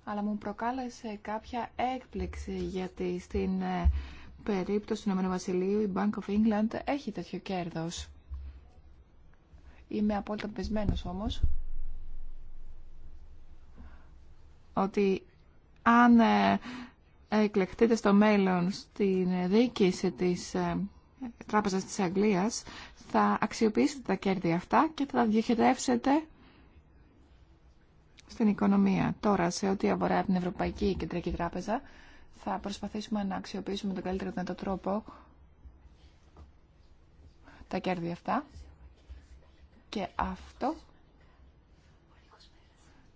Αλλά μου προκάλεσε κάποια έκπληξη, γιατί στην ε, περίπτωση του Ηνωμένου Βασιλείου η Bank of England έχει τέτοιο κέρδος. Είμαι απόλυτα πεσμένος όμως ότι αν ε, εκλεχτείτε στο μέλλον στην διοίκηση της ε, Τράπεζας της Αγγλίας θα αξιοποιήσετε τα κέρδη αυτά και θα τα διοχετεύσετε στην οικονομία. Τώρα, σε ό,τι αφορά την Ευρωπαϊκή Κεντρική Τράπεζα, θα προσπαθήσουμε να αξιοποιήσουμε τον καλύτερο δυνατό τρόπο τα κέρδη αυτά. Και αυτό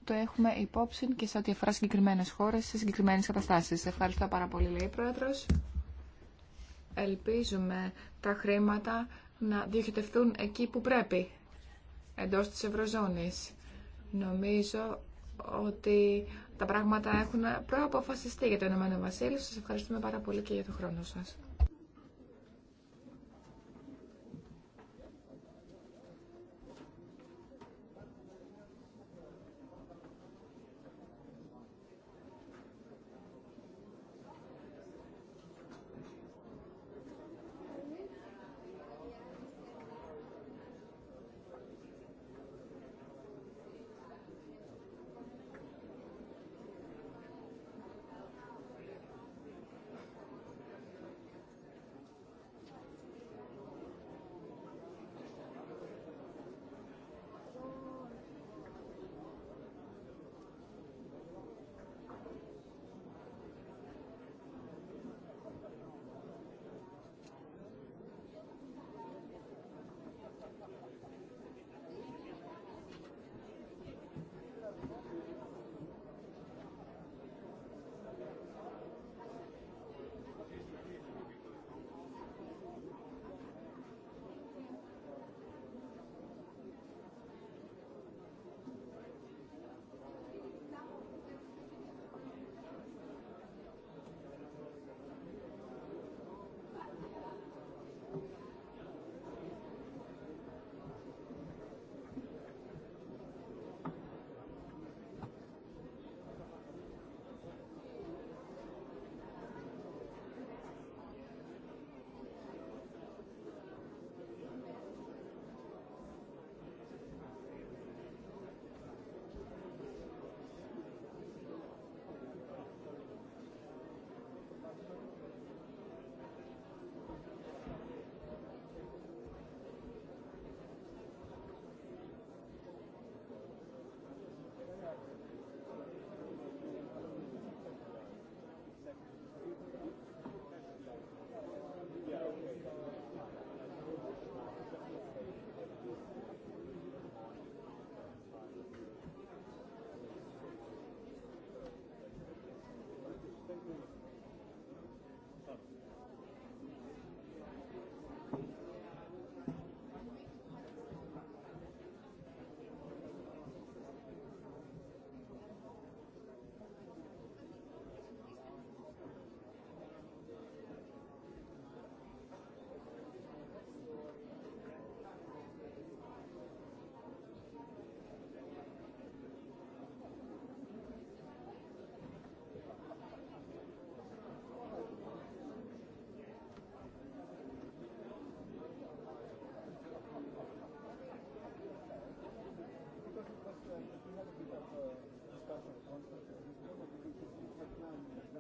το έχουμε υπόψη και σε ό,τι αφορά συγκεκριμένε χώρε σε συγκεκριμένε καταστάσει. Ευχαριστώ πάρα πολύ, λέει η Πρόεδρο. Ελπίζουμε τα χρήματα να διοχετευτούν εκεί που πρέπει, εντό τη Ευρωζώνη. Νομίζω ότι τα πράγματα έχουν προαποφασιστεί για το Ηνωμένο Βασίλειο. Σας ευχαριστούμε πάρα πολύ και για τον χρόνο σας.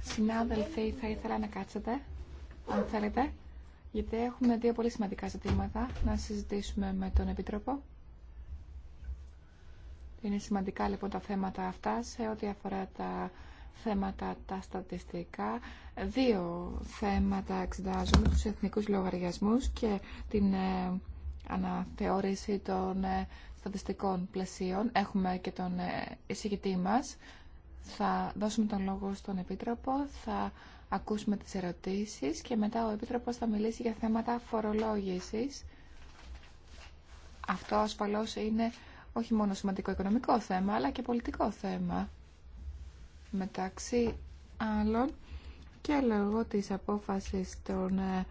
Συνάδελφοι, θα ήθελα να κάτσετε, αν θέλετε, γιατί έχουμε δύο πολύ σημαντικά ζητήματα να συζητήσουμε με τον Επίτροπο. Είναι σημαντικά λοιπόν τα θέματα αυτά σε ό,τι αφορά τα θέματα τα στατιστικά. Δύο θέματα εξετάζουμε, τους εθνικούς λογαριασμούς και την ε, αναθεώρηση των ε, στατιστικών πλαισίων. Έχουμε και τον ε, εισηγητή μας. Θα δώσουμε τον λόγο στον Επίτροπο, θα ακούσουμε τις ερωτήσεις και μετά ο Επίτροπος θα μιλήσει για θέματα φορολόγησης. Αυτό ασφαλώς είναι όχι μόνο σημαντικό οικονομικό θέμα, αλλά και πολιτικό θέμα. Μεταξύ άλλων και λόγω της απόφασης των ε,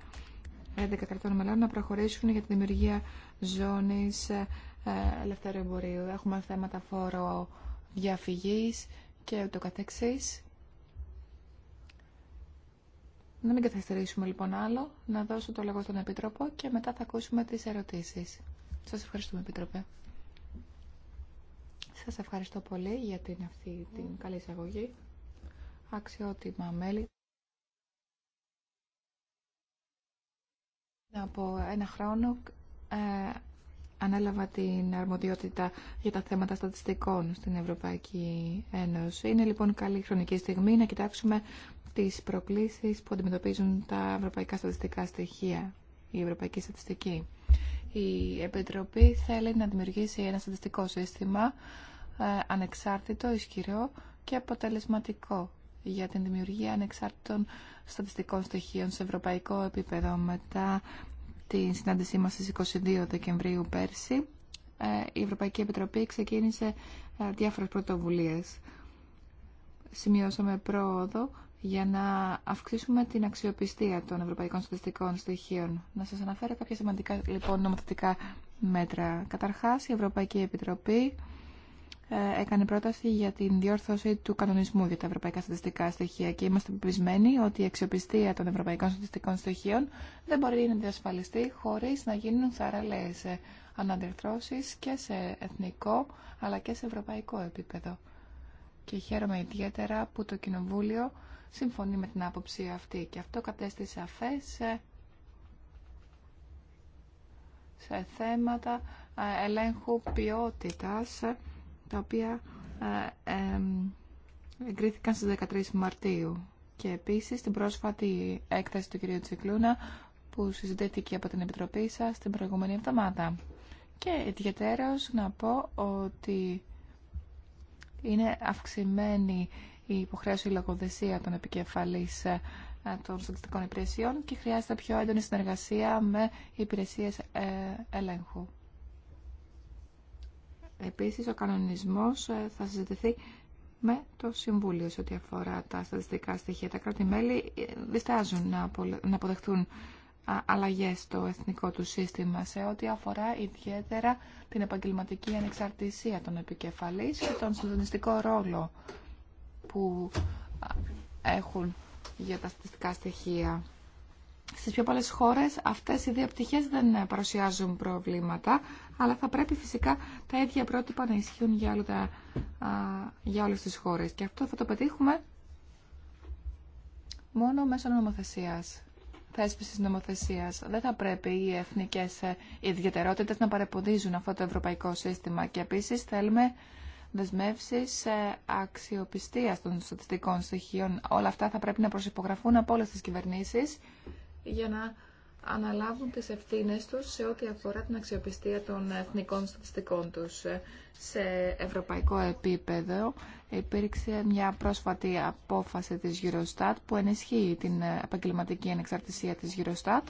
11 κρατών μελών να προχωρήσουν για τη δημιουργία ζώνης ε, ε, ελευθερίου εμπορίου. Έχουμε θέματα φόρο διαφυγής και ούτω καθεξής. Να μην καθυστερήσουμε λοιπόν άλλο, να δώσω το λόγο στον Επίτροπο και μετά θα ακούσουμε τις ερωτήσεις. Σας ευχαριστούμε Επίτροπε. Σας ευχαριστώ πολύ για την, αυτή, την καλή εισαγωγή. Αξιότιμα μέλη. Από ένα χρόνο ε, ανέλαβα την αρμοδιότητα για τα θέματα στατιστικών στην Ευρωπαϊκή Ένωση. Είναι λοιπόν καλή χρονική στιγμή να κοιτάξουμε τις προκλήσεις που αντιμετωπίζουν τα ευρωπαϊκά στατιστικά στοιχεία, η ευρωπαϊκή στατιστική. Η Επιτροπή θέλει να δημιουργήσει ένα στατιστικό σύστημα ε, ανεξάρτητο, ισχυρό και αποτελεσματικό για την δημιουργία ανεξάρτητων στατιστικών στοιχείων σε ευρωπαϊκό επίπεδο. Μετά Τη συνάντησή μας στις 22 Δεκεμβρίου πέρσι, ε, η Ευρωπαϊκή Επιτροπή ξεκίνησε ε, διάφορες πρωτοβουλίες. Σημειώσαμε πρόοδο για να αυξήσουμε την αξιοπιστία των ευρωπαϊκών στατιστικών στοιχείων. Να σας αναφέρω κάποια σημαντικά λοιπόν νομοθετικά μέτρα. Καταρχάς, η Ευρωπαϊκή Επιτροπή έκανε πρόταση για την διόρθωση του κανονισμού για τα ευρωπαϊκά στατιστικά στοιχεία και είμαστε πεπισμένοι ότι η αξιοπιστία των ευρωπαϊκών στατιστικών στοιχείων δεν μπορεί να διασφαλιστεί χωρίς να γίνουν θαραλέες αναδιαρθρώσεις και σε εθνικό αλλά και σε ευρωπαϊκό επίπεδο. Και χαίρομαι ιδιαίτερα που το Κοινοβούλιο συμφωνεί με την άποψη αυτή και αυτό κατέστησε σαφές σε, σε θέματα ε, ελέγχου ποιότητας τα οποία ε, εγκρίθηκαν στις 13 Μαρτίου. Και επίσης την πρόσφατη έκταση του κυρίου Τσικλούνα που συζητήθηκε από την Επιτροπή σας την προηγούμενη εβδομάδα. Και ιδιαίτερος να πω ότι είναι αυξημένη η υποχρέωση λογοδεσία των επικεφαλής ε, των στατιστικών υπηρεσιών και χρειάζεται πιο έντονη συνεργασία με υπηρεσίες ε, ελέγχου. Επίσης, ο κανονισμός ε, θα συζητηθεί με το Συμβούλιο σε ό,τι αφορά τα στατιστικά στοιχεία. Τα κράτη-μέλη ε, διστάζουν να αποδεχτούν αλλαγές στο εθνικό του σύστημα σε ό,τι αφορά ιδιαίτερα την επαγγελματική ανεξαρτησία των επικεφαλής και τον συντονιστικό ρόλο που έχουν για τα στατιστικά στοιχεία. Στις πιο πολλές χώρες αυτές οι δύο δεν παρουσιάζουν προβλήματα, αλλά θα πρέπει φυσικά τα ίδια πρότυπα να ισχύουν για, όλα τα, για όλες τις χώρες. Και αυτό θα το πετύχουμε μόνο μέσω νομοθεσίας, θέσπισης νομοθεσίας. Δεν θα πρέπει οι εθνικές ε, ιδιαιτερότητες να παρεποδίζουν αυτό το ευρωπαϊκό σύστημα. Και επίσης θέλουμε δεσμεύσεις ε, αξιοπιστίας των στατιστικών στοιχείων. Όλα αυτά θα πρέπει να προσυπογραφούν από όλες τις κυβερνήσει για να αναλάβουν τις ευθύνες τους σε ό,τι αφορά την αξιοπιστία των εθνικών στατιστικών τους. Σε ευρωπαϊκό επίπεδο υπήρξε μια πρόσφατη απόφαση της Eurostat που ενισχύει την επαγγελματική ανεξαρτησία της Eurostat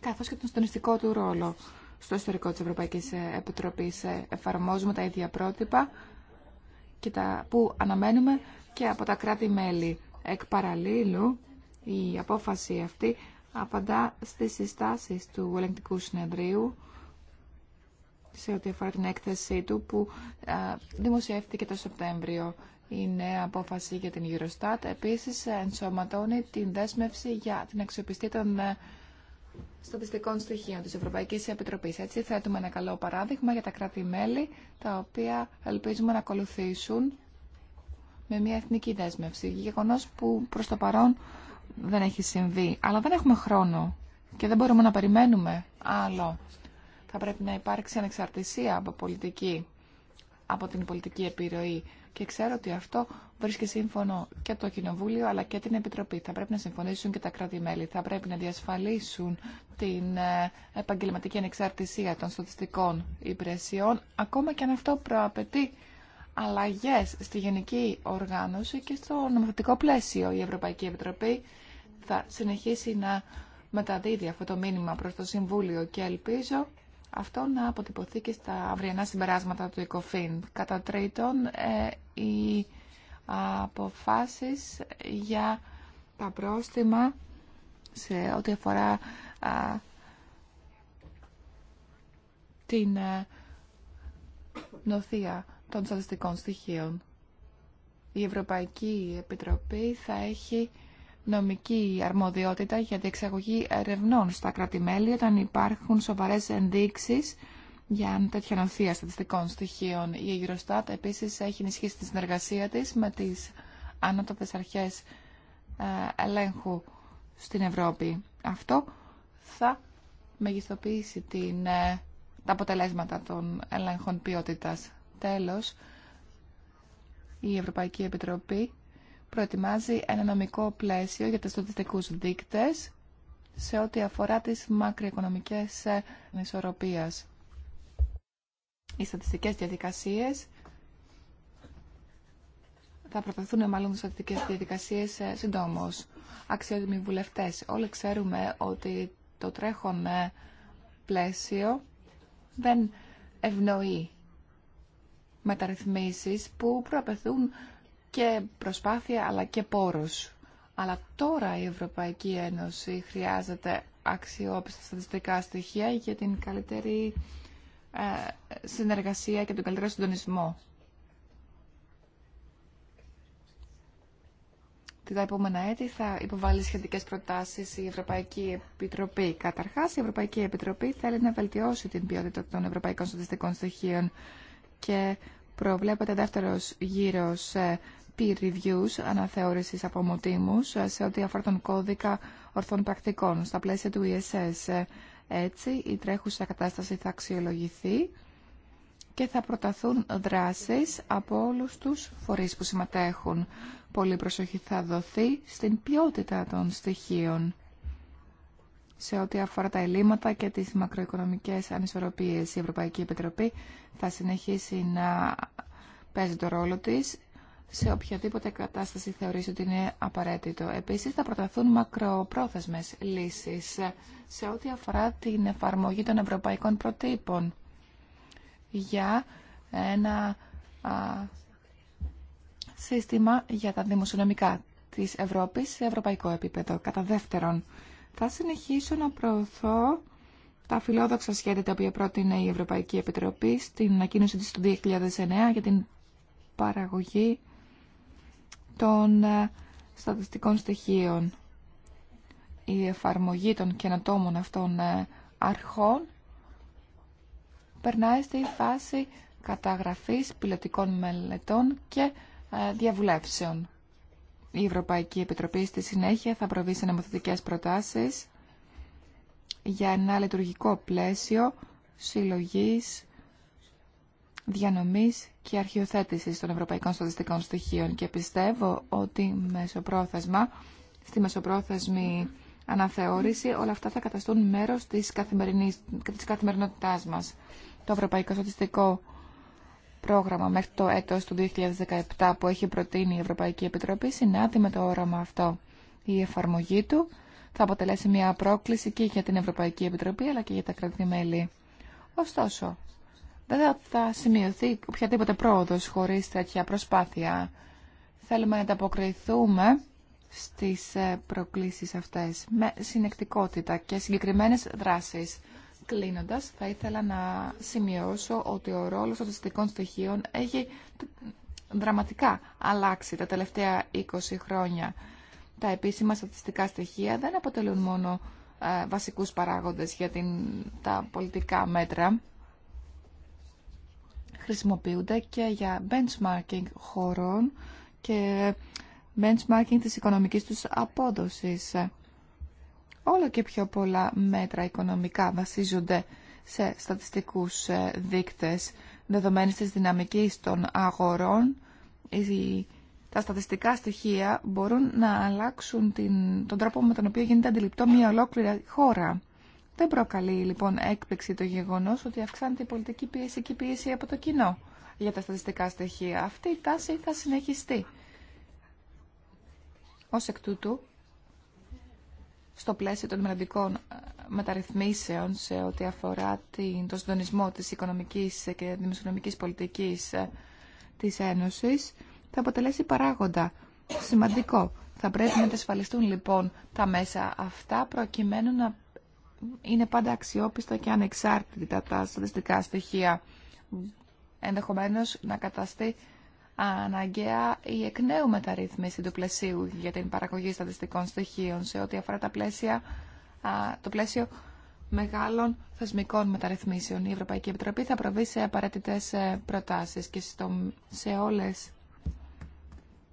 καθώς και τον στονιστικό του ρόλο στο ιστορικό της Ευρωπαϊκής Επιτροπής. Εφαρμόζουμε τα ίδια πρότυπα που αναμένουμε και από τα κράτη-μέλη. Εκ παραλίλου, η απόφαση αυτή απαντά στις συστάσεις του ελεγκτικού συνεδρίου σε ό,τι αφορά την έκθεσή του που ε, δημοσιεύτηκε το Σεπτέμβριο. Η νέα απόφαση για την Eurostat επίσης ενσωματώνει την δέσμευση για την αξιοπιστή των ε, στατιστικών στοιχείων της Ευρωπαϊκής Επιτροπής. Έτσι θέτουμε ένα καλό παράδειγμα για τα κράτη-μέλη τα οποία ελπίζουμε να ακολουθήσουν με μια εθνική δέσμευση. Γεγονός που προς το παρόν δεν έχει συμβεί. Αλλά δεν έχουμε χρόνο και δεν μπορούμε να περιμένουμε άλλο. Θα πρέπει να υπάρξει ανεξαρτησία από πολιτική, από την πολιτική επιρροή. Και ξέρω ότι αυτό βρίσκει σύμφωνο και το Κοινοβούλιο αλλά και την Επιτροπή. Θα πρέπει να συμφωνήσουν και τα κράτη-μέλη. Θα πρέπει να διασφαλίσουν την ε, επαγγελματική ανεξαρτησία των στατιστικών υπηρεσιών, ακόμα και αν αυτό προαπαιτεί αλλαγές στη γενική οργάνωση και στο νομοθετικό πλαίσιο. Η Ευρωπαϊκή Επιτροπή θα συνεχίσει να μεταδίδει αυτό το μήνυμα προς το Συμβούλιο και ελπίζω αυτό να αποτυπωθεί και στα αυριανά συμπεράσματα του ΕΚΟΦΗΝ. Κατά τρίτον, ε, οι αποφάσεις για τα πρόστιμα σε ό,τι αφορά α, την α, ε, νοθεία των στατιστικών στοιχείων. Η Ευρωπαϊκή Επιτροπή θα έχει νομική αρμοδιότητα για τη εξαγωγή ερευνών στα κράτη-μέλη όταν υπάρχουν σοβαρές ενδείξεις για τέτοια νοθεία στατιστικών στοιχείων. Η Eurostat επίσης έχει ενισχύσει τη συνεργασία της με τις άνωτοπες αρχές ε, ελέγχου στην Ευρώπη. Αυτό θα μεγιστοποιήσει την, ε, τα αποτελέσματα των ελέγχων ποιότητας. Τέλος, η Ευρωπαϊκή Επιτροπή προετοιμάζει ένα νομικό πλαίσιο για τα στατιστικούς δείκτες σε ό,τι αφορά τις μακροοικονομικές ε, ανισορροπίες. Οι στατιστικές διαδικασίες θα προταθούν μάλλον τις στατιστικές διαδικασίες ε, συντόμως. Αξιότιμοι βουλευτές, όλοι ξέρουμε ότι το τρέχον ε, πλαίσιο δεν ευνοεί μεταρρυθμίσεις που προαπαιτούν και προσπάθεια αλλά και πόρους. Αλλά τώρα η Ευρωπαϊκή Ένωση χρειάζεται αξιόπιστα στατιστικά στοιχεία για την καλύτερη ε, συνεργασία και τον καλύτερο συντονισμό. τα επόμενα έτη θα υποβάλει σχετικές προτάσεις η Ευρωπαϊκή Επιτροπή. Καταρχάς, η Ευρωπαϊκή Επιτροπή θέλει να βελτιώσει την ποιότητα των ευρωπαϊκών στατιστικών στοιχείων και Προβλέπεται δεύτερος γύρος ε, peer reviews, αναθεώρησης από ε, σε ό,τι αφορά τον κώδικα ορθών πρακτικών στα πλαίσια του ESS. Ε. Έτσι, η τρέχουσα κατάσταση θα αξιολογηθεί και θα προταθούν δράσεις από όλους τους φορείς που συμμετέχουν. Πολύ προσοχή θα δοθεί στην ποιότητα των στοιχείων σε ό,τι αφορά τα ελλείμματα και τις μακροοικονομικές ανισορροπίες. Η Ευρωπαϊκή Επιτροπή θα συνεχίσει να παίζει το ρόλο της σε οποιαδήποτε κατάσταση θεωρήσει ότι είναι απαραίτητο. Επίσης θα προταθούν μακροπρόθεσμες λύσεις σε ό,τι αφορά την εφαρμογή των ευρωπαϊκών προτύπων για ένα σύστημα για τα δημοσιονομικά της Ευρώπης σε ευρωπαϊκό επίπεδο. Κατά δεύτερον, θα συνεχίσω να προωθώ τα φιλόδοξα σχέδια τα οποία πρότεινε η Ευρωπαϊκή Επιτροπή στην ανακοίνωση της του 2009 για την παραγωγή των ε, στατιστικών στοιχείων. Η εφαρμογή των καινοτόμων αυτών ε, αρχών περνάει στη φάση καταγραφής πιλωτικών μελετών και ε, διαβουλεύσεων. Η Ευρωπαϊκή Επιτροπή στη συνέχεια θα προβεί σε νομοθετικές προτάσεις για ένα λειτουργικό πλαίσιο συλλογής, διανομής και αρχιοθέτησης των ευρωπαϊκών στατιστικών στοιχείων και πιστεύω ότι μεσοπρόθεσμα, στη μεσοπρόθεσμη αναθεώρηση όλα αυτά θα καταστούν μέρος της, καθημερινής, της καθημερινότητάς μας. Το Ευρωπαϊκό Στατιστικό πρόγραμμα μέχρι το έτος του 2017 που έχει προτείνει η Ευρωπαϊκή Επιτροπή συνάδει με το όραμα αυτό. Η εφαρμογή του θα αποτελέσει μια πρόκληση και για την Ευρωπαϊκή Επιτροπή αλλά και για τα κρατημέλη. μελη Ωστόσο, δεν θα σημειωθεί οποιαδήποτε πρόοδος χωρίς τέτοια προσπάθεια. Θέλουμε να ανταποκριθούμε στις ε, προκλήσεις αυτές με συνεκτικότητα και συγκεκριμένες δράσεις. Κλείνοντας, θα ήθελα να σημειώσω ότι ο ρόλος των στατιστικών στοιχείων έχει δραματικά αλλάξει τα τελευταία 20 χρόνια. Τα επίσημα στατιστικά στοιχεία δεν αποτελούν μόνο ε, βασικούς παράγοντες για την, τα πολιτικά μέτρα. Χρησιμοποιούνται και για benchmarking χωρών και benchmarking της οικονομικής τους απόδοσης. Όλο και πιο πολλά μέτρα οικονομικά βασίζονται σε στατιστικούς ε, δείκτες δεδομένης της δυναμικής των αγορών. Τα στατιστικά στοιχεία μπορούν να αλλάξουν την, τον τρόπο με τον οποίο γίνεται αντιληπτό μια ολόκληρη χώρα. Δεν προκαλεί λοιπόν έκπληξη το γεγονός ότι αυξάνεται η πολιτική πίεση και η πίεση από το κοινό για τα στατιστικά στοιχεία. Αυτή η τάση θα συνεχιστεί. Ως εκ τούτου, στο πλαίσιο των μελλοντικών ε, μεταρρυθμίσεων σε ό,τι αφορά την, το συντονισμό της οικονομικής και δημοσιονομικής πολιτικής ε, της Ένωσης θα αποτελέσει παράγοντα σημαντικό. Θα πρέπει να τεσφαλιστούν λοιπόν τα μέσα αυτά προκειμένου να είναι πάντα αξιόπιστα και ανεξάρτητα τα στατιστικά στοιχεία. Ενδεχομένως να καταστεί αναγκαία η εκ νέου μεταρρύθμιση του πλαισίου για την παραγωγή στατιστικών στοιχείων σε ό,τι αφορά τα πλαίσια, το πλαίσιο μεγάλων θεσμικών μεταρρυθμίσεων. Η Ευρωπαϊκή Επιτροπή θα προβεί σε απαραίτητε ε, προτάσεις και σε όλες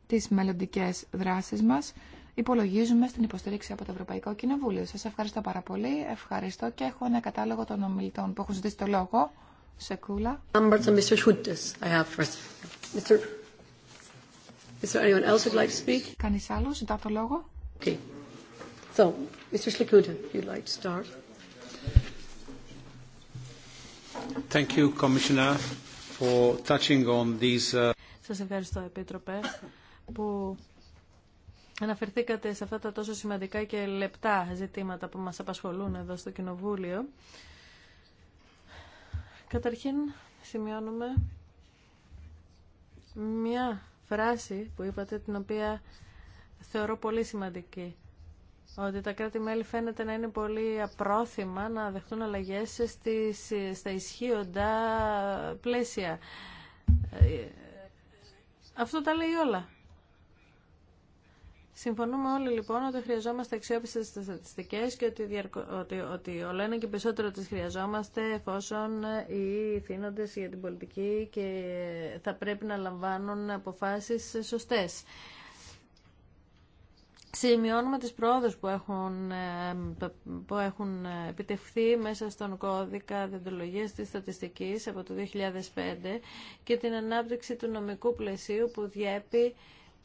τις μελλοντικέ δράσεις μας υπολογίζουμε στην υποστήριξη από το Ευρωπαϊκό Κοινοβούλιο. Σας ευχαριστώ πάρα πολύ. Ευχαριστώ και έχω ένα κατάλογο των ομιλητών που έχουν ζητήσει το λόγο. κούλα. Mr. Is there anyone else who'd like to speak? Κανείς άλλος ζητά το λόγο. Okay. So, Mr. Slikuta, you'd like to start. Thank you, Commissioner, for touching on these. Uh, Σας ευχαριστώ, Επίτροπε, που αναφερθήκατε σε αυτά τα τόσο σημαντικά και λεπτά ζητήματα που μας απασχολούν εδώ στο Κοινοβούλιο. Καταρχήν, σημειώνουμε μια φράση που είπατε την οποία θεωρώ πολύ σημαντική. Ότι τα κράτη-μέλη φαίνεται να είναι πολύ απρόθυμα να δεχτούν αλλαγές στα ισχύοντα πλαίσια. Ε, αυτό τα λέει όλα. Συμφωνούμε όλοι λοιπόν ότι χρειαζόμαστε αξιόπιστε στατιστικέ και ότι, ότι, ότι όλο ένα και περισσότερο τι χρειαζόμαστε εφόσον ε, οι θύνοντε για την πολιτική και θα πρέπει να λαμβάνουν αποφάσει σωστέ. Σημειώνουμε τις πρόοδε που έχουν, ε, που έχουν ε, επιτευχθεί μέσα στον κώδικα διοντολογίας της στατιστικής από το 2005 και την ανάπτυξη του νομικού πλαισίου που διέπει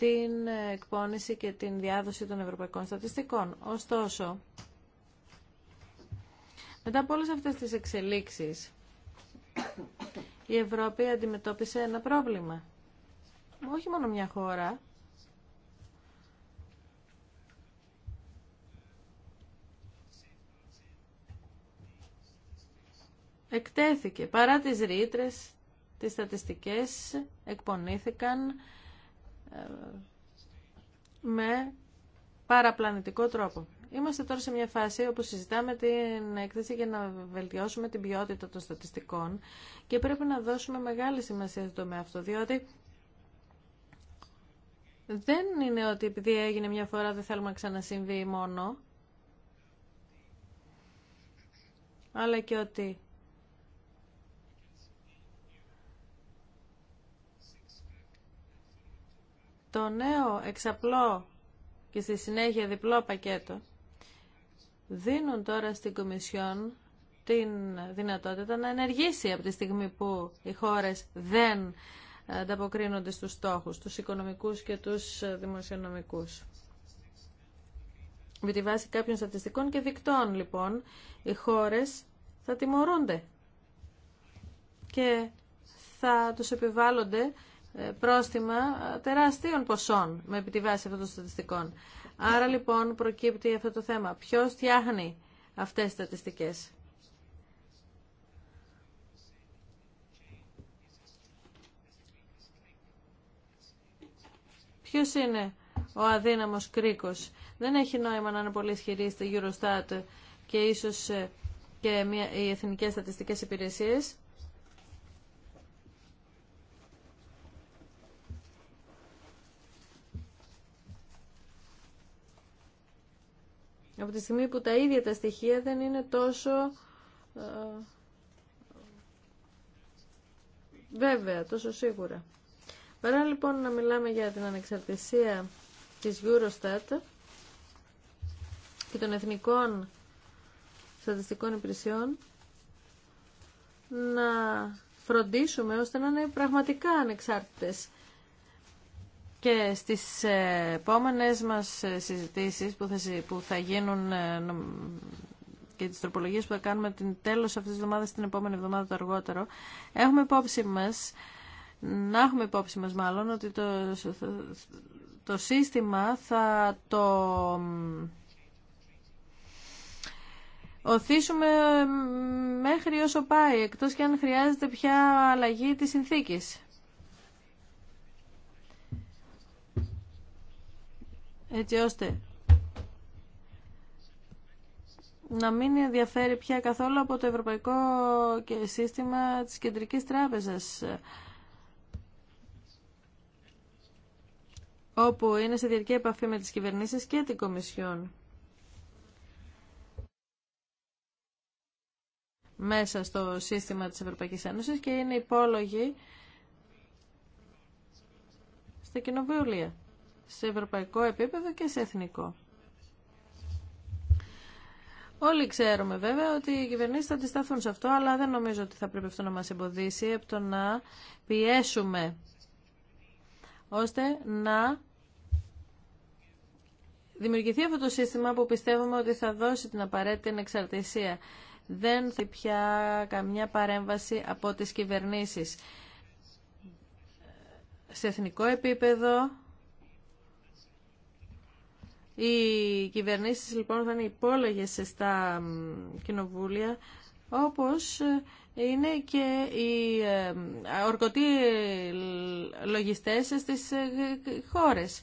την εκπόνηση και την διάδοση των ευρωπαϊκών στατιστικών. Ωστόσο, μετά από όλες αυτές τις εξελίξεις, η Ευρώπη αντιμετώπισε ένα πρόβλημα. Όχι μόνο μια χώρα. Εκτέθηκε. Παρά τις ρήτρες, τις στατιστικές εκπονήθηκαν με παραπλανητικό τρόπο. Είμαστε τώρα σε μια φάση όπου συζητάμε την έκθεση για να βελτιώσουμε την ποιότητα των στατιστικών και πρέπει να δώσουμε μεγάλη σημασία στο τομέα αυτό, διότι δεν είναι ότι επειδή έγινε μια φορά δεν θέλουμε να ξανασυμβεί μόνο, αλλά και ότι Το νέο εξαπλό και στη συνέχεια διπλό πακέτο δίνουν τώρα στην Κομισιόν την δυνατότητα να ενεργήσει από τη στιγμή που οι χώρες δεν ανταποκρίνονται στους στόχους, τους οικονομικούς και τους δημοσιονομικούς. Με τη βάση κάποιων στατιστικών και δικτών, λοιπόν, οι χώρες θα τιμωρούνται και θα τους επιβάλλονται ε, πρόστιμα τεράστιων ποσών με τη βάση αυτών των στατιστικών. Άρα λοιπόν προκύπτει αυτό το θέμα. Ποιος φτιάχνει αυτές τις στατιστικές. Ποιος είναι ο αδύναμος κρίκος. Δεν έχει νόημα να είναι πολύ ισχυρή στη Eurostat και ίσως ε, και οι εθνικές στατιστικές υπηρεσίες. Από τη στιγμή που τα ίδια τα στοιχεία δεν είναι τόσο ε, βέβαια, τόσο σίγουρα. Παρά λοιπόν να μιλάμε για την ανεξαρτησία της Eurostat και των εθνικών στατιστικών υπηρεσιών, να φροντίσουμε ώστε να είναι πραγματικά ανεξάρτητες και στις ε, επόμενες μας ε, συζητήσεις που θα, που θα γίνουν ε, και τις τροπολογίες που θα κάνουμε την τέλος αυτής της εβδομάδας την επόμενη εβδομάδα το αργότερο έχουμε υπόψη μας να έχουμε υπόψη μας μάλλον ότι το, το σύστημα θα το οθήσουμε μέχρι όσο πάει εκτός και αν χρειάζεται πια αλλαγή της συνθήκης. έτσι ώστε να μην ενδιαφέρει πια καθόλου από το ευρωπαϊκό σύστημα της κεντρικής τράπεζας όπου είναι σε διαρκή επαφή με τις κυβερνήσεις και την Κομισιόν. μέσα στο σύστημα της Ευρωπαϊκής Ένωσης και είναι υπόλογοι στα κοινοβουλία σε ευρωπαϊκό επίπεδο και σε εθνικό. Όλοι ξέρουμε βέβαια ότι οι κυβερνήσει θα αντισταθούν σε αυτό, αλλά δεν νομίζω ότι θα πρέπει αυτό να μας εμποδίσει από το να πιέσουμε ώστε να δημιουργηθεί αυτό το σύστημα που πιστεύουμε ότι θα δώσει την απαραίτητη εξαρτησία. Δεν θα πια καμιά παρέμβαση από τις κυβερνήσεις. Σε εθνικό επίπεδο οι κυβερνήσεις λοιπόν θα είναι υπόλογες στα κοινοβούλια όπως είναι και οι ε, ορκωτοί λογιστές στις ε, χώρες.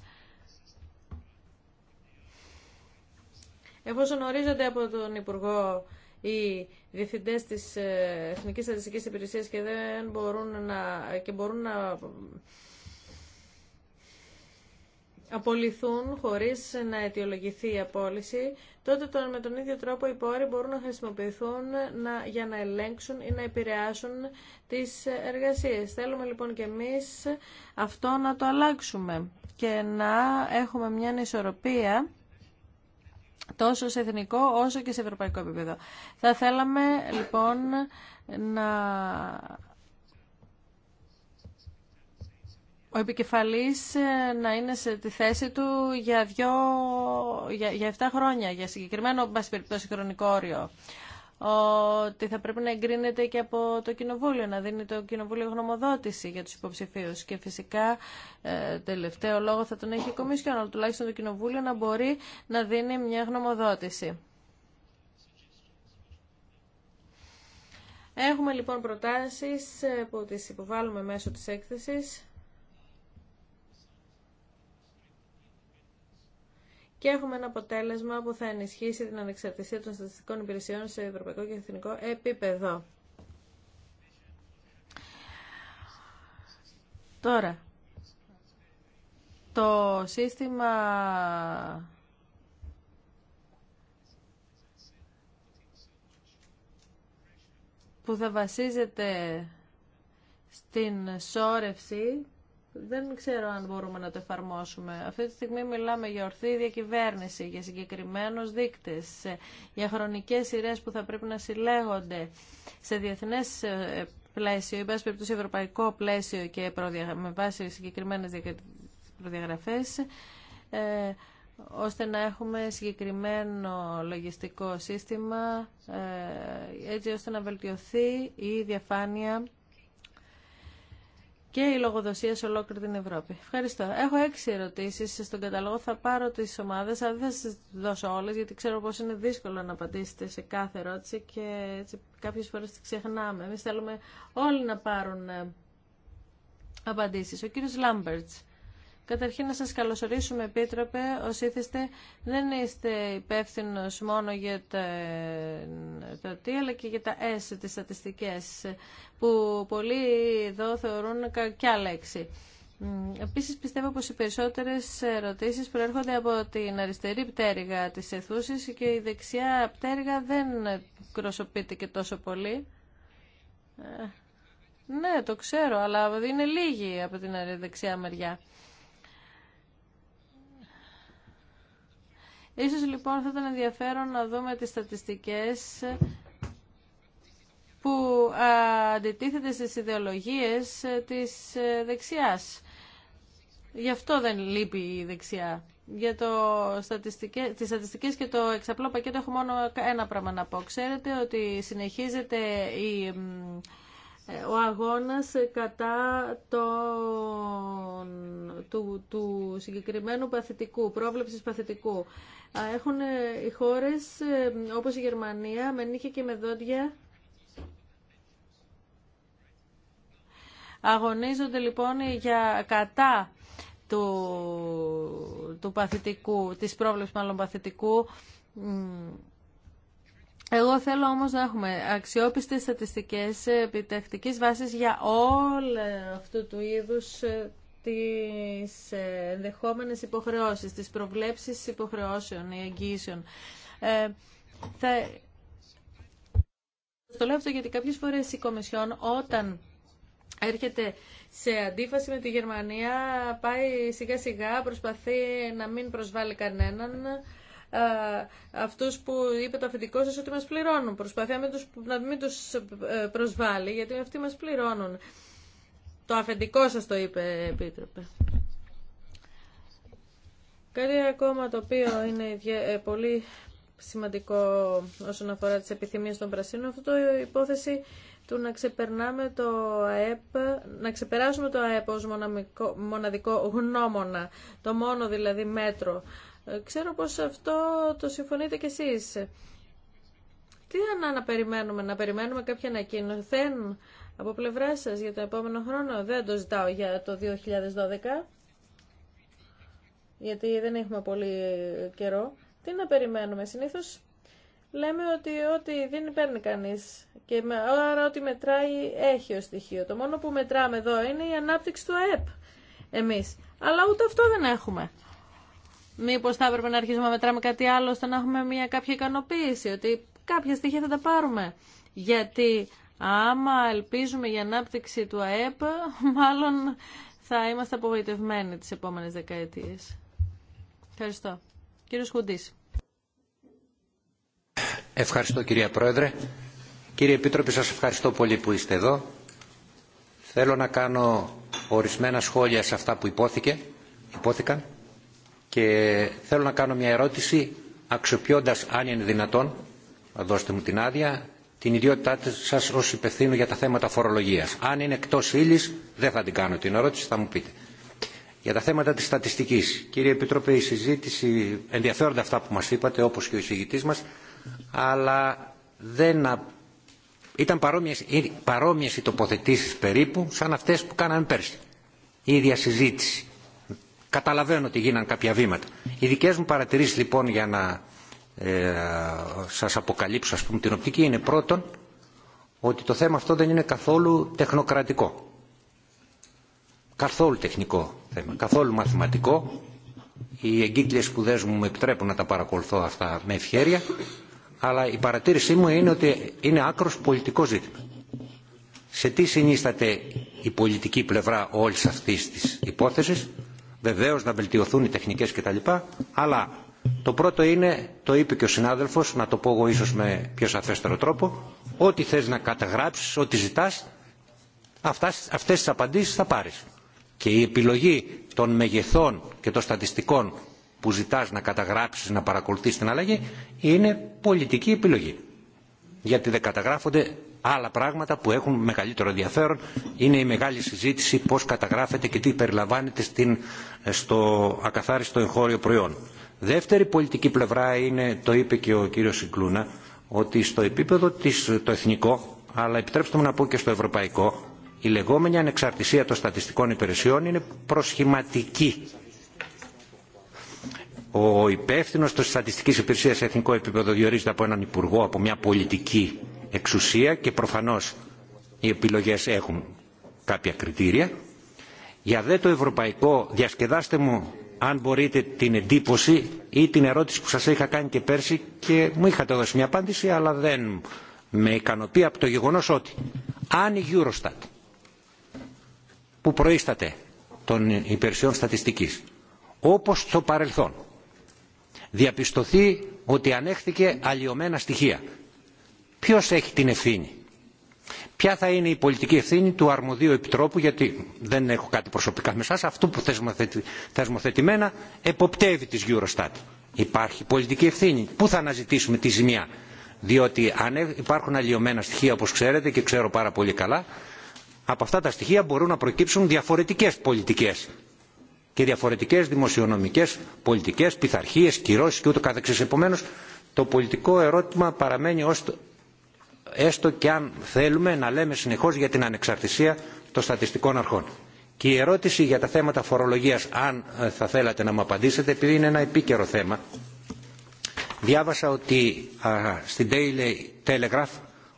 Εφόσον ορίζονται από τον Υπουργό οι διευθυντές της ε, Εθνικής Στατιστικής Υπηρεσίας και δεν μπορούν να, και μπορούν να απολυθούν χωρίς να αιτιολογηθεί η απόλυση, τότε τον, με τον ίδιο τρόπο οι πόροι μπορούν να χρησιμοποιηθούν να, για να ελέγξουν ή να επηρεάσουν τις εργασίες. Θέλουμε λοιπόν και εμείς αυτό να το αλλάξουμε και να έχουμε μια ανισορροπία τόσο σε εθνικό όσο και σε ευρωπαϊκό επίπεδο. Θα θέλαμε λοιπόν να ο επικεφαλής ε, να είναι σε τη θέση του για, δυο, για, για 7 χρόνια, για συγκεκριμένο πάση περιπτώσει χρονικό όριο. Ότι θα πρέπει να εγκρίνεται και από το Κοινοβούλιο, να δίνει το Κοινοβούλιο γνωμοδότηση για τους υποψηφίους. Και φυσικά ε, τελευταίο λόγο θα τον έχει η Κομισιόν, αλλά τουλάχιστον το Κοινοβούλιο να μπορεί να δίνει μια γνωμοδότηση. Έχουμε λοιπόν προτάσεις ε, που τις υποβάλλουμε μέσω της έκθεσης. και έχουμε ένα αποτέλεσμα που θα ενισχύσει την ανεξαρτησία των στατιστικών υπηρεσιών σε ευρωπαϊκό και εθνικό επίπεδο. Τώρα, το σύστημα που θα βασίζεται στην σόρευση δεν ξέρω αν μπορούμε να το εφαρμόσουμε. Αυτή τη στιγμή μιλάμε για ορθή διακυβέρνηση, για συγκεκριμένους δείκτες, για χρονικές σειρές που θα πρέπει να συλλέγονται σε διεθνές ε, πλαίσιο, ή πάση ευρωπαϊκό πλαίσιο και με βάση συγκεκριμένες προδιαγραφές, ε, ώστε να έχουμε συγκεκριμένο λογιστικό σύστημα, ε, έτσι ώστε να βελτιωθεί η διαφάνεια και η λογοδοσία σε ολόκληρη την Ευρώπη. Ευχαριστώ. Έχω έξι ερωτήσεις στον καταλόγο. Θα πάρω τις ομάδε, αλλά δεν θα σα δώσω όλες, γιατί ξέρω πως είναι δύσκολο να απαντήσετε σε κάθε ερώτηση και κάποιε φορέ φορές ξεχνάμε. Εμεί θέλουμε όλοι να πάρουν ε, απαντήσεις. Ο κύριος Λάμπερτ. Καταρχήν να σας καλωσορίσουμε Επίτροπε, ως ήθεστε δεν είστε υπεύθυνο μόνο για τα, το τι αλλά και για τα S, τις στατιστικές που πολλοί εδώ θεωρούν κακιά λέξη. Επίση, πιστεύω πω οι περισσότερε ερωτήσει προέρχονται από την αριστερή πτέρυγα τη αιθούση και η δεξιά πτέρυγα δεν κροσοπείται και τόσο πολύ. Ε, ναι, το ξέρω, αλλά είναι λίγοι από την δεξιά μεριά. Ίσως λοιπόν θα ήταν ενδιαφέρον να δούμε τις στατιστικές που αντιτίθεται στις ιδεολογίες ε, της ε, δεξιάς. Γι' αυτό δεν λείπει η δεξιά. Για το στατιστικές, τις στατιστικές και το εξαπλό πακέτο έχω μόνο ένα πράγμα να πω. Ξέρετε ότι συνεχίζεται η ο αγώνας κατά τον, του, του συγκεκριμένου παθητικού, πρόβλεψης παθητικού. Έχουν ε, οι χώρες ε, όπως η Γερμανία με νύχια και με δόντια αγωνίζονται λοιπόν για κατά του, του παθητικού, της πρόβλεψης μάλλον παθητικού εγώ θέλω όμως να έχουμε αξιόπιστες στατιστικές επιτακτικής βάσης για όλα αυτού του είδους ε, τις ε, δεχόμενες υποχρεώσεις, τις προβλέψεις υποχρεώσεων ή εγγύσεων. Ε, θα... Το λέω αυτό γιατί κάποιες φορές η Κομισιόν όταν έρχεται σε αντίφαση με τη Γερμανία πάει σιγά σιγά, προσπαθεί να μην προσβάλλει κανέναν ε, αυτούς που είπε το αφεντικό σας ότι μας πληρώνουν. τους να μην τους ε, προσβάλλει, γιατί αυτοί μας πληρώνουν. Το αφεντικό σας το είπε, Επίτροπε. Κάτι ακόμα το οποίο είναι ε, πολύ σημαντικό όσον αφορά τις επιθυμίες των πρασίνων, αυτό το υπόθεση του να ξεπερνάμε το ΑΕΠ, να ξεπεράσουμε το ΑΕΠ ως μοναδικό γνώμονα, το μόνο δηλαδή μέτρο Ξέρω πως αυτό το συμφωνείτε κι εσείς. Τι να περιμένουμε, να περιμένουμε κάποια ανακοίνωση από πλευρά σας για το επόμενο χρόνο. Δεν το ζητάω για το 2012, γιατί δεν έχουμε πολύ καιρό. Τι να περιμένουμε, συνήθως λέμε ότι ό,τι δεν παίρνει κανείς και με, άρα ό,τι μετράει έχει ως στοιχείο. Το μόνο που μετράμε εδώ είναι η ανάπτυξη του ΑΕΠ εμείς. Αλλά ούτε αυτό δεν έχουμε. Μήπως θα έπρεπε να αρχίσουμε να μετράμε κάτι άλλο ώστε να έχουμε μια κάποια ικανοποίηση ότι κάποια στοιχεία θα τα πάρουμε. Γιατί άμα ελπίζουμε για ανάπτυξη του ΑΕΠ, μάλλον θα είμαστε απογοητευμένοι τις επόμενες δεκαετίες. Ευχαριστώ. Κύριος Χουντής. Ευχαριστώ κυρία Πρόεδρε. Κύριε Επίτροπη, σας ευχαριστώ πολύ που είστε εδώ. Θέλω να κάνω ορισμένα σχόλια σε αυτά που υπόθηκε, υπόθηκαν και θέλω να κάνω μια ερώτηση αξιοποιώντας αν είναι δυνατόν δώστε μου την άδεια την ιδιότητά σας ως υπευθύνου για τα θέματα φορολογίας. Αν είναι εκτός ύλης δεν θα την κάνω την ερώτηση, θα μου πείτε. Για τα θέματα της στατιστικής. Κύριε Επιτροπέ, η συζήτηση ενδιαφέρονται αυτά που μας είπατε όπως και ο εισηγητής μας αλλά δεν ήταν παρόμοιες, παρόμοιες οι τοποθετήσεις περίπου σαν αυτές που κάναμε πέρσι. Η ίδια συζήτηση. Καταλαβαίνω ότι γίναν κάποια βήματα. Οι δικέ μου παρατηρήσει λοιπόν για να ε, σας αποκαλύψω ας πούμε την οπτική είναι πρώτον ότι το θέμα αυτό δεν είναι καθόλου τεχνοκρατικό. Καθόλου τεχνικό θέμα, καθόλου μαθηματικό. Οι εγκύκλειες σπουδέ μου με επιτρέπουν να τα παρακολουθώ αυτά με ευχέρεια, αλλά η παρατήρησή μου είναι ότι είναι άκρος πολιτικό ζήτημα. Σε τι συνίσταται η πολιτική πλευρά όλης αυτή της υπόθεσης, βεβαίως να βελτιωθούν οι τεχνικές κτλ. Αλλά το πρώτο είναι, το είπε και ο συνάδελφος, να το πω εγώ ίσως με πιο σαφέστερο τρόπο, ό,τι θες να καταγράψεις, ό,τι ζητάς, αυτές, αυτές τις απαντήσεις θα πάρεις. Και η επιλογή των μεγεθών και των στατιστικών που ζητάς να καταγράψεις, να παρακολουθείς την αλλαγή, είναι πολιτική επιλογή. Γιατί δεν καταγράφονται άλλα πράγματα που έχουν μεγαλύτερο ενδιαφέρον. Είναι η μεγάλη συζήτηση πώς καταγράφεται και τι περιλαμβάνεται στην, ε, στο ακαθάριστο εγχώριο προϊόν. Δεύτερη πολιτική πλευρά είναι, το είπε και ο κύριος Συγκλούνα, ότι στο επίπεδο της, το εθνικό, αλλά επιτρέψτε μου να πω και στο ευρωπαϊκό, η λεγόμενη ανεξαρτησία των στατιστικών υπηρεσιών είναι προσχηματική. Ο υπεύθυνο τη στατιστική υπηρεσία σε εθνικό επίπεδο διορίζεται από έναν υπουργό, από μια πολιτική εξουσία και προφανώς οι επιλογές έχουν κάποια κριτήρια. Για δε το ευρωπαϊκό, διασκεδάστε μου αν μπορείτε την εντύπωση ή την ερώτηση που σας είχα κάνει και πέρσι και μου είχατε δώσει μια απάντηση αλλά δεν με ικανοποιεί από το γεγονός ότι αν η Eurostat που προείσταται των υπηρεσιών στατιστικής όπως στο παρελθόν διαπιστωθεί ότι ανέχθηκε αλλοιωμένα στοιχεία ποιος έχει την ευθύνη. Ποια θα είναι η πολιτική ευθύνη του αρμοδίου επιτρόπου, γιατί δεν έχω κάτι προσωπικά με εσάς, αυτού που θεσμοθετημένα εποπτεύει της Eurostat. Υπάρχει πολιτική ευθύνη. Πού θα αναζητήσουμε τη ζημιά. Διότι αν ε, υπάρχουν αλλοιωμένα στοιχεία όπως ξέρετε και ξέρω πάρα πολύ καλά, από αυτά τα στοιχεία μπορούν να προκύψουν διαφορετικές πολιτικές και διαφορετικές δημοσιονομικές πολιτικές, πειθαρχίε, κυρώσει και ούτω καθεξής. Επομένως, το πολιτικό ερώτημα παραμένει ως έστω και αν θέλουμε να λέμε συνεχώς για την ανεξαρτησία των στατιστικών αρχών. Και η ερώτηση για τα θέματα φορολογίας, αν ε, θα θέλατε να μου απαντήσετε, επειδή είναι ένα επίκαιρο θέμα, διάβασα ότι στην Daily Telegraph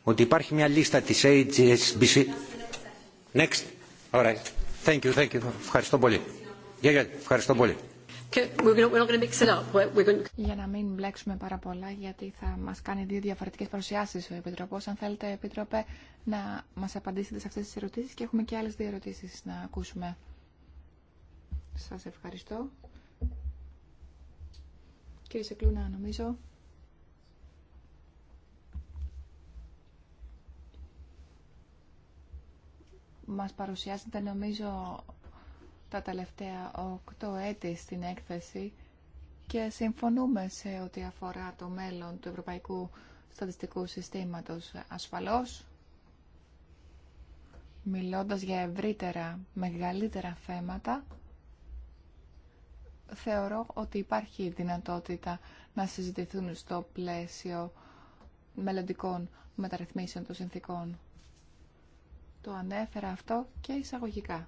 ότι υπάρχει μια λίστα της HSBC. Next. All Ευχαριστώ πολύ. Ευχαριστώ πολύ. Για να μην μπλέξουμε πάρα πολλά, γιατί θα μα κάνει δύο διαφορετικέ παρουσιάσει ο Επιτροπό. Αν θέλετε, Επίτροπε, να μα απαντήσετε σε αυτέ τι ερωτήσει και έχουμε και άλλε δύο ερωτήσει να ακούσουμε. Σα ευχαριστώ. Κύριε Σεκλούνα, νομίζω. Μας παρουσιάσετε νομίζω τα τελευταία οκτώ έτη στην έκθεση και συμφωνούμε σε ό,τι αφορά το μέλλον του Ευρωπαϊκού Στατιστικού Συστήματος ασφαλώς. Μιλώντας για ευρύτερα, μεγαλύτερα θέματα, θεωρώ ότι υπάρχει δυνατότητα να συζητηθούν στο πλαίσιο μελλοντικών μεταρρυθμίσεων των συνθήκων. Το ανέφερα αυτό και εισαγωγικά.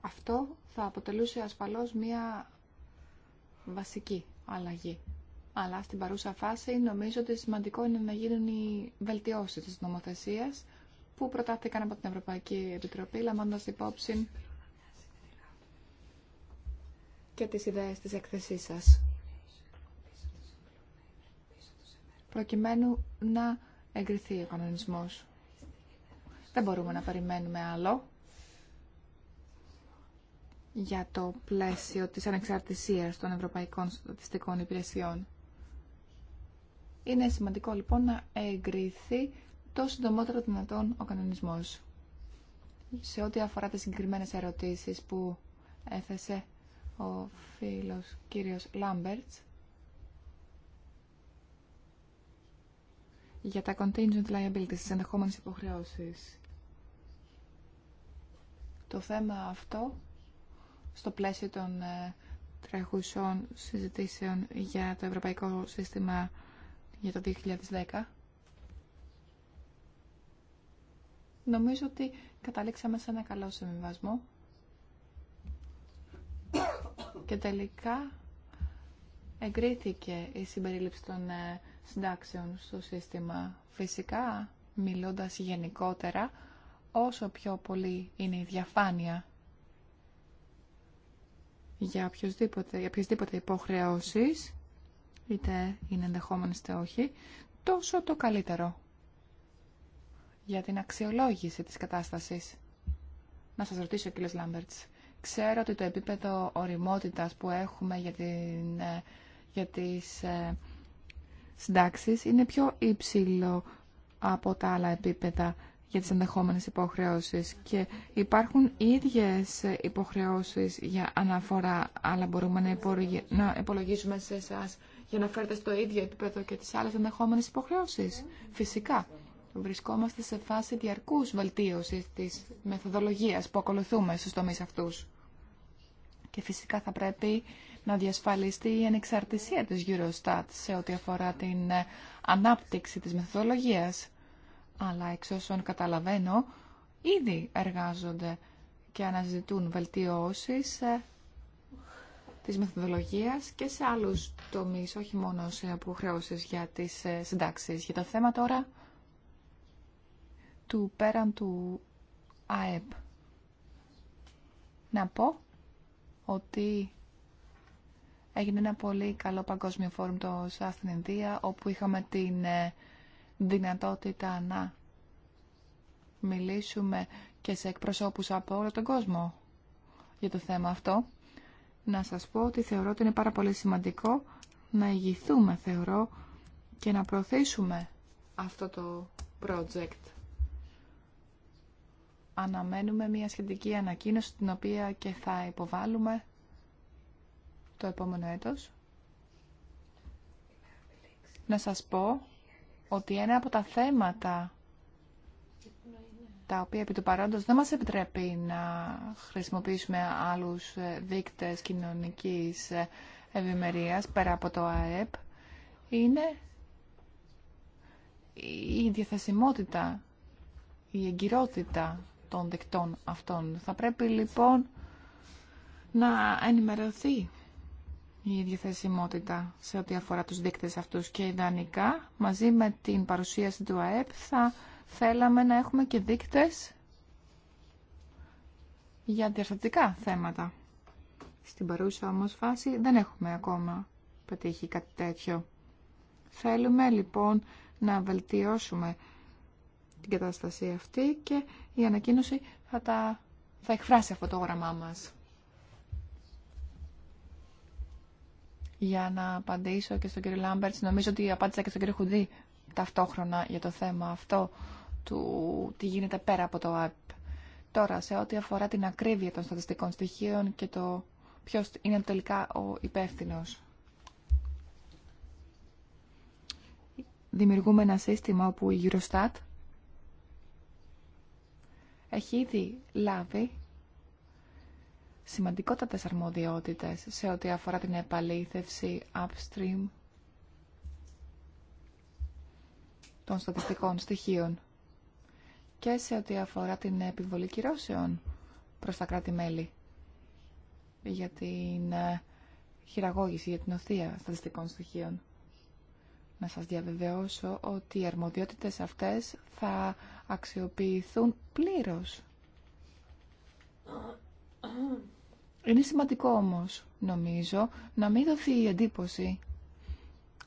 Αυτό θα αποτελούσε ασφαλώς μία βασική αλλαγή. Αλλά στην παρούσα φάση νομίζω ότι σημαντικό είναι να γίνουν οι βελτιώσεις της νομοθεσίας που προτάθηκαν από την Ευρωπαϊκή Επιτροπή, λαμβάνοντας υπόψη και τις ιδέες της έκθεσής σας. Προκειμένου να εγκριθεί ο κανονισμός. Δεν μπορούμε να περιμένουμε άλλο για το πλαίσιο της ανεξαρτησίας των Ευρωπαϊκών Στατιστικών Υπηρεσιών. Είναι σημαντικό λοιπόν να εγκριθεί το συντομότερο δυνατόν ο κανονισμός. Σε ό,τι αφορά τις συγκεκριμένες ερωτήσεις που έθεσε ο φίλος κύριος Λάμπερτς για τα contingent liabilities, τις ενδεχόμενες υποχρεώσεις. Το θέμα αυτό στο πλαίσιο των ε, τρέχουσων συζητήσεων για το Ευρωπαϊκό Σύστημα για το 2010. Νομίζω ότι καταλήξαμε σε ένα καλό συμβιβασμό και τελικά εγκρίθηκε η συμπερίληψη των ε, συντάξεων στο σύστημα. Φυσικά, μιλώντας γενικότερα, όσο πιο πολύ είναι η διαφάνεια για οποιοδήποτε, για οποιασδήποτε υποχρεώσεις, είτε είναι ενδεχόμενε είτε όχι, τόσο το καλύτερο για την αξιολόγηση της κατάστασης. Να σας ρωτήσω, κύριε Λάμπερτς, ξέρω ότι το επίπεδο οριμότητας που έχουμε για, την, ε, για τις ε, συντάξεις είναι πιο υψηλό από τα άλλα επίπεδα για τις ενδεχόμενες υποχρεώσεις και υπάρχουν ίδιες υποχρεώσεις για αναφορά αλλά μπορούμε να υπολογίζουμε σε εσά για να φέρετε στο ίδιο επίπεδο και τις άλλες ενδεχόμενες υποχρεώσεις. Φυσικά, βρισκόμαστε σε φάση διαρκούς βελτίωσης της μεθοδολογίας που ακολουθούμε στους τομείς αυτούς. Και φυσικά θα πρέπει να διασφαλιστεί η ανεξαρτησία της Eurostat σε ό,τι αφορά την ε, ανάπτυξη της μεθοδολογίας αλλά εξ όσων καταλαβαίνω ήδη εργάζονται και αναζητούν βελτιώσεις ε, της μεθοδολογίας και σε άλλους τομείς, όχι μόνο σε αποχρεώσεις για τις ε, συντάξεις. Για το θέμα τώρα του πέραν του ΑΕΠ. Να πω ότι έγινε ένα πολύ καλό παγκόσμιο φόρουμ το στην όπου είχαμε την ε, δυνατότητα να μιλήσουμε και σε εκπροσώπους από όλο τον κόσμο για το θέμα αυτό. Να σας πω ότι θεωρώ ότι είναι πάρα πολύ σημαντικό να ηγηθούμε, θεωρώ, και να προωθήσουμε αυτό το project. Αναμένουμε μια σχετική ανακοίνωση την οποία και θα υποβάλουμε το επόμενο έτος. Να σας πω ότι ένα από τα θέματα τα οποία επί του παρόντος δεν μας επιτρέπει να χρησιμοποιήσουμε άλλους δείκτες κοινωνικής ευημερίας πέρα από το ΑΕΠ είναι η διαθεσιμότητα, η εγκυρότητα των δικτών αυτών. Θα πρέπει λοιπόν να ενημερωθεί η διαθεσιμότητα σε ό,τι αφορά τους δείκτες αυτούς και ιδανικά μαζί με την παρουσίαση του ΑΕΠ θα θέλαμε να έχουμε και δείκτες για διαστατικά θέματα. Στην παρούσα όμως φάση δεν έχουμε ακόμα πετύχει κάτι τέτοιο. Θέλουμε λοιπόν να βελτιώσουμε την κατάσταση αυτή και η ανακοίνωση θα, τα... θα εκφράσει αυτό το όραμά μας. για να απαντήσω και στον κύριο Λάμπερτ. Νομίζω ότι απάντησα και στον κύριο Χουντή ταυτόχρονα για το θέμα αυτό του τι γίνεται πέρα από το ΑΕΠ. Τώρα, σε ό,τι αφορά την ακρίβεια των στατιστικών στοιχείων και το ποιος είναι τελικά ο υπεύθυνος. Δημιουργούμε ένα σύστημα όπου η Eurostat έχει ήδη λάβει σημαντικότατες αρμοδιότητες σε ό,τι αφορά την επαλήθευση upstream των στατιστικών στοιχείων και σε ό,τι αφορά την επιβολή κυρώσεων προς τα κράτη-μέλη για την ε, χειραγώγηση, για την οθεία στατιστικών στοιχείων. Να σας διαβεβαιώσω ότι οι αρμοδιότητες αυτές θα αξιοποιηθούν πλήρως είναι σημαντικό όμως, νομίζω, να μην δοθεί η εντύπωση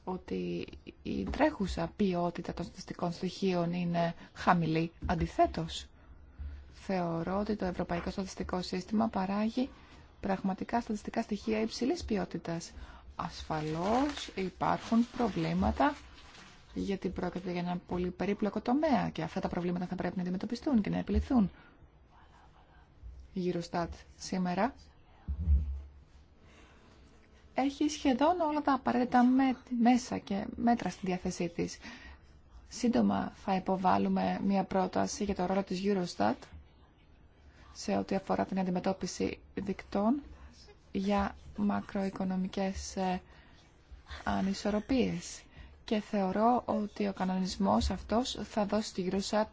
ότι η τρέχουσα ποιότητα των στατιστικών στοιχείων είναι χαμηλή. Αντιθέτως, θεωρώ ότι το Ευρωπαϊκό Στατιστικό Σύστημα παράγει πραγματικά στατιστικά στοιχεία υψηλής ποιότητας. Ασφαλώς υπάρχουν προβλήματα γιατί πρόκειται για ένα πολύ περίπλοκο τομέα και αυτά τα προβλήματα θα πρέπει να αντιμετωπιστούν και να επιληθούν. στατ σήμερα έχει σχεδόν όλα τα απαραίτητα μέσα και μέτρα στη διάθεσή της. Σύντομα θα υποβάλουμε μια πρόταση για το ρόλο της Eurostat σε ό,τι αφορά την αντιμετώπιση δικτών για μακροοικονομικές ε, ανισορροπίες. Και θεωρώ ότι ο κανονισμός αυτός θα δώσει στη Eurostat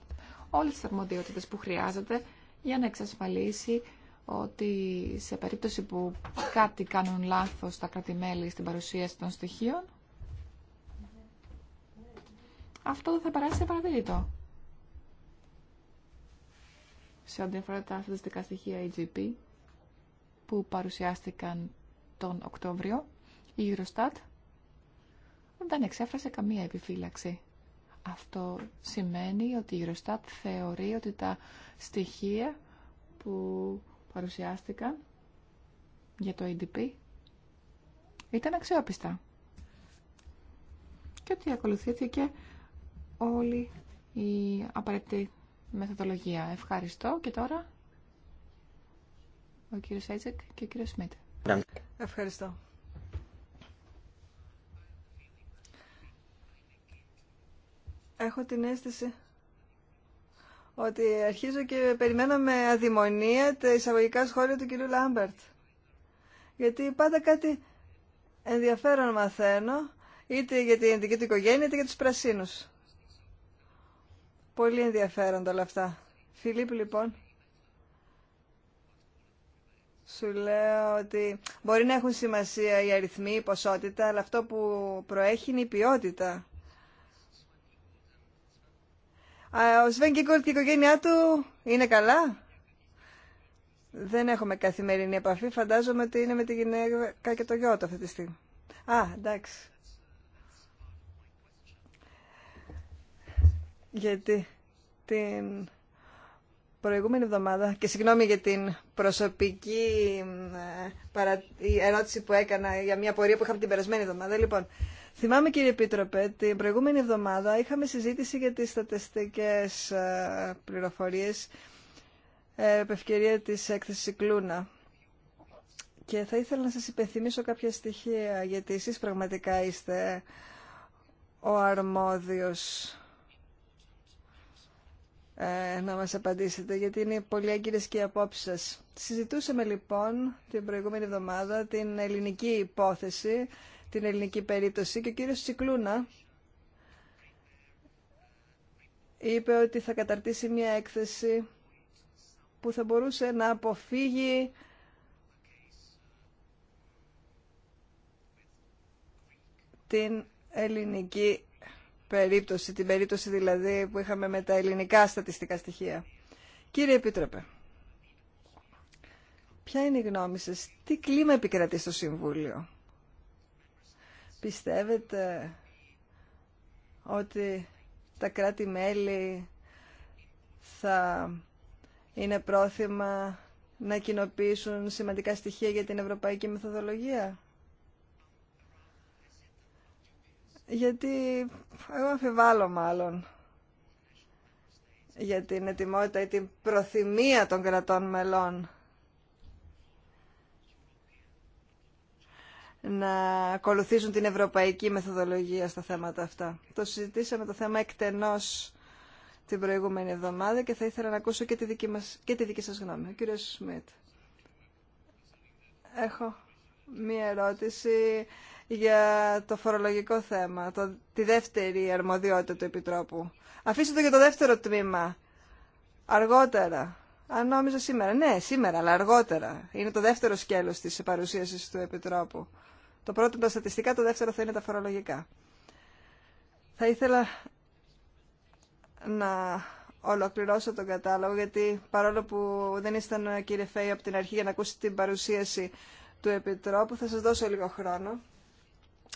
όλες τις αρμοδιότητες που χρειάζεται για να εξασφαλίσει ότι σε περίπτωση που κάτι κάνουν λάθος τα κρατημέλη στην παρουσίαση των στοιχείων, αυτό δεν θα περάσει σε Σε ό,τι αφορά τα στατιστικά στοιχεία EGP που παρουσιάστηκαν τον Οκτώβριο, η Eurostat δεν εξέφρασε καμία επιφύλαξη. Αυτό σημαίνει ότι η Eurostat θεωρεί ότι τα στοιχεία που παρουσιάστηκαν για το EDP ήταν αξιόπιστα. Και ότι ακολουθήθηκε όλη η απαραίτητη μεθοδολογία. Ευχαριστώ και τώρα ο κύριος Έτζεκ και ο κύριος Σμίτ. Ευχαριστώ. Έχω την αίσθηση ότι αρχίζω και περιμένω με αδημονία τα εισαγωγικά σχόλια του κυρίου Λάμπερτ. Γιατί πάντα κάτι ενδιαφέρον μαθαίνω, είτε για την ειδική του οικογένεια, είτε για τους πρασίνους. Πολύ ενδιαφέροντα όλα αυτά. Φιλίπ, λοιπόν, σου λέω ότι μπορεί να έχουν σημασία οι αριθμοί, η ποσότητα, αλλά αυτό που προέχει είναι η ποιότητα. Ο Σβέν Γκίγκολτ και η οικογένειά του είναι καλά. Δεν έχουμε καθημερινή επαφή. Φαντάζομαι ότι είναι με τη γυναίκα και το γιο του αυτή τη στιγμή. Α, εντάξει. Γιατί την προηγούμενη εβδομάδα και συγγνώμη για την προσωπική ε, ερώτηση που έκανα για μια πορεία που είχαμε την περασμένη εβδομάδα. Λοιπόν, Θυμάμαι κύριε Επίτροπε, την προηγούμενη εβδομάδα είχαμε συζήτηση για τις στατιστικές ε, πληροφορίες ε, επ' ευκαιρία της έκθεσης Κλούνα. Και θα ήθελα να σας υπενθυμίσω κάποια στοιχεία, γιατί εσείς πραγματικά είστε ο αρμόδιος ε, να μας απαντήσετε, γιατί είναι πολύ έγκυρες και οι απόψεις σας. Συζητούσαμε λοιπόν την προηγούμενη εβδομάδα την ελληνική υπόθεση την ελληνική περίπτωση και ο κύριος Τσικλούνα είπε ότι θα καταρτήσει μια έκθεση που θα μπορούσε να αποφύγει την ελληνική περίπτωση, την περίπτωση δηλαδή που είχαμε με τα ελληνικά στατιστικά στοιχεία. Κύριε Επίτροπε, ποια είναι η γνώμη σας, τι κλίμα επικρατεί στο Συμβούλιο. Πιστεύετε ότι τα κράτη-μέλη θα είναι πρόθυμα να κοινοποιήσουν σημαντικά στοιχεία για την ευρωπαϊκή μεθοδολογία. Γιατί εγώ αμφιβάλλω μάλλον για την ετοιμότητα ή την προθυμία των κρατών μελών να ακολουθήσουν την ευρωπαϊκή μεθοδολογία στα θέματα αυτά. Το συζητήσαμε το θέμα εκτενώς την προηγούμενη εβδομάδα και θα ήθελα να ακούσω και τη δική, μας, και τη δική σας γνώμη. Κύριε κύριος Σμιτ. Έχω μία ερώτηση για το φορολογικό θέμα, το, τη δεύτερη αρμοδιότητα του Επιτρόπου. Αφήστε το για το δεύτερο τμήμα. Αργότερα. Αν νόμιζα σήμερα. Ναι, σήμερα, αλλά αργότερα. Είναι το δεύτερο σκέλος της παρουσίασης του Επιτρόπου. Το πρώτο είναι τα στατιστικά, το δεύτερο θα είναι τα φορολογικά. Θα ήθελα να ολοκληρώσω τον κατάλογο, γιατί παρόλο που δεν ήσταν κύριε Φέη από την αρχή για να ακούσει την παρουσίαση του Επιτρόπου, θα σας δώσω λίγο χρόνο,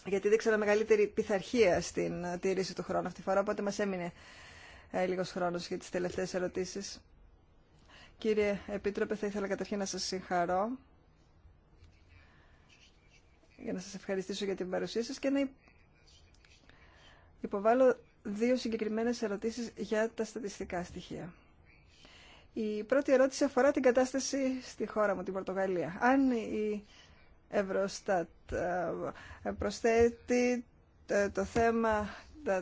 γιατί δείξαμε μεγαλύτερη πειθαρχία στην τήρηση του χρόνου αυτή τη φορά, οπότε μας έμεινε ε, λίγος χρόνος για τις τελευταίες ερωτήσεις. Κύριε Επίτροπε, θα ήθελα καταρχήν να σας συγχαρώ για να σας ευχαριστήσω για την παρουσία σας και να υποβάλω δύο συγκεκριμένες ερωτήσεις για τα στατιστικά στοιχεία. Η πρώτη ερώτηση αφορά την κατάσταση στη χώρα μου, την Πορτογαλία. Αν η Ευρωστάτ ε, προσθέτει ε, το θέμα,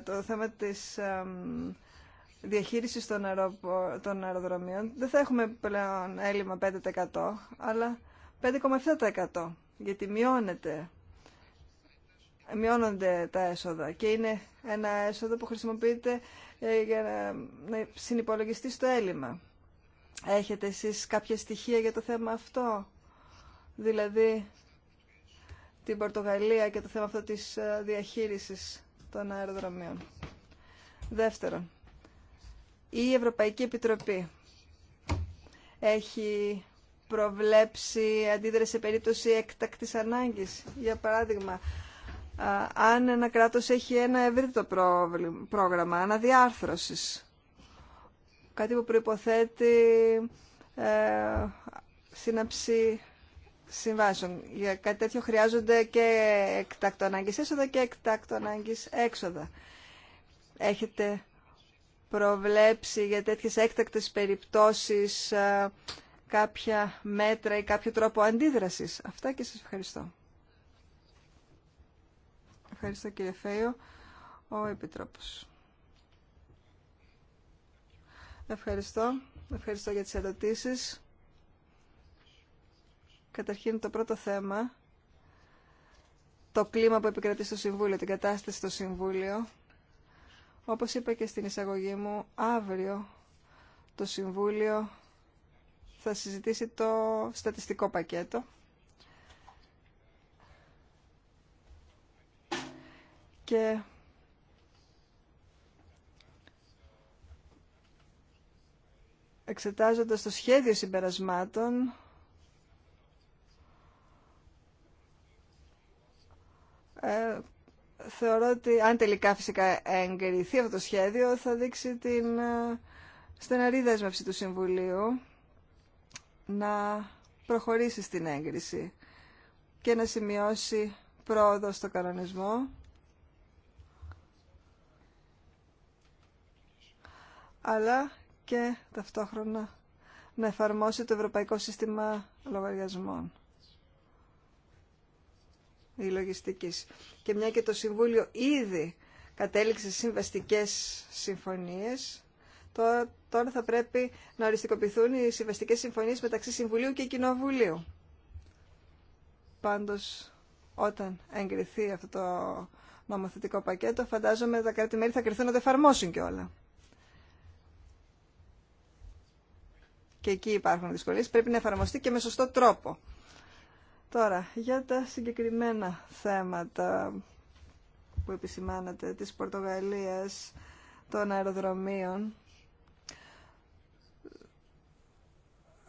το θέμα της διαχείρισης των, των αεροδρομίων, δεν θα έχουμε πλέον έλλειμμα 5%, αλλά 5,7% γιατί μειώνεται, μειώνονται τα έσοδα και είναι ένα έσοδο που χρησιμοποιείται ε, για να, συνυπολογιστεί στο έλλειμμα. Έχετε εσείς κάποια στοιχεία για το θέμα αυτό, δηλαδή την Πορτογαλία και το θέμα αυτό της ε, διαχείρισης των αεροδρομίων. Δεύτερον, η Ευρωπαϊκή Επιτροπή έχει προβλέψει αντίδραση σε περίπτωση έκτακτης ανάγκης. Για παράδειγμα, αν ένα κράτος έχει ένα ευρύτερο πρόγραμμα αναδιάρθρωσης, κάτι που προϋποθέτει ε, σύναψη συμβάσεων. Για κάτι τέτοιο χρειάζονται και εκτάκτο ανάγκης έσοδα και εκτάκτο ανάγκης έξοδα. Έχετε προβλέψει για τέτοιες έκτακτες περιπτώσεις ε, κάποια μέτρα ή κάποιο τρόπο αντίδρασης. Αυτά και σας ευχαριστώ. Ευχαριστώ κύριε Φέιο, ο Επιτρόπος. Ευχαριστώ. Ευχαριστώ για τις ερωτήσεις. Καταρχήν το πρώτο θέμα, το κλίμα που επικρατεί στο Συμβούλιο, την κατάσταση στο Συμβούλιο. Όπως είπα και στην εισαγωγή μου, αύριο το Συμβούλιο θα συζητήσει το στατιστικό πακέτο. Και εξετάζοντας το σχέδιο συμπερασμάτων, ε, θεωρώ ότι αν τελικά φυσικά εγκριθεί αυτό το σχέδιο θα δείξει την ε, στεναρή δέσμευση του Συμβουλίου να προχωρήσει στην έγκριση και να σημειώσει πρόοδο στο κανονισμό. αλλά και ταυτόχρονα να εφαρμόσει το Ευρωπαϊκό Σύστημα Λογαριασμών η λογιστικής. Και μια και το Συμβούλιο ήδη κατέληξε συμβαστικές συμφωνίες, τώρα θα πρέπει να οριστικοποιηθούν οι συμβαστικές συμφωνίες μεταξύ Συμβουλίου και Κοινοβουλίου. Πάντως, όταν εγκριθεί αυτό το νομοθετικό πακέτο, φαντάζομαι τα κράτη-μέλη θα κρυθούν να το εφαρμόσουν κιόλα. Και εκεί υπάρχουν δυσκολίες. Πρέπει να εφαρμοστεί και με σωστό τρόπο. Τώρα, για τα συγκεκριμένα θέματα που επισημάνατε της Πορτογαλίας των αεροδρομίων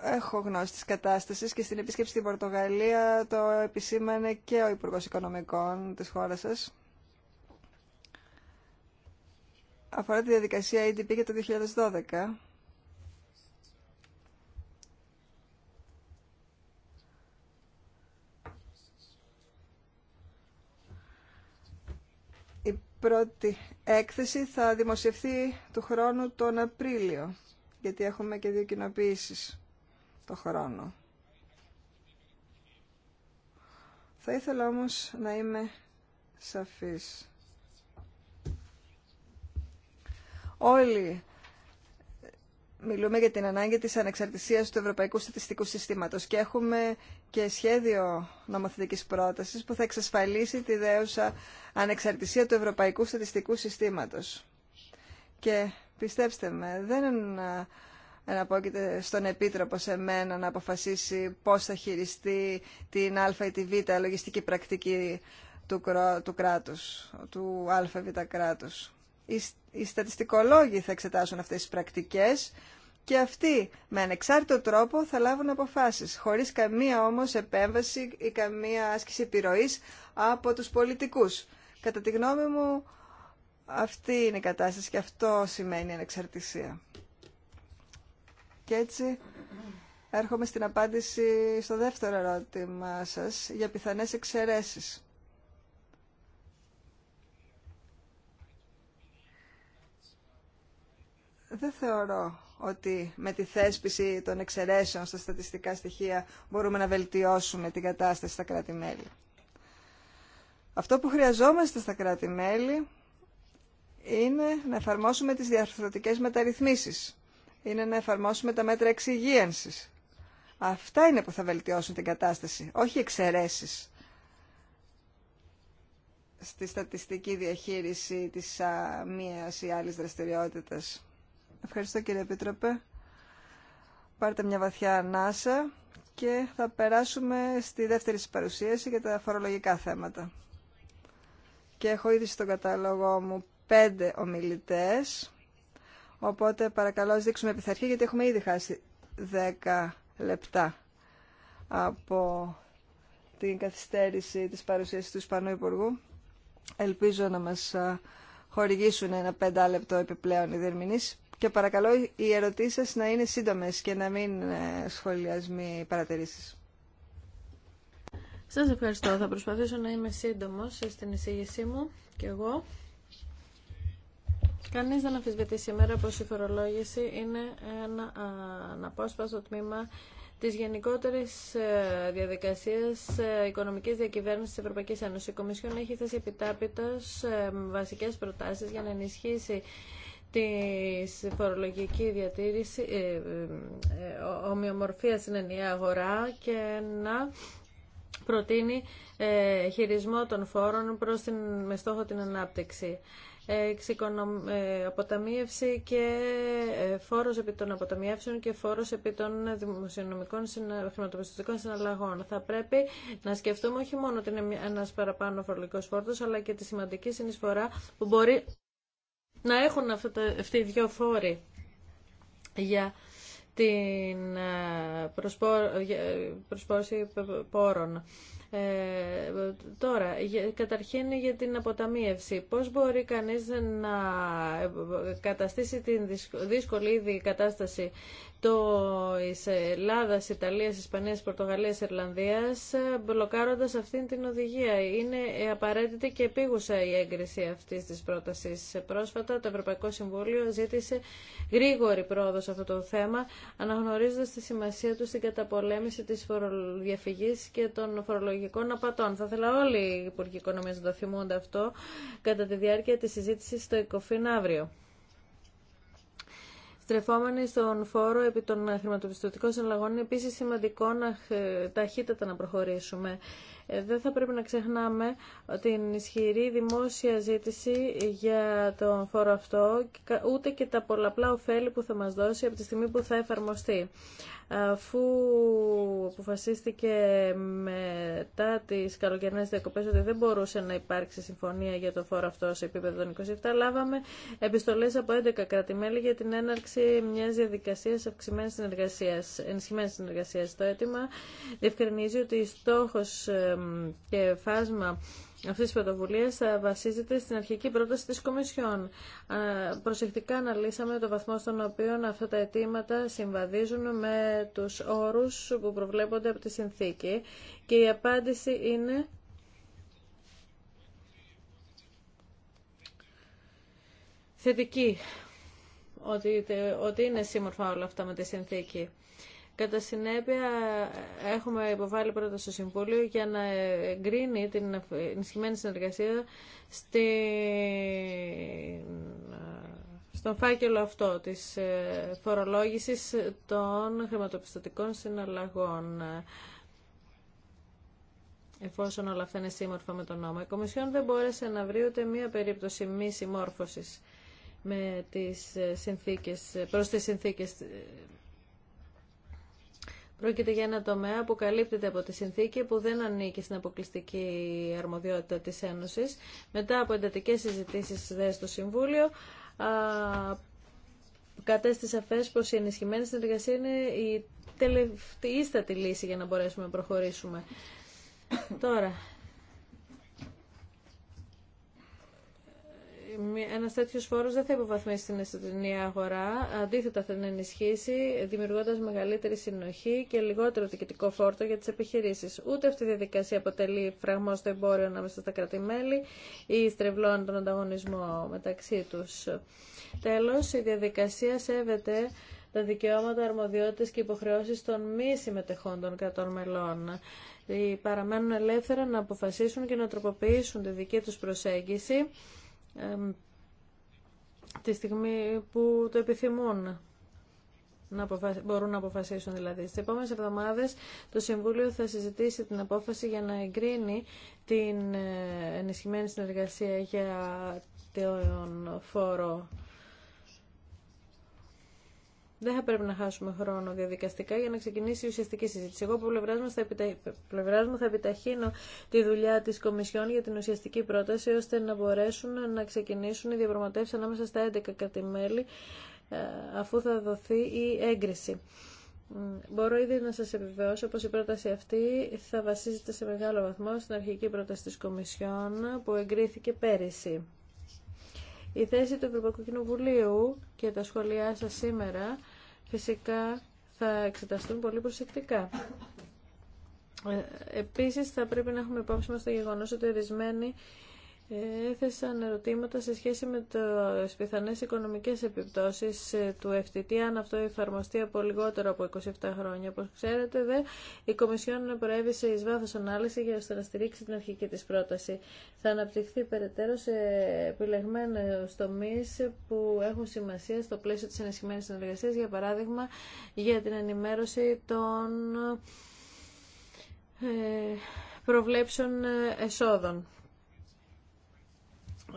έχω γνώση της κατάστασης και στην επίσκεψη στην Πορτογαλία το επισήμανε και ο υπουργό Οικονομικών της χώρας σας. Αφορά τη διαδικασία EDP για το 2012. Η πρώτη έκθεση θα δημοσιευθεί του χρόνου τον Απρίλιο, γιατί έχουμε και δύο κοινοποίησεις το χρόνο. Θα ήθελα όμως να είμαι σαφής. Όλοι μιλούμε για την ανάγκη της ανεξαρτησίας του Ευρωπαϊκού Στατιστικού Συστήματος και έχουμε και σχέδιο νομοθετικής πρότασης που θα εξασφαλίσει τη δέουσα ανεξαρτησία του Ευρωπαϊκού Στατιστικού Συστήματος. Και πιστέψτε με, δεν είναι εναπόκειται στον Επίτροπο σε μένα να αποφασίσει πώς θα χειριστεί την α ή τη β λογιστική πρακτική του, του κράτους, του α β κράτους. Οι, οι στατιστικολόγοι θα εξετάσουν αυτές τις πρακτικές και αυτοί με ανεξάρτητο τρόπο θα λάβουν αποφάσεις, χωρίς καμία όμως επέμβαση ή καμία άσκηση επιρροής από τους πολιτικούς. Κατά τη γνώμη μου αυτή είναι η κατάσταση και αυτό σημαίνει ανεξαρτησία. Και έτσι έρχομαι στην απάντηση στο δεύτερο ερώτημα σας για πιθανές εξαιρέσεις. Δεν θεωρώ ότι με τη θέσπιση των εξαιρέσεων στα στατιστικά στοιχεία μπορούμε να βελτιώσουμε την κατάσταση στα κράτη-μέλη. Αυτό που χρειαζόμαστε στα κράτη-μέλη είναι να εφαρμόσουμε τις διαρθρωτικές μεταρρυθμίσεις είναι να εφαρμόσουμε τα μέτρα εξυγίανση. Αυτά είναι που θα βελτιώσουν την κατάσταση, όχι εξαιρέσει στη στατιστική διαχείριση της μια μίας ή άλλης δραστηριότητας. Ευχαριστώ κύριε Επίτροπε. Πάρτε μια βαθιά ανάσα και θα περάσουμε στη δεύτερη παρουσίαση για τα φορολογικά θέματα. Και έχω ήδη στον κατάλογο μου πέντε ομιλητές Οπότε παρακαλώ ας δείξουμε επιθαρχή γιατί έχουμε ήδη χάσει 10 λεπτά από την καθυστέρηση της παρουσίασης του Ισπανού Υπουργού. Ελπίζω να μας χορηγήσουν ένα λεπτό επιπλέον οι δερμηνείς. Και παρακαλώ οι ερωτήσεις να είναι σύντομες και να μην ε, σχολιασμοί παρατηρήσεις. Σας ευχαριστώ. Θα προσπαθήσω να είμαι σύντομος στην εισήγησή μου και εγώ. Κανείς δεν αμφισβητεί σήμερα πως η φορολόγηση είναι ένα αναπόσπαστο τμήμα της γενικότερης ε, διαδικασίας ε, οικονομικής διακυβέρνησης της Ευρωπαϊκής Ένωσης. Η Κομισιόν έχει θέσει επιτάπητος ε, βασικές προτάσεις για να ενισχύσει τη φορολογική διατήρηση, ομοιομορφία στην ενιαία αγορά και να προτείνει χειρισμό των φόρων προς την, με στόχο την ανάπτυξη. Ε, αποταμίευση και ε, φόρος επί των αποταμιεύσεων και φόρος επί των δημοσιονομικών χρηματοπιστωτικών συναλλαγών. Θα πρέπει να σκεφτούμε όχι μόνο ότι είναι ένας παραπάνω φορολογικός φόρτος, αλλά και τη σημαντική συνεισφορά που μπορεί να έχουν αυτοί οι δυο φόροι για την ε, προσπόρωση πόρων. Ε, τώρα, καταρχήν για την αποταμίευση. Πώς μπορεί κανείς να ε, καταστήσει την δύσκολη ήδη κατάσταση της Ελλάδας, Ιταλίας, Ισπανίας, Πορτογαλίας, Ιρλανδίας μπλοκάροντας αυτήν την οδηγία. Είναι απαραίτητη και επίγουσα η έγκριση αυτής της πρότασης. Πρόσφατα το Ευρωπαϊκό Συμβούλιο ζήτησε γρήγορη πρόοδο σε αυτό το θέμα αναγνωρίζοντας τη σημασία του στην καταπολέμηση της φοροδιαφυγής και των φορολογικών απατών. Θα ήθελα όλοι οι Υπουργοί Οικονομίας να το θυμούνται αυτό κατά τη διάρκεια της συζήτησης στο ΕΚΟΦΗΝ αύριο. Στρεφόμενοι στον φόρο επί των χρηματοπιστωτικών συναλλαγών, είναι επίση σημαντικό να ταχύτατα να προχωρήσουμε. Ε, δεν θα πρέπει να ξεχνάμε την ισχυρή δημόσια ζήτηση για τον φόρο αυτό, ούτε και τα πολλαπλά ωφέλη που θα μας δώσει από τη στιγμή που θα εφαρμοστεί. Αφού αποφασίστηκε μετά τις καλοκαιρινές διακοπές ότι δεν μπορούσε να υπάρξει συμφωνία για τον φόρο αυτό σε επίπεδο των 27, λάβαμε επιστολές από 11 κρατημέλη για την έναρξη μια διαδικασία αυξημένη συνεργασία, ενισχυμένη συνεργασία. Το αίτημα διευκρινίζει ότι στόχο και φάσμα αυτή τη πρωτοβουλία θα βασίζεται στην αρχική πρόταση τη Κομισιόν. Προσεκτικά αναλύσαμε το βαθμό στον οποίο αυτά τα αιτήματα συμβαδίζουν με του όρου που προβλέπονται από τη συνθήκη και η απάντηση είναι. θετική ότι, ότι είναι σύμμορφα όλα αυτά με τη συνθήκη. Κατά συνέπεια, έχουμε υποβάλει πρώτα στο Συμβούλιο για να εγκρίνει την ενισχυμένη συνεργασία στον φάκελο αυτό της ε, φορολόγησης των χρηματοπιστωτικών συναλλαγών εφόσον όλα αυτά είναι σύμμορφα με τον νόμο. Η Κομισιόν δεν μπόρεσε να βρει ούτε μία περίπτωση μη συμμόρφωσης με τις ε, συνθήκες, ε, προς τις συνθήκες Πρόκειται για ένα τομέα που καλύπτεται από τη συνθήκη που δεν ανήκει στην αποκλειστική αρμοδιότητα της Ένωσης. Μετά από εντατικές συζητήσεις δε στο Συμβούλιο, κατέστη σαφέ πως η ενισχυμένη συνεργασία είναι η τελευταία λύση για να μπορέσουμε να προχωρήσουμε. Τώρα, ένα τέτοιο φόρο δεν θα υποβαθμίσει την εσωτερική αγορά. Αντίθετα, θα την ενισχύσει, δημιουργώντα μεγαλύτερη συνοχή και λιγότερο διοικητικό φόρτο για τι επιχειρήσει. Ούτε αυτή η διαδικασία αποτελεί φραγμό στο εμπόριο ανάμεσα στα κράτη-μέλη ή στρεβλώνει τον ανταγωνισμό μεταξύ του. Τέλο, η διαδικασία σέβεται τα δικαιώματα, αρμοδιότητες και υποχρεώσεις των μη συμμετεχόντων κρατών μελών. Παραμένουν ελεύθερα να αποφασίσουν και να τροποποιήσουν τη δική του προσέγγιση τη στιγμή που το επιθυμούν. Να μπορούν να αποφασίσουν δηλαδή. Στις επόμενες εβδομάδες το Συμβούλιο θα συζητήσει την απόφαση για να εγκρίνει την ε, ενισχυμένη συνεργασία για τον φόρο δεν θα πρέπει να χάσουμε χρόνο διαδικαστικά για να ξεκινήσει η ουσιαστική συζήτηση. Εγώ από πλευρά μου θα επιταχύνω τη δουλειά τη Κομισιόν για την ουσιαστική πρόταση, ώστε να μπορέσουν να ξεκινήσουν οι διαπραγματεύσει ανάμεσα στα 11 κατημέλη, ε, αφού θα δοθεί η έγκριση. Μπορώ ήδη να σας επιβεβαιώσω πως η πρόταση αυτή θα βασίζεται σε μεγάλο βαθμό στην αρχική πρόταση της Κομισιόν που εγκρίθηκε πέρυσι. Η θέση του Ευρωπαϊκού Κοινοβουλίου και τα σχόλιά σας σήμερα φυσικά θα εξεταστούν πολύ προσεκτικά. Ε, επίσης θα πρέπει να έχουμε υπόψη μας το γεγονός ότι ορισμένοι έθεσαν ερωτήματα σε σχέση με τις πιθανές οικονομικές επιπτώσεις ε, του FTT αν αυτό εφαρμοστεί από λιγότερο από 27 χρόνια. Όπως ξέρετε, δε, η Κομισιόν προέβησε εις βάθος ανάλυση για ώστε να στηρίξει την αρχική της πρόταση. Θα αναπτυχθεί περαιτέρω σε επιλεγμένους τομείς που έχουν σημασία στο πλαίσιο της ενισχυμένης συνεργασίας, για παράδειγμα για την ενημέρωση των ε, προβλέψεων ε, εσόδων.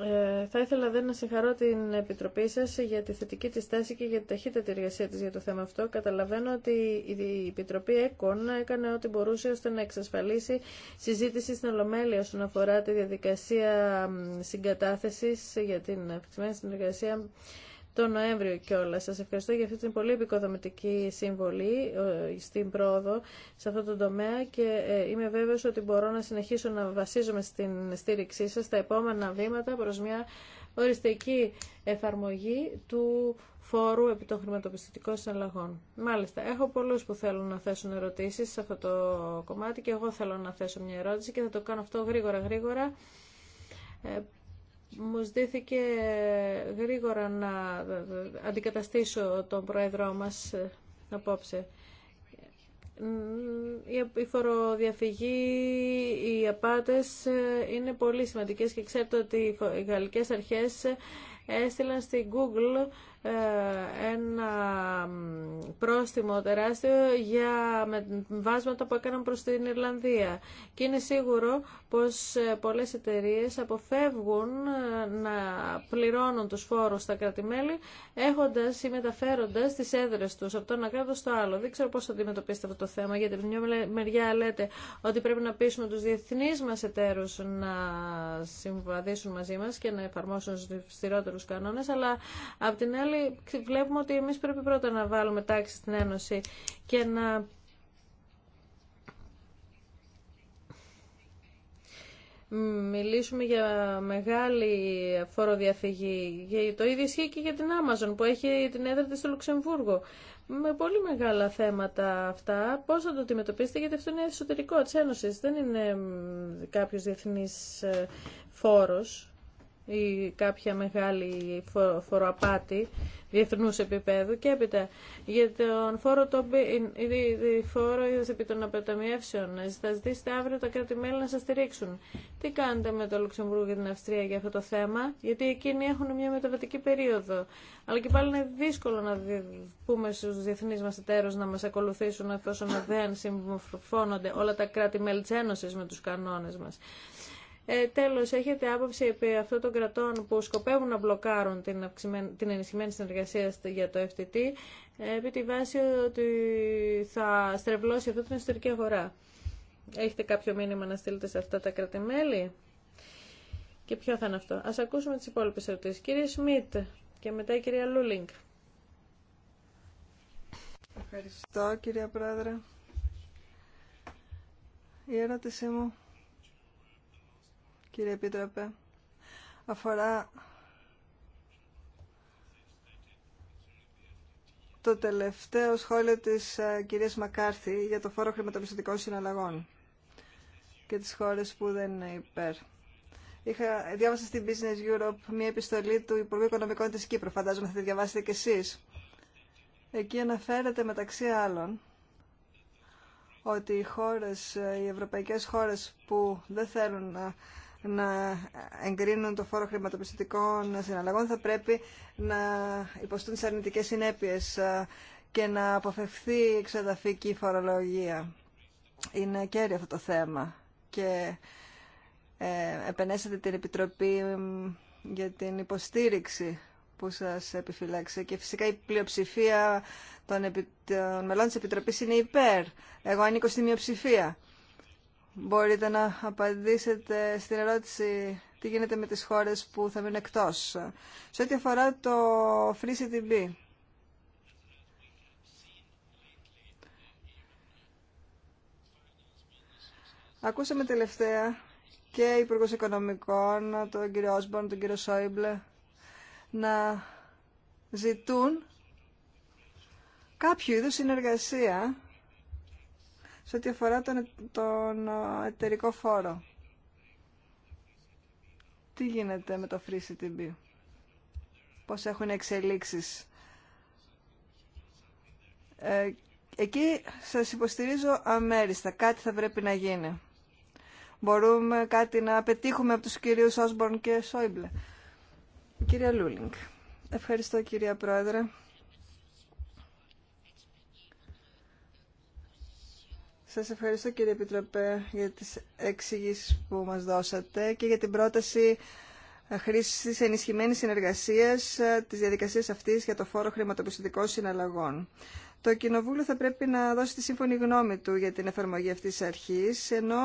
Ε, θα ήθελα δεν να συγχαρώ την Επιτροπή σας για τη θετική της στάση και για ταχύτητα ταχύτατη εργασία της για το θέμα αυτό. Καταλαβαίνω ότι η Επιτροπή ΕΚΟΝ έκανε ό,τι μπορούσε ώστε να εξασφαλίσει συζήτηση στην Ολομέλεια όσον αφορά τη διαδικασία συγκατάθεσης για την αυξημένη συνεργασία τον Νοέμβριο κιόλα. Σα ευχαριστώ για αυτή την πολύ επικοδομητική συμβολή ε, στην πρόοδο σε αυτό το τομέα και ε, είμαι βέβαιο ότι μπορώ να συνεχίσω να βασίζομαι στην στήριξή σας στα επόμενα βήματα προς μια οριστική εφαρμογή του φόρου επί των χρηματοπιστωτικών συναλλαγών. Μάλιστα, έχω πολλούς που θέλουν να θέσουν ερωτήσεις σε αυτό το κομμάτι και εγώ θέλω να θέσω μια ερώτηση και θα το κάνω αυτό γρήγορα γρήγορα ε, μου ζητήθηκε γρήγορα να αντικαταστήσω τον πρόεδρό μας ε, απόψε. Η φοροδιαφυγή, οι απάτες ε, είναι πολύ σημαντικές και ξέρετε ότι οι γαλλικές αρχές ε, έστειλαν στην Google ε, ένα πρόστιμο τεράστιο για βάσματα που έκαναν προς την Ιρλανδία. Και είναι σίγουρο πως ε, πολλές εταιρείες αποφεύγουν ε, να πληρώνουν τους φόρους στα κρατημέλη έχοντας ή μεταφέροντας τις έδρες τους από το ένα κράτο στο άλλο. Δεν ξέρω πώς θα αντιμετωπίσετε αυτό το θέμα, γιατί μια μεριά λέτε ότι πρέπει να πείσουμε τους διεθνείς μας εταίρους να συμβαδίσουν μαζί μας και να εφαρμόσουν στους κανόνες, αλλά από την άλλη βλέπουμε ότι εμείς πρέπει πρώτα να βάλουμε τάξη στην Ένωση και να μιλήσουμε για μεγάλη φοροδιαφυγή. Το ίδιο ισχύει και για την Amazon που έχει την έδρα της στο Λουξεμβούργο. Με πολύ μεγάλα θέματα αυτά. Πώς θα το αντιμετωπίσετε, γιατί αυτό είναι εσωτερικό της Ένωσης. Δεν είναι κάποιος διεθνής ε, φόρος ή κάποια μεγάλη φοροαπάτη διεθνού επίπεδου και έπειτα για τον φόρο, φόρο επί των αποταμιεύσεων. Θα ζητήσετε αύριο τα κράτη-μέλη να σα στηρίξουν. Τι κάνετε με το Λουξεμβούργο και την Αυστρία για αυτό το θέμα, γιατί εκείνοι έχουν μια μεταβατική περίοδο. Αλλά και πάλι είναι δύσκολο να πούμε στου διεθνεί μα εταίρου να μα ακολουθήσουν εφόσον δεν συμφώνονται όλα τα κράτη-μέλη τη Ένωση με του κανόνε μα. Ε, τέλος, έχετε άποψη επί αυτών των κρατών που σκοπεύουν να μπλοκάρουν την, αυξημένη, την ενισχυμένη συνεργασία για το FTT επί τη βάση ότι θα στρεβλώσει αυτό την εσωτερική αγορά. Έχετε κάποιο μήνυμα να στείλετε σε αυτά τα κρατημέλη και ποιο θα είναι αυτό. Ας ακούσουμε τις υπόλοιπες ερωτήσεις. Κύριε Σμιτ και μετά η κυρία Λούλινγκ. Ευχαριστώ κύριε Πρόεδρε. Η ερώτησή μου κύριε Επίτροπε, αφορά το τελευταίο σχόλιο της ε, κυρίας Μακάρθη για το φόρο χρηματοπιστωτικών συναλλαγών και τις χώρες που δεν είναι υπέρ. Είχα, διάβασα στην Business Europe μια επιστολή του Υπουργού Οικονομικών της Κύπρου. Φαντάζομαι θα τη διαβάσετε κι εσείς. Εκεί αναφέρεται μεταξύ άλλων ότι οι χώρες, ε, οι ευρωπαϊκές χώρες που δεν θέλουν να να εγκρίνουν το φόρο χρηματοπιστωτικών συναλλαγών θα πρέπει να υποστούν τι αρνητικέ συνέπειες ε, και να αποφευθεί η εξαδαφική φορολογία. Είναι κέριο αυτό το θέμα και ε, επενέσατε την Επιτροπή για την υποστήριξη που σας επιφυλάξε και φυσικά η πλειοψηφία των, επι... των μελών της Επιτροπής είναι υπέρ. Εγώ ανήκω στη μειοψηφία. Μπορείτε να απαντήσετε στην ερώτηση τι γίνεται με τις χώρες που θα μείνουν εκτός. Σε ό,τι αφορά το Free CDB, Ακούσαμε τελευταία και Υπουργός Οικονομικών, τον κύριο Όσμπορν, τον κύριο Σόιμπλε, να ζητούν κάποιο είδους συνεργασία σε ό,τι αφορά τον, τον εταιρικό φόρο. Τι γίνεται με το Free πώς έχουν εξελίξεις. Ε, εκεί σας υποστηρίζω αμέριστα, κάτι θα πρέπει να γίνει. Μπορούμε κάτι να πετύχουμε από τους κυρίους Όσμπορν και Σόιμπλε. Κυρία Λούλινγκ. Ευχαριστώ κυρία Πρόεδρε. Σας ευχαριστώ κύριε Επιτροπέ για τις εξηγήσεις που μας δώσατε και για την πρόταση χρήσης ενισχυμένης συνεργασίας ε, της διαδικασίας αυτής για το φόρο χρηματοπιστωτικών συναλλαγών. Το Κοινοβούλιο θα πρέπει να δώσει τη σύμφωνη γνώμη του για την εφαρμογή αυτής της αρχής, ενώ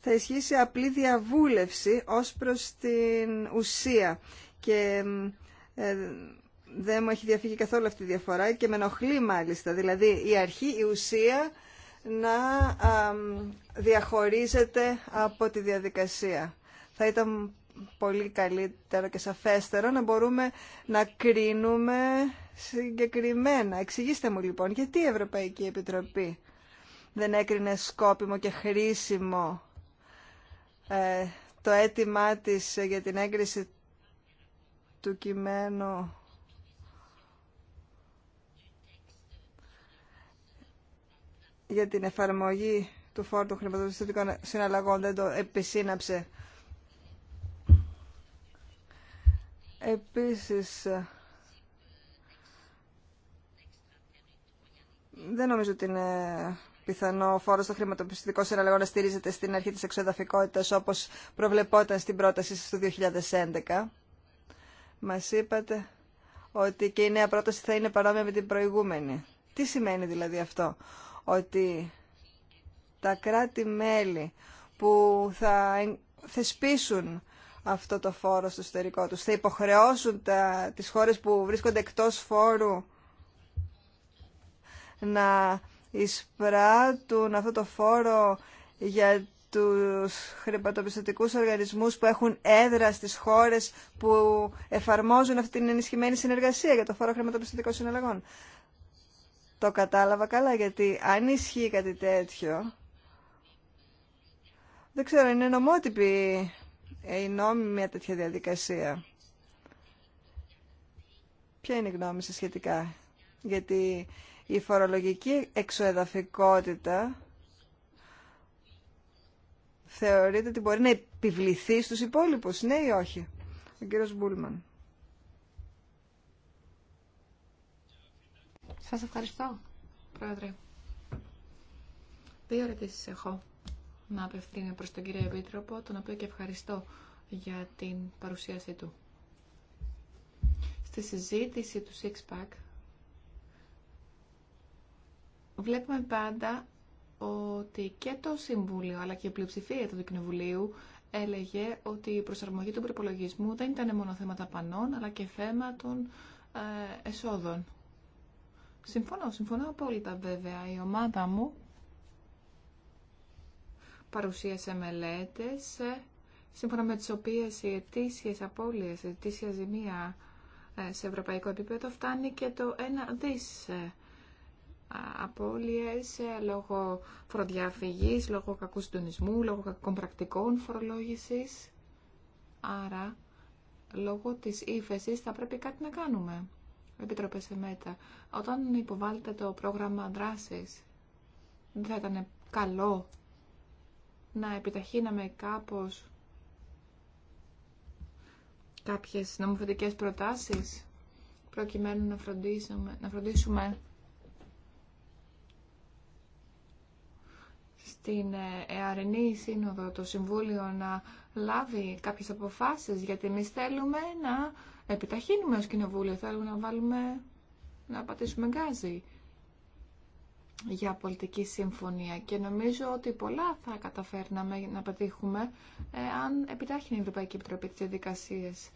θα ισχύσει απλή διαβούλευση ως προς την ουσία. Και ε, δεν μου έχει διαφύγει καθόλου αυτή η διαφορά και με ενοχλεί μάλιστα. Δηλαδή η αρχή, η ουσία να διαχωρίζεται από τη διαδικασία. Θα ήταν πολύ καλύτερο και σαφέστερο να μπορούμε να κρίνουμε συγκεκριμένα. Εξηγήστε μου λοιπόν γιατί η Ευρωπαϊκή Επιτροπή δεν έκρινε σκόπιμο και χρήσιμο ε, το αίτημά της για την έγκριση του κειμένου για την εφαρμογή του φόρτου χρηματοδοτικών συναλλαγών δεν το επισύναψε. Επίσης, δεν νομίζω ότι είναι πιθανό ο φόρος των χρηματοπιστωτικών συναλλαγών να στηρίζεται στην αρχή της εξοδαφικότητας όπως προβλεπόταν στην πρόταση σας του 2011. Μας είπατε ότι και η νέα πρόταση θα είναι παρόμοια με την προηγούμενη. Τι σημαίνει δηλαδή αυτό, ότι τα κράτη-μέλη που θα θεσπίσουν αυτό το φόρο στο εσωτερικό τους, θα υποχρεώσουν τα, τις χώρες που βρίσκονται εκτός φόρου να εισπράττουν αυτό το φόρο για τους χρηματοπιστωτικούς οργανισμούς που έχουν έδρα στις χώρες που εφαρμόζουν αυτή την ενισχυμένη συνεργασία για το φόρο χρηματοπιστωτικών συναλλαγών το κατάλαβα καλά, γιατί αν ισχύει κάτι τέτοιο, δεν ξέρω, είναι νομότυπη ε, η νόμη μια τέτοια διαδικασία. Ποια είναι η γνώμη σας σχετικά, γιατί η φορολογική εξοεδαφικότητα θεωρείται ότι μπορεί να επιβληθεί στους υπόλοιπους, ναι ή όχι. Ο κύριος Μπούλμαν. Σας ευχαριστώ, Πρόεδρε. Δύο ερωτήσει έχω να απευθύνω προς τον κύριο Επίτροπο, τον οποίο και ευχαριστώ για την παρουσίασή του. Στη συζήτηση του Six βλέπουμε πάντα ότι και το Συμβούλιο αλλά και η πλειοψηφία του Κοινοβουλίου έλεγε ότι η προσαρμογή του προπολογισμού δεν ήταν μόνο θέμα ταπανών αλλά και θέμα των ε, εσόδων. Συμφωνώ, συμφωνώ απόλυτα βέβαια. Η ομάδα μου παρουσίασε μελέτες ε, σύμφωνα με τις οποίες οι αιτήσιες απώλειες, η αιτήσια ζημία ε, σε ευρωπαϊκό επίπεδο φτάνει και το ένα δις ε, απώλειες λόγω φοροδιαφυγής, λόγω κακού συντονισμού, λόγω κακών πρακτικών φορολόγησης. Άρα, λόγω της ύφεση θα πρέπει κάτι να κάνουμε. Επιτροπές σε μέτα, όταν υποβάλλετε το πρόγραμμα δράσης, δεν θα ήταν καλό να επιταχύναμε κάπως κάποιες νομοθετικές προτάσεις προκειμένου να φροντίσουμε, να φροντίσουμε στην ε, Εαρενή Σύνοδο το Συμβούλιο να λάβει κάποιες αποφάσεις γιατί εμεί θέλουμε να επιταχύνουμε ως κοινοβούλιο, θέλουμε να βάλουμε, να πατήσουμε γκάζι για πολιτική συμφωνία και νομίζω ότι πολλά θα καταφέρναμε να πετύχουμε ε, αν επιτάχυνε η Ευρωπαϊκή Επιτροπή τις διαδικασίες.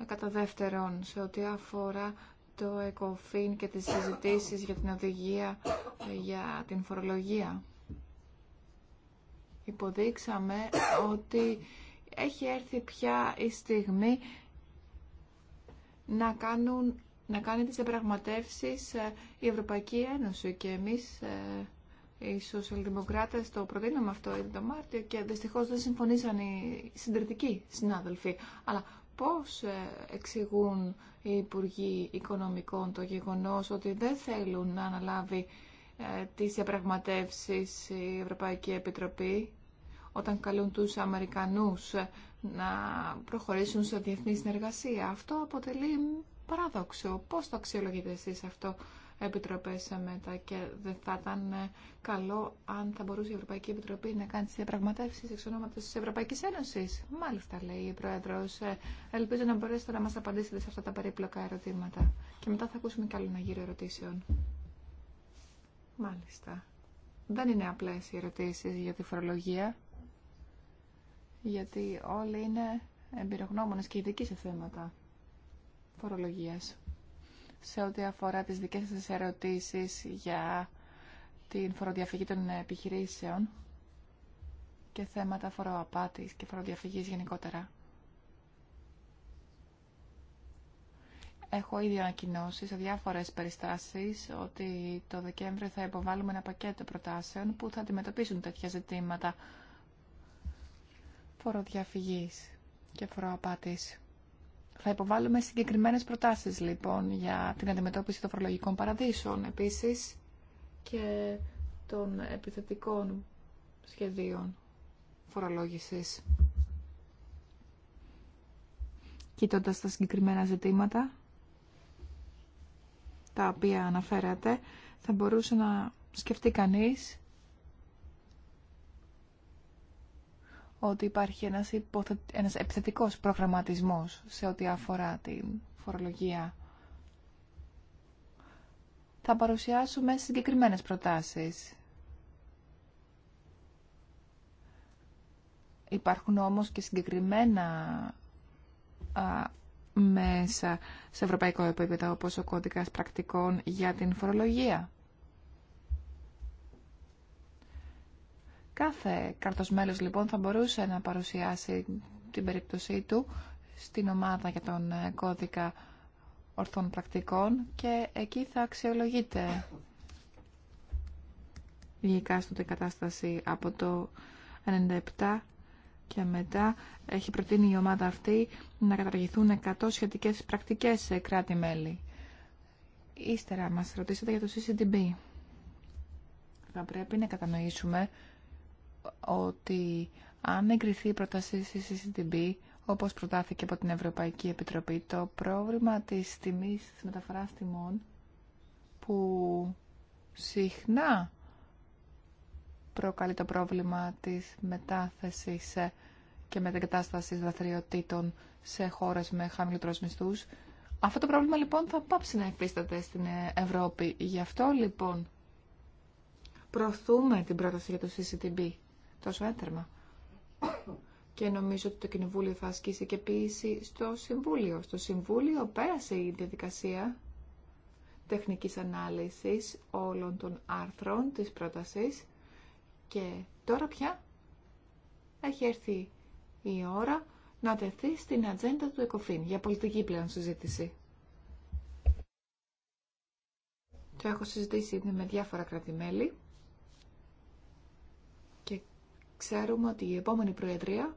Ε, κατά δεύτερον, σε ό,τι αφορά το ΕΚΟΦΗΝ και τις συζητήσεις για την οδηγία ε, για την φορολογία. Υποδείξαμε ότι έχει έρθει πια η στιγμή να, κάνουν, να κάνει τις διαπραγματεύσεις ε, η Ευρωπαϊκή Ένωση και εμείς ε, οι σοσιαλδημοκράτες το προτείναμε αυτό ήδη το Μάρτιο και δυστυχώς δεν συμφωνήσαν οι συντηρητικοί συνάδελφοι. Αλλά πώς ε, εξηγούν οι Υπουργοί Οικονομικών το γεγονός ότι δεν θέλουν να αναλάβει τις διαπραγματεύσεις η Ευρωπαϊκή Επιτροπή όταν καλούν τους Αμερικανούς να προχωρήσουν σε διεθνή συνεργασία. Αυτό αποτελεί παράδοξο. Πώς το αξιολογείτε εσείς αυτό, Επιτροπές μετά και δεν θα ήταν ε, καλό αν θα μπορούσε η Ευρωπαϊκή Επιτροπή να κάνει τι διαπραγματεύσει εξ ονόματο τη Ευρωπαϊκή Ένωση. Μάλιστα, λέει η Πρόεδρος. Ε, ελπίζω να μπορέσετε να μα απαντήσετε σε αυτά τα περίπλοκα ερωτήματα. Και μετά θα ακούσουμε κι άλλο ένα γύρο ερωτήσεων. Μάλιστα. Δεν είναι απλέ οι ερωτήσει για τη φορολογία γιατί όλοι είναι εμπειρογνώμονες και ειδικοί σε θέματα φορολογίας. Σε ό,τι αφορά τις δικές σας ερωτήσεις για την φοροδιαφυγή των επιχειρήσεων και θέματα φοροαπάτης και φοροδιαφυγής γενικότερα. Έχω ήδη ανακοινώσει σε διάφορες περιστάσεις ότι το Δεκέμβριο θα υποβάλουμε ένα πακέτο προτάσεων που θα αντιμετωπίσουν τέτοια ζητήματα φοροδιαφυγής και φοροαπάτης. Θα υποβάλουμε συγκεκριμένες προτάσεις λοιπόν για την αντιμετώπιση των φορολογικών παραδείσων επίσης και των επιθετικών σχεδίων φορολόγησης. Κοιτώντα τα συγκεκριμένα ζητήματα τα οποία αναφέρατε, θα μπορούσε να σκεφτεί κανείς ότι υπάρχει ένας, υποθε... ένας επιθετικός προγραμματισμός σε ό,τι αφορά την φορολογία. Θα παρουσιάσουμε συγκεκριμένες προτάσεις. Υπάρχουν όμως και συγκεκριμένα α, μέσα σε ευρωπαϊκό επίπεδο, όπως ο κώδικας πρακτικών για την φορολογία. Κάθε κάρτος μέλος λοιπόν θα μπορούσε να παρουσιάσει την περίπτωσή του στην ομάδα για τον ε, κώδικα ορθών πρακτικών και εκεί θα αξιολογείται η εκάστοτε κατάσταση από το 97 και μετά έχει προτείνει η ομάδα αυτή να καταργηθούν 100 σχετικές πρακτικές σε κράτη-μέλη. Ύστερα μας ρωτήσατε για το CCTB. Θα πρέπει να κατανοήσουμε ότι αν εγκριθεί η πρόταση στη CCTB, όπως προτάθηκε από την Ευρωπαϊκή Επιτροπή, το πρόβλημα της τιμής, της μεταφοράς τιμών, που συχνά προκαλεί το πρόβλημα της μετάθεσης και μετεγκατάστασης δραστηριοτήτων σε χώρες με χαμηλότερους μισθούς. Αυτό το πρόβλημα λοιπόν θα πάψει να υφίσταται στην Ευρώπη. Γι' αυτό λοιπόν προωθούμε την πρόταση για το CCTB τόσο έντερμα. Και νομίζω ότι το Κοινοβούλιο θα ασκήσει και ποιήση στο Συμβούλιο. Στο Συμβούλιο πέρασε η διαδικασία τεχνικής ανάλυσης όλων των άρθρων της πρότασης και τώρα πια έχει έρθει η ώρα να τεθεί στην ατζέντα του ΕΚΟΦΗΝ για πολιτική πλέον συζήτηση. Το έχω συζητήσει με διάφορα κρατημέλη ξέρουμε ότι η επόμενη Προεδρία,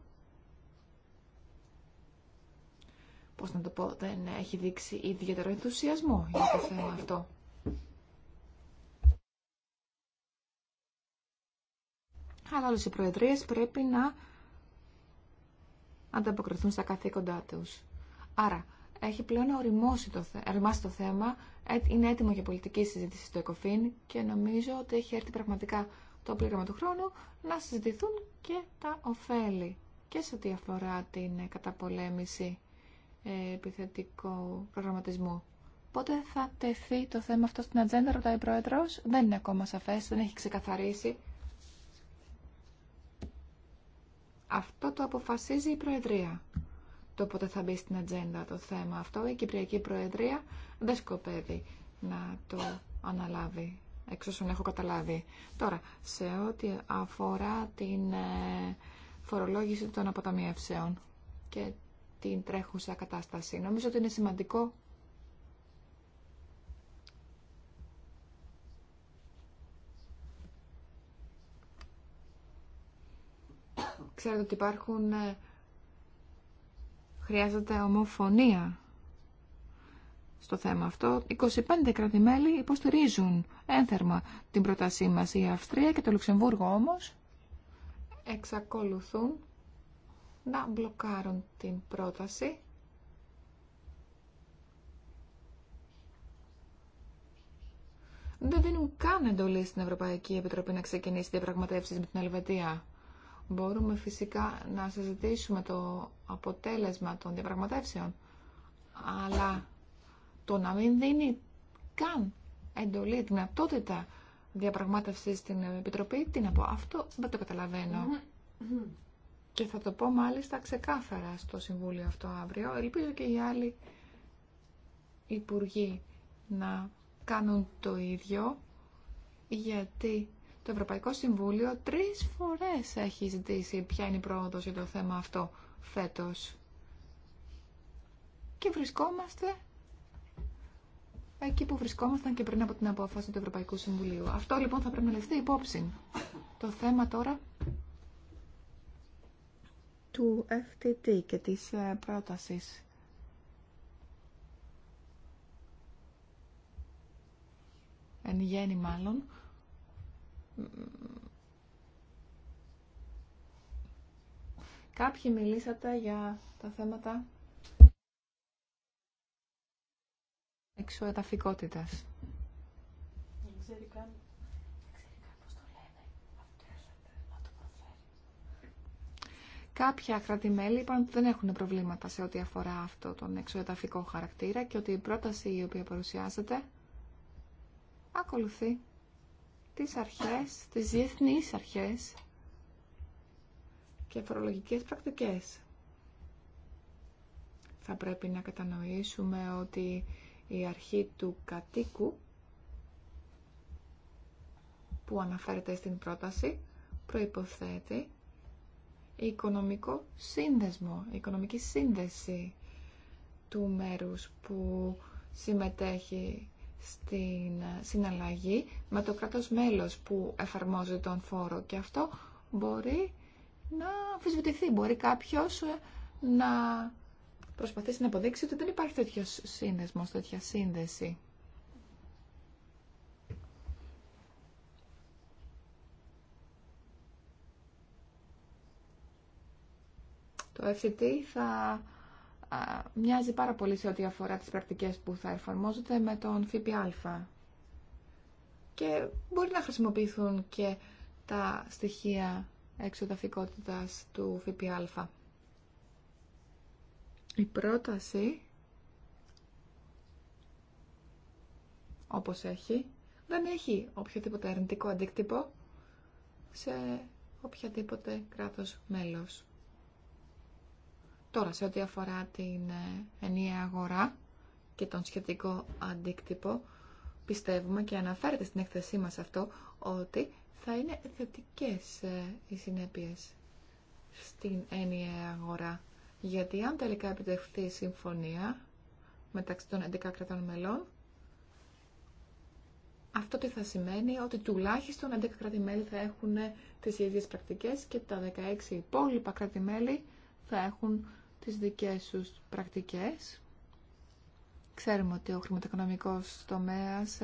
πώς να το πω, δεν έχει δείξει ιδιαίτερο ενθουσιασμό για το θέμα αυτό. Αλλά όλες οι Προεδρίες πρέπει να ανταποκριθούν στα καθήκοντά τους. Άρα, έχει πλέον οριμάσει το, το θέμα, ε, είναι έτοιμο για πολιτική συζήτηση στο ΕΚΟΦΗΝ και νομίζω ότι έχει έρθει πραγματικά το πλήρωμα του χρόνου, να συζητηθούν και τα ωφέλη και σε ό,τι αφορά την καταπολέμηση ε, επιθετικού προγραμματισμού. Πότε θα τεθεί το θέμα αυτό στην ατζέντα, ρωτάει η πρόεδρο. Δεν είναι ακόμα σαφέ. δεν έχει ξεκαθαρίσει. Αυτό το αποφασίζει η Προεδρία. Το πότε θα μπει στην ατζέντα το θέμα αυτό, η Κυπριακή Προεδρία δεν σκοπεύει να το αναλάβει εξ όσων έχω καταλάβει. Τώρα, σε ό,τι αφορά την ε, φορολόγηση των αποταμιεύσεων και την τρέχουσα κατάσταση, νομίζω ότι είναι σημαντικό Ξέρετε ότι υπάρχουν... Ε, χρειάζεται ομοφωνία στο θέμα αυτό. 25 κράτη-μέλη υποστηρίζουν ένθερμα την πρότασή μας. Η Αυστρία και το Λουξεμβούργο όμως εξακολουθούν να μπλοκάρουν την πρόταση. Δεν δίνουν καν εντολή στην Ευρωπαϊκή Επιτροπή να ξεκινήσει διαπραγματεύσεις με την Ελβετία. Μπορούμε φυσικά να συζητήσουμε το αποτέλεσμα των διαπραγματεύσεων, αλλά το να μην δίνει καν εντολή, δυνατότητα διαπραγμάτευση στην Επιτροπή, τι να πω, αυτό δεν το καταλαβαίνω. Και θα το πω μάλιστα ξεκάθαρα στο Συμβούλιο αυτό αύριο. Ελπίζω και οι άλλοι υπουργοί να κάνουν το ίδιο, γιατί το Ευρωπαϊκό Συμβούλιο τρεις φορές έχει ζητήσει ποια είναι η πρόοδος για το θέμα αυτό φέτος. Και βρισκόμαστε εκεί που βρισκόμασταν και πριν από την απόφαση του Ευρωπαϊκού Συμβουλίου. Αυτό λοιπόν θα πρέπει να ληφθεί υπόψη. Το θέμα τώρα του FTT και της ε, πρότασης. Εν γέννη μάλλον. Κάποιοι μιλήσατε για τα θέματα εξωεδαφικότητας. Κάποια κράτη-μέλη είπαν ότι δεν έχουν προβλήματα σε ό,τι αφορά αυτό τον εξωεδαφικό χαρακτήρα και ότι η πρόταση η οποία παρουσιάζεται ακολουθεί τις αρχές, τις διεθνείς αρχές και φορολογικές πρακτικές. Θα πρέπει να κατανοήσουμε ότι η αρχή του κατοίκου που αναφέρεται στην πρόταση προϋποθέτει οικονομικό σύνδεσμο, οικονομική σύνδεση του μέρους που συμμετέχει στην συναλλαγή με το κράτος μέλος που εφαρμόζει τον φόρο και αυτό μπορεί να αμφισβητηθεί. Μπορεί κάποιος να προσπαθήσει να αποδείξει ότι δεν υπάρχει τέτοιο σύνδεσμο, τέτοια σύνδεση. Το FCT θα α, μοιάζει πάρα πολύ σε ό,τι αφορά τις πρακτικές που θα εφαρμόζονται με τον ΦΠΑ. Και μπορεί να χρησιμοποιηθούν και τα στοιχεία εξωταφικότητας του ΦΠΑ. Η πρόταση, όπως έχει, δεν έχει οποιοδήποτε αρνητικό αντίκτυπο σε οποιαδήποτε κράτος μέλος. Τώρα, σε ό,τι αφορά την ε, ενιαία αγορά και τον σχετικό αντίκτυπο, πιστεύουμε και αναφέρεται στην έκθεσή μας αυτό, ότι θα είναι θετικές ε, οι συνέπειες στην ενιαία αγορά. Γιατί αν τελικά επιτευχθεί η συμφωνία μεταξύ των 11 κρατών μελών, αυτό τι θα σημαίνει ότι τουλάχιστον 11 κράτη-μέλη θα έχουν τις ίδιες πρακτικές και τα 16 υπόλοιπα κράτη-μέλη θα έχουν τις δικές τους πρακτικές. Ξέρουμε ότι ο χρηματοοικονομικός τομέας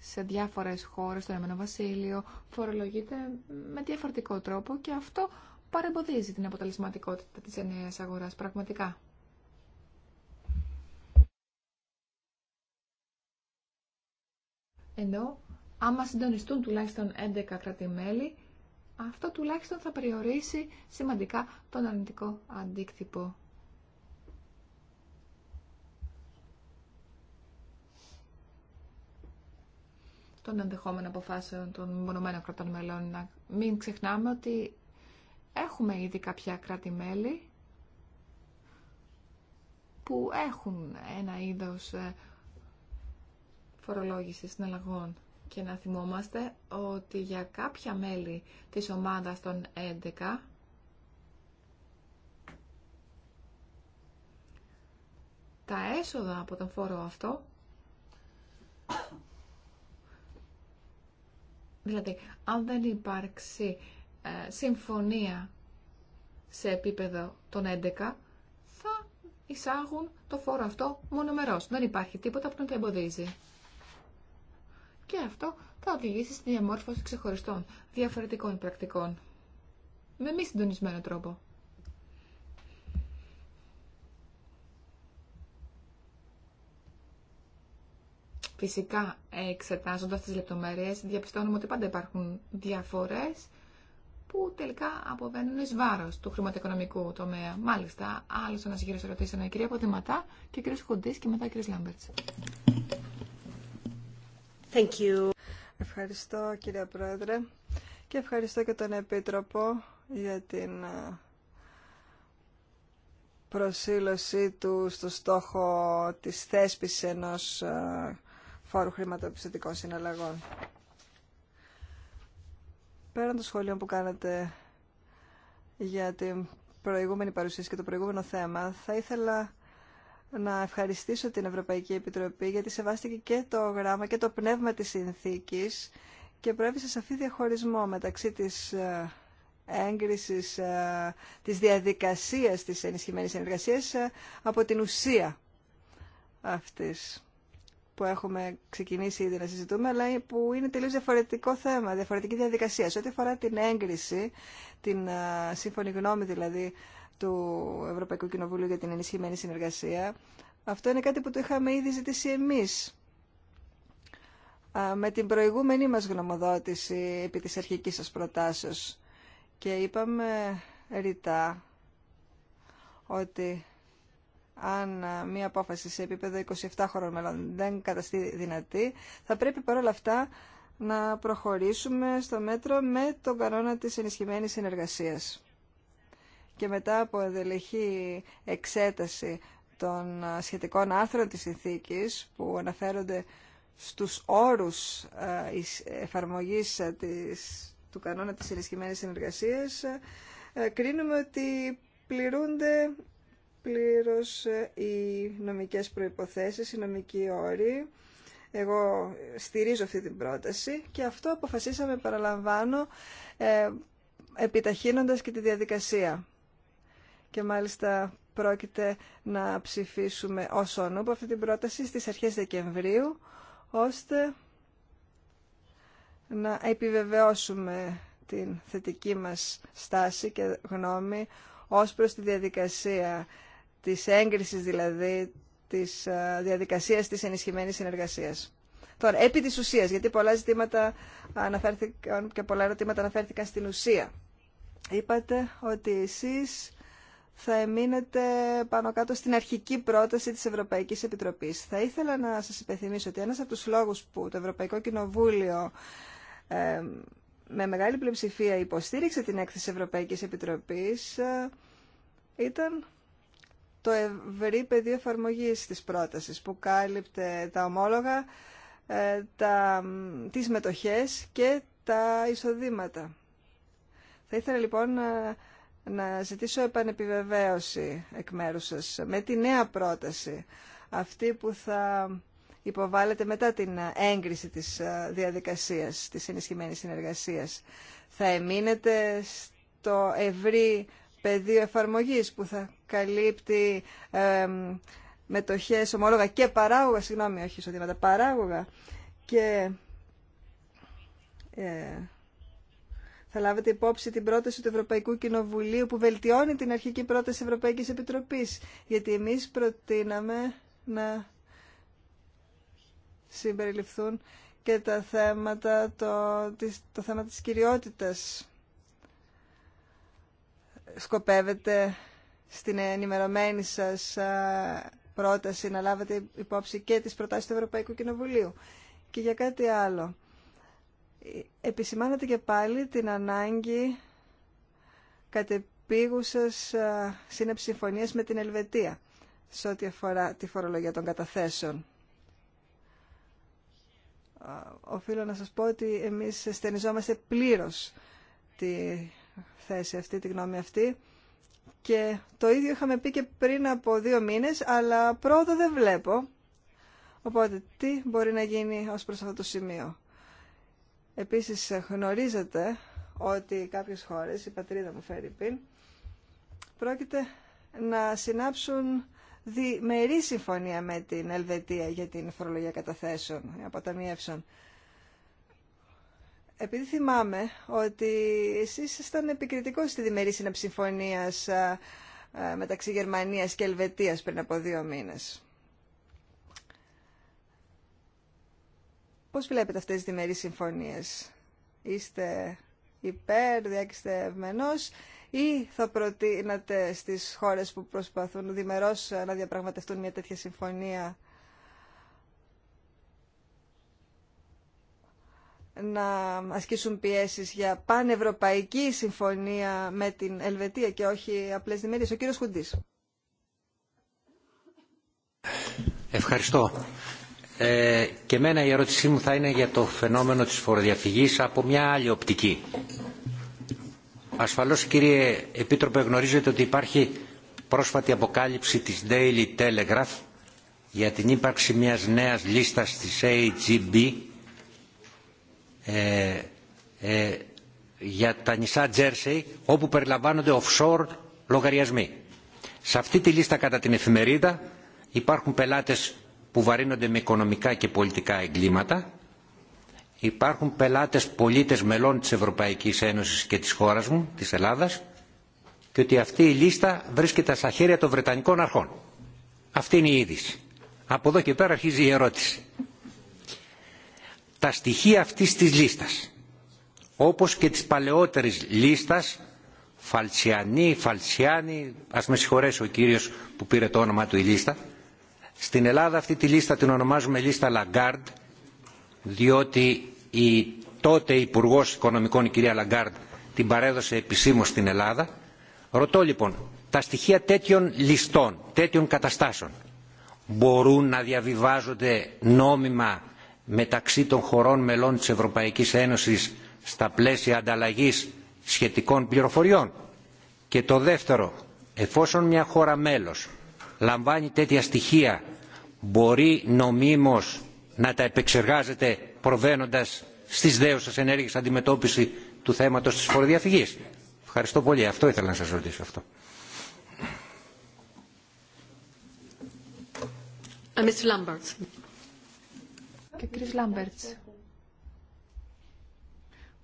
σε διάφορες χώρες, στο Ηνωμένο Βασίλειο, φορολογείται με διαφορετικό τρόπο και αυτό παρεμποδίζει την αποτελεσματικότητα της ενιαίας αγοράς πραγματικά. Ενώ άμα συντονιστούν τουλάχιστον 11 κράτη-μέλη, αυτό τουλάχιστον θα περιορίσει σημαντικά τον αρνητικό αντίκτυπο. των ενδεχόμενων αποφάσεων των μονομένων κρατών μελών. μην ξεχνάμε ότι Έχουμε ήδη κάποια κράτη-μέλη που έχουν ένα είδος ε, φορολόγηση συναλλαγών και να θυμόμαστε ότι για κάποια μέλη της ομάδας των 11 τα έσοδα από τον φόρο αυτό δηλαδή αν δεν υπάρξει ε, συμφωνία σε επίπεδο των 11 θα εισάγουν το φόρο αυτό μονομερός. Δεν υπάρχει τίποτα που να το εμποδίζει. Και αυτό θα οδηγήσει στη διαμόρφωση ξεχωριστών διαφορετικών πρακτικών. Με μη συντονισμένο τρόπο. Φυσικά, εξετάζοντας τις λεπτομέρειες, διαπιστώνουμε ότι πάντα υπάρχουν διαφορές που τελικά αποβαίνουν ει βάρο του χρηματοοικονομικού τομέα. Μάλιστα, άλλο ένα γύρο ερωτήσεων, η κυρία Ποδηματά και ο κύριο Χοντής και μετά ο κύριο Λάμπερτ. Ευχαριστώ κύριε Πρόεδρε και ευχαριστώ και τον Επίτροπο για την ε, προσήλωσή του στο στόχο της θέσπισης ενός ε, φόρου χρηματοπιστωτικών συναλλαγών πέραν των σχολείων που κάνατε για την προηγούμενη παρουσίαση και το προηγούμενο θέμα, θα ήθελα να ευχαριστήσω την Ευρωπαϊκή Επιτροπή γιατί σεβάστηκε και το γράμμα και το πνεύμα της συνθήκης και προέβησε σαφή διαχωρισμό μεταξύ της ε, έγκρισης ε, της διαδικασίας της ενισχυμένης ενεργασίας ε, από την ουσία αυτής που έχουμε ξεκινήσει ήδη να συζητούμε, αλλά που είναι τελείως διαφορετικό θέμα, διαφορετική διαδικασία. Σε ό,τι αφορά την έγκριση, την σύμφωνη γνώμη δηλαδή του Ευρωπαϊκού Κοινοβουλίου για την ενισχυμένη συνεργασία, αυτό είναι κάτι που το είχαμε ήδη ζητήσει εμείς. Με την προηγούμενη μας γνωμοδότηση επί της αρχικής σας προτάσεως και είπαμε ρητά ότι αν ε, μία απόφαση σε επίπεδο 27 χωρών μελών δεν καταστεί δυνατή, θα πρέπει παρόλα αυτά να προχωρήσουμε στο μέτρο με τον κανόνα της ενισχυμένης συνεργασίας. Και μετά από εδελεχή εξέταση των ε, σχετικών άρθρων της συνθήκης που αναφέρονται στους όρους ε, εφαρμογής της, του κανόνα της ενισχυμένης συνεργασίας, κρίνουμε ότι πληρούνται πλήρως ε, οι νομικές προϋποθέσεις, οι νομικοί όροι. Εγώ στηρίζω αυτή την πρόταση και αυτό αποφασίσαμε, παραλαμβάνω, ε, επιταχύνοντας και τη διαδικασία. Και μάλιστα πρόκειται να ψηφίσουμε ως όνομα αυτή την πρόταση στις αρχές Δεκεμβρίου, ώστε να επιβεβαιώσουμε την θετική μας στάση και γνώμη ως προς τη διαδικασία της έγκρισης δηλαδή της ε, διαδικασίας της ενισχυμένης συνεργασίας. Τώρα, επί της ουσίας, γιατί πολλά ζητήματα αναφέρθηκαν και πολλά ερωτήματα αναφέρθηκαν στην ουσία. Είπατε ότι εσείς θα εμείνετε πάνω κάτω στην αρχική πρόταση της Ευρωπαϊκής Επιτροπής. Θα ήθελα να σας υπενθυμίσω ότι ένας από τους λόγους που το Ευρωπαϊκό Κοινοβούλιο ε, με μεγάλη πλειοψηφία υποστήριξε την έκθεση Ευρωπαϊκής Επιτροπής ε, ήταν το ευρύ πεδίο εφαρμογή της πρότασης που κάλυπτε τα ομόλογα, ε, τα, τις μετοχές και τα εισοδήματα. Θα ήθελα λοιπόν να, ζητήσω επανεπιβεβαίωση εκ μέρους σας με τη νέα πρόταση, αυτή που θα υποβάλλεται μετά την έγκριση της ε, διαδικασίας, της ενισχυμένης συνεργασίας. Θα εμείνετε στο ευρύ πεδίο εφαρμογής που θα καλύπτει ε, μετοχές, ομόλογα και παράγωγα, συγγνώμη, όχι εισοδήματα, παράγωγα και ε, θα λάβετε υπόψη την πρόταση του Ευρωπαϊκού Κοινοβουλίου που βελτιώνει την αρχική πρόταση Ευρωπαϊκής Επιτροπής, γιατί εμείς προτείναμε να συμπεριληφθούν και τα θέματα, το, της, το θέμα της κυριότητας. Σκοπεύετε στην ενημερωμένη σας πρόταση να λάβετε υπόψη και τις προτάσεις του Ευρωπαϊκού Κοινοβουλίου. Και για κάτι άλλο. Επισημάνατε και πάλι την ανάγκη κατεπίγουσας σύνεψης συμφωνίας με την Ελβετία σε ό,τι αφορά τη φορολογία των καταθέσεων. Οφείλω να σας πω ότι εμείς στενιζόμαστε πλήρως τη θέση αυτή, τη γνώμη αυτή και το ίδιο είχαμε πει και πριν από δύο μήνες, αλλά πρώτο δεν βλέπω. Οπότε, τι μπορεί να γίνει ως προς αυτό το σημείο. Επίσης, γνωρίζετε ότι κάποιες χώρες, η πατρίδα μου φέρει πίν, πρόκειται να συνάψουν διμερή συμφωνία με την Ελβετία για την φορολογία καταθέσεων, αποταμιεύσεων. Επειδή θυμάμαι ότι εσείς ήσασταν επικριτικός στη διμερή σύναψη συμφωνίας ε, ε, μεταξύ Γερμανίας και Ελβετίας πριν από δύο μήνες. Πώς βλέπετε αυτές τις διμερείς συμφωνίες. Είστε υπέρ, διάκριστε ευμενός ή θα προτείνατε στις χώρες που προσπαθούν διμερώς ε, να διαπραγματευτούν μια τέτοια συμφωνία να ασκήσουν πιέσεις για πανευρωπαϊκή συμφωνία με την Ελβετία και όχι απλές δημιουργίες. Ο κύριος Χουντής. Ευχαριστώ. Ε, και μένα η ερώτησή μου θα είναι για το φαινόμενο της φοροδιαφυγής από μια άλλη οπτική. Ασφαλώς κύριε Επίτροπε γνωρίζετε ότι υπάρχει πρόσφατη αποκάλυψη της Daily Telegraph για την ύπαρξη μιας νέας λίστας της AGB ε, ε, για τα νησά Τζέρσεϊ όπου περιλαμβάνονται offshore λογαριασμοί. Σε αυτή τη λίστα κατά την εφημερίδα υπάρχουν πελάτες που βαρύνονται με οικονομικά και πολιτικά εγκλήματα, υπάρχουν πελάτες πολίτες μελών της Ευρωπαϊκής Ένωσης και της χώρας μου, της Ελλάδας, και ότι αυτή η λίστα βρίσκεται στα χέρια των Βρετανικών αρχών. Αυτή είναι η είδηση. Από εδώ και πέρα αρχίζει η ερώτηση τα στοιχεία αυτής της λίστας όπως και της παλαιότερης λίστας Φαλτσιανή, Φαλτσιάνη, ας με συγχωρέσει ο κύριος που πήρε το όνομα του η λίστα. Στην Ελλάδα αυτή τη λίστα την ονομάζουμε λίστα Λαγκάρντ, διότι η τότε υπουργό Οικονομικών, η κυρία Λαγκάρντ, την παρέδωσε επισήμως στην Ελλάδα. Ρωτώ λοιπόν, τα στοιχεία τέτοιων λιστών, τέτοιων καταστάσεων, μπορούν να διαβιβάζονται νόμιμα μεταξύ των χωρών μελών της Ευρωπαϊκής Ένωσης στα πλαίσια ανταλλαγής σχετικών πληροφοριών. Και το δεύτερο, εφόσον μια χώρα μέλος λαμβάνει τέτοια στοιχεία, μπορεί νομίμως να τα επεξεργάζεται προβαίνοντας στις δέουσες ενέργειες αντιμετώπιση του θέματος της φοροδιαφυγής. Ευχαριστώ πολύ. Αυτό ήθελα να σας ρωτήσω. Αυτό. Uh, Mr και ο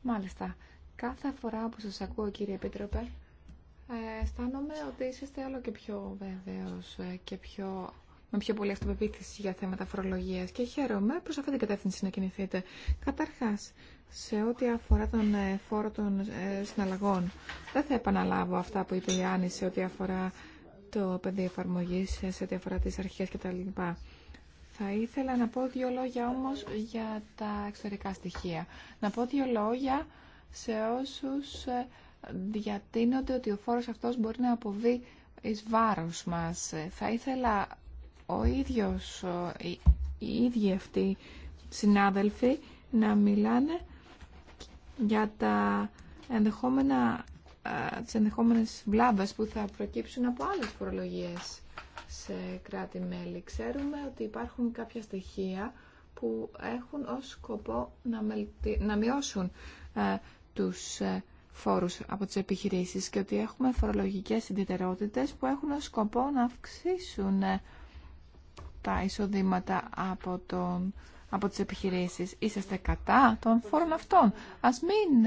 Μάλιστα. Κάθε φορά που σας ακούω, κύριε Επίτροπε, ε, αισθάνομαι ότι είστε όλο και πιο βέβαιος ε, και πιο, με πιο πολύ αυτοπεποίθηση για θέματα φορολογία. και χαίρομαι προς αυτή την κατεύθυνση να κινηθείτε. Καταρχάς, σε ό,τι αφορά τον ε, φόρο των συναλλαγών, δεν θα επαναλάβω αυτά που είπε η Άννη σε ό,τι αφορά το πεδίο εφαρμογή, σε ό,τι αφορά τι αρχέ κτλ. Θα ήθελα να πω δύο λόγια όμως για τα εξωτερικά στοιχεία. Να πω δύο λόγια σε όσους ε, διατείνονται ότι ο φόρος αυτός μπορεί να αποβεί εις βάρος μας. Θα ήθελα ο ίδιος, οι ίδιοι αυτοί συνάδελφοι να μιλάνε για τα ενδεχόμενα, ε, τις ενδεχόμενες βλάβες που θα προκύψουν από άλλες φορολογίες σε κράτη-μέλη. Ξέρουμε ότι υπάρχουν κάποια στοιχεία που έχουν ως σκοπό να, μειώσουν ε, τους ε, φόρους από τις επιχειρήσεις και ότι έχουμε φορολογικές ιδιαιτερότητες που έχουν ως σκοπό να αυξήσουν ε, τα εισοδήματα από, τον... από τις επιχειρήσεις. Είσαστε κατά των φόρων αυτών. Ας μην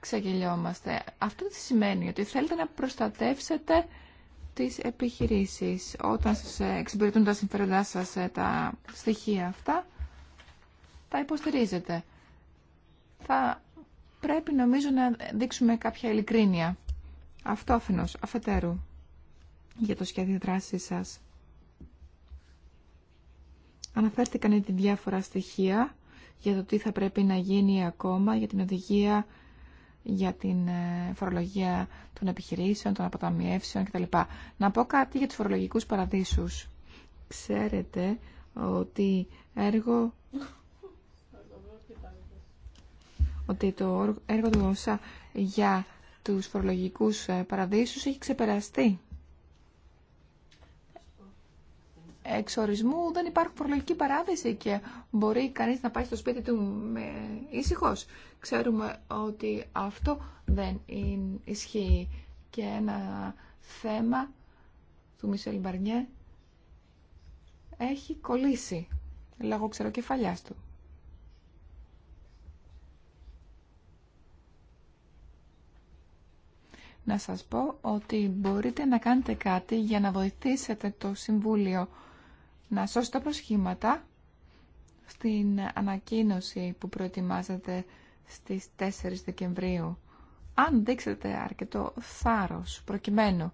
ξεγελιόμαστε. Αυτό τι σημαίνει ότι θέλετε να προστατεύσετε τις επιχειρήσεις. Όταν σας ε, εξυπηρετούν τα συμφέροντά σας ε, τα στοιχεία αυτά, τα υποστηρίζετε. Θα πρέπει νομίζω να δείξουμε κάποια ειλικρίνεια. Αυτόφινος, αφετέρου, για το σχέδιο δράσης σας. Αναφέρθηκαν τη διάφορα στοιχεία για το τι θα πρέπει να γίνει ακόμα για την οδηγία για την ε, φορολογία των επιχειρήσεων, των αποταμιεύσεων κτλ. Να πω κάτι για τους φορολογικούς παραδείσους. Ξέρετε ότι έργο ότι το έργο του ΩΣΑ για τους φορολογικούς ε, παραδείσους έχει ξεπεραστεί. εξορισμού δεν υπάρχει προλογική παράδειση και μπορεί κανείς να πάει στο σπίτι του με Ξέρουμε ότι αυτό δεν είναι ισχύει και ένα θέμα του Μισελ Μπαρνιέ έχει κολλήσει λόγω ξεροκεφαλιάς του. Να σας πω ότι μπορείτε να κάνετε κάτι για να βοηθήσετε το Συμβούλιο να σώσει τα προσχήματα στην ανακοίνωση που προετοιμάζεται στις 4 Δεκεμβρίου. Αν δείξετε αρκετό θάρρος προκειμένου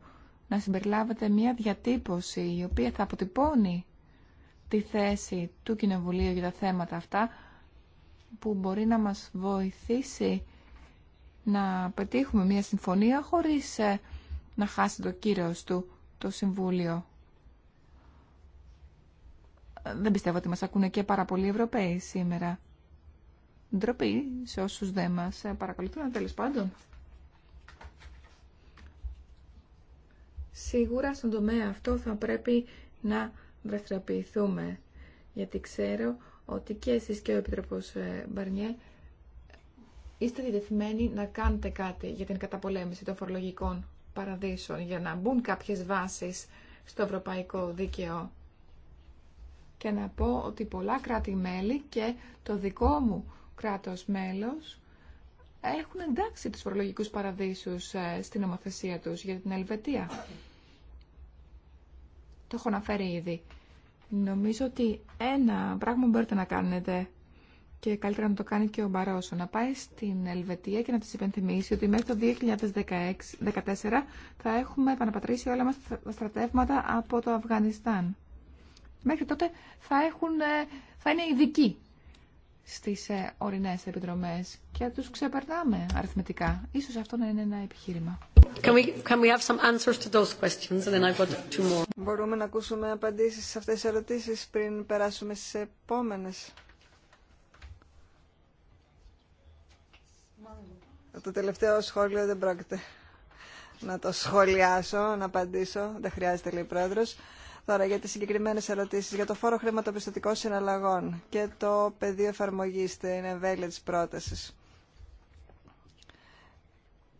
να συμπεριλάβετε μια διατύπωση η οποία θα αποτυπώνει τη θέση του Κοινοβουλίου για τα θέματα αυτά που μπορεί να μας βοηθήσει να πετύχουμε μια συμφωνία χωρίς ε, να χάσει το κύριο του το Συμβούλιο δεν πιστεύω ότι μας ακούνε και πάρα πολλοί Ευρωπαίοι σήμερα. Ντροπή σε όσους δεν μας παρακολουθούν, τέλο πάντων. Σίγουρα στον τομέα αυτό θα πρέπει να βρεθροποιηθούμε. γιατί ξέρω ότι και εσείς και ο Επιτροπός ε, Μπαρνιέ είστε διδεθειμένοι να κάνετε κάτι για την καταπολέμηση των φορολογικών παραδείσων, για να μπουν κάποιες βάσεις στο ευρωπαϊκό δίκαιο και να πω ότι πολλά κράτη-μέλη και το δικό μου κράτος μέλος έχουν εντάξει τους φορολογικούς παραδείσους ε, στην ομοθεσία τους για την Ελβετία. Το έχω αναφέρει ήδη. Νομίζω ότι ένα πράγμα μπορείτε να κάνετε και καλύτερα να το κάνει και ο Μπαρόσο, να πάει στην Ελβετία και να της υπενθυμίσει ότι μέχρι το 2014 θα έχουμε επαναπατρίσει όλα μας τα στρατεύματα από το Αφγανιστάν μέχρι τότε θα, έχουν, ε, θα είναι ειδικοί στις ε, ορεινές επιδρομές και τους ξεπερνάμε αριθμητικά. Ίσως αυτό να είναι ένα επιχείρημα. Μπορούμε να ακούσουμε απαντήσεις σε αυτές τις ερωτήσεις πριν περάσουμε στις επόμενες. Το τελευταίο σχόλιο δεν πρόκειται να το σχολιάσω, να απαντήσω. Δεν χρειάζεται, λέει η Πρόεδρος. Τώρα για τις συγκεκριμένες ερωτήσεις, για το φόρο χρηματοπιστωτικών συναλλαγών και το πεδίο εφαρμογή στην εμβέλεια της πρότασης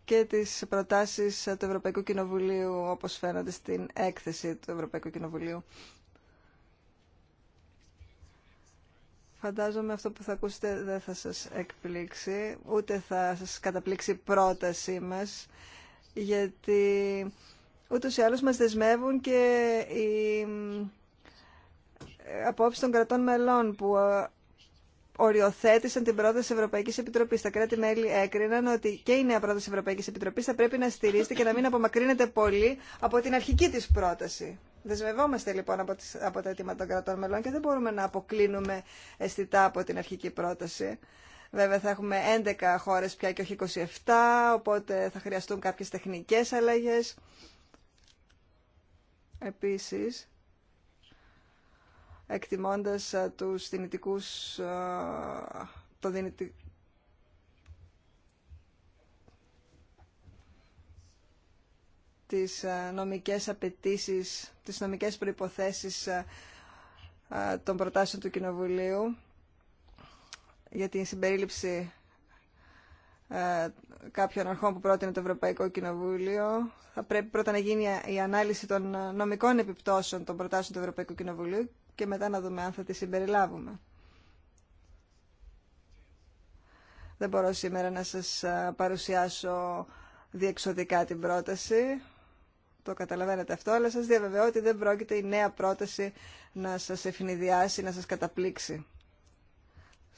και τις προτάσεις του Ευρωπαϊκού Κοινοβουλίου όπως φαίνονται στην έκθεση του Ευρωπαϊκού Κοινοβουλίου. Φαντάζομαι αυτό που θα ακούσετε δεν θα σας εκπλήξει, ούτε θα σας καταπλήξει η πρότασή μας, γιατί ούτως ή άλλως μας δεσμεύουν και οι ε, απόψεις των κρατών μελών που ε, οριοθέτησαν την πρόταση Ευρωπαϊκή Επιτροπή. Τα κράτη-μέλη έκριναν ότι και η νέα πρόταση Ευρωπαϊκή Επιτροπή θα πρέπει να στηρίζεται και να μην απομακρύνεται πολύ από την αρχική τη πρόταση. Δεσμευόμαστε λοιπόν από, τις, από τα αιτήματα των κρατών μελών και δεν μπορούμε να αποκλίνουμε αισθητά από την αρχική πρόταση. Βέβαια θα έχουμε 11 χώρες πια και όχι 27, οπότε θα χρειαστούν κάποιες τεχνικές αλλαγές. Επίσης, εκτιμώντας τους δυνητικούς, το δυνητικ... τις νομικές απαιτήσεις τις νομικές προϋποθέσεις των προτάσεων του Κοινοβουλίου για την συμπερίληψη ε, κάποιων αρχών που πρότεινε το Ευρωπαϊκό Κοινοβούλιο. Θα πρέπει πρώτα να γίνει η ανάλυση των νομικών επιπτώσεων των προτάσεων του Ευρωπαϊκού Κοινοβουλίου και μετά να δούμε αν θα τις συμπεριλάβουμε. Δεν μπορώ σήμερα να σας παρουσιάσω διεξοδικά την πρόταση. Το καταλαβαίνετε αυτό, αλλά σας διαβεβαιώ ότι δεν πρόκειται η νέα πρόταση να σας ευνηδιάσει, να σας καταπλήξει.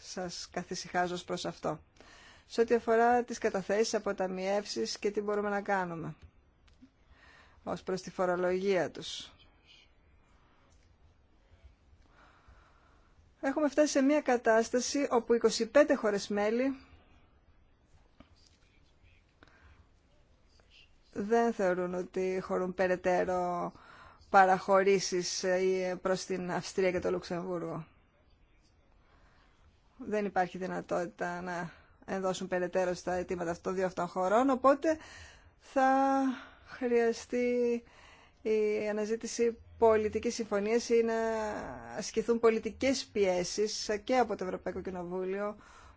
Σας καθησυχάζω προς αυτό σε ό,τι αφορά τις καταθέσεις, αποταμιεύσεις και τι μπορούμε να κάνουμε ως προς τη φορολογία τους. Έχουμε φτάσει σε μια κατάσταση όπου 25 χώρες μέλη δεν θεωρούν ότι χωρούν περαιτέρω παραχωρήσεις ε, προς την Αυστρία και το Λουξεμβούργο. Δεν υπάρχει δυνατότητα να ενδώσουν περαιτέρω στα αιτήματα των δύο αυτών χωρών, οπότε θα χρειαστεί η αναζήτηση πολιτικής συμφωνία ή να ασκηθούν πολιτικές πιέσεις και από το Ευρωπαϊκό Κοινοβούλιο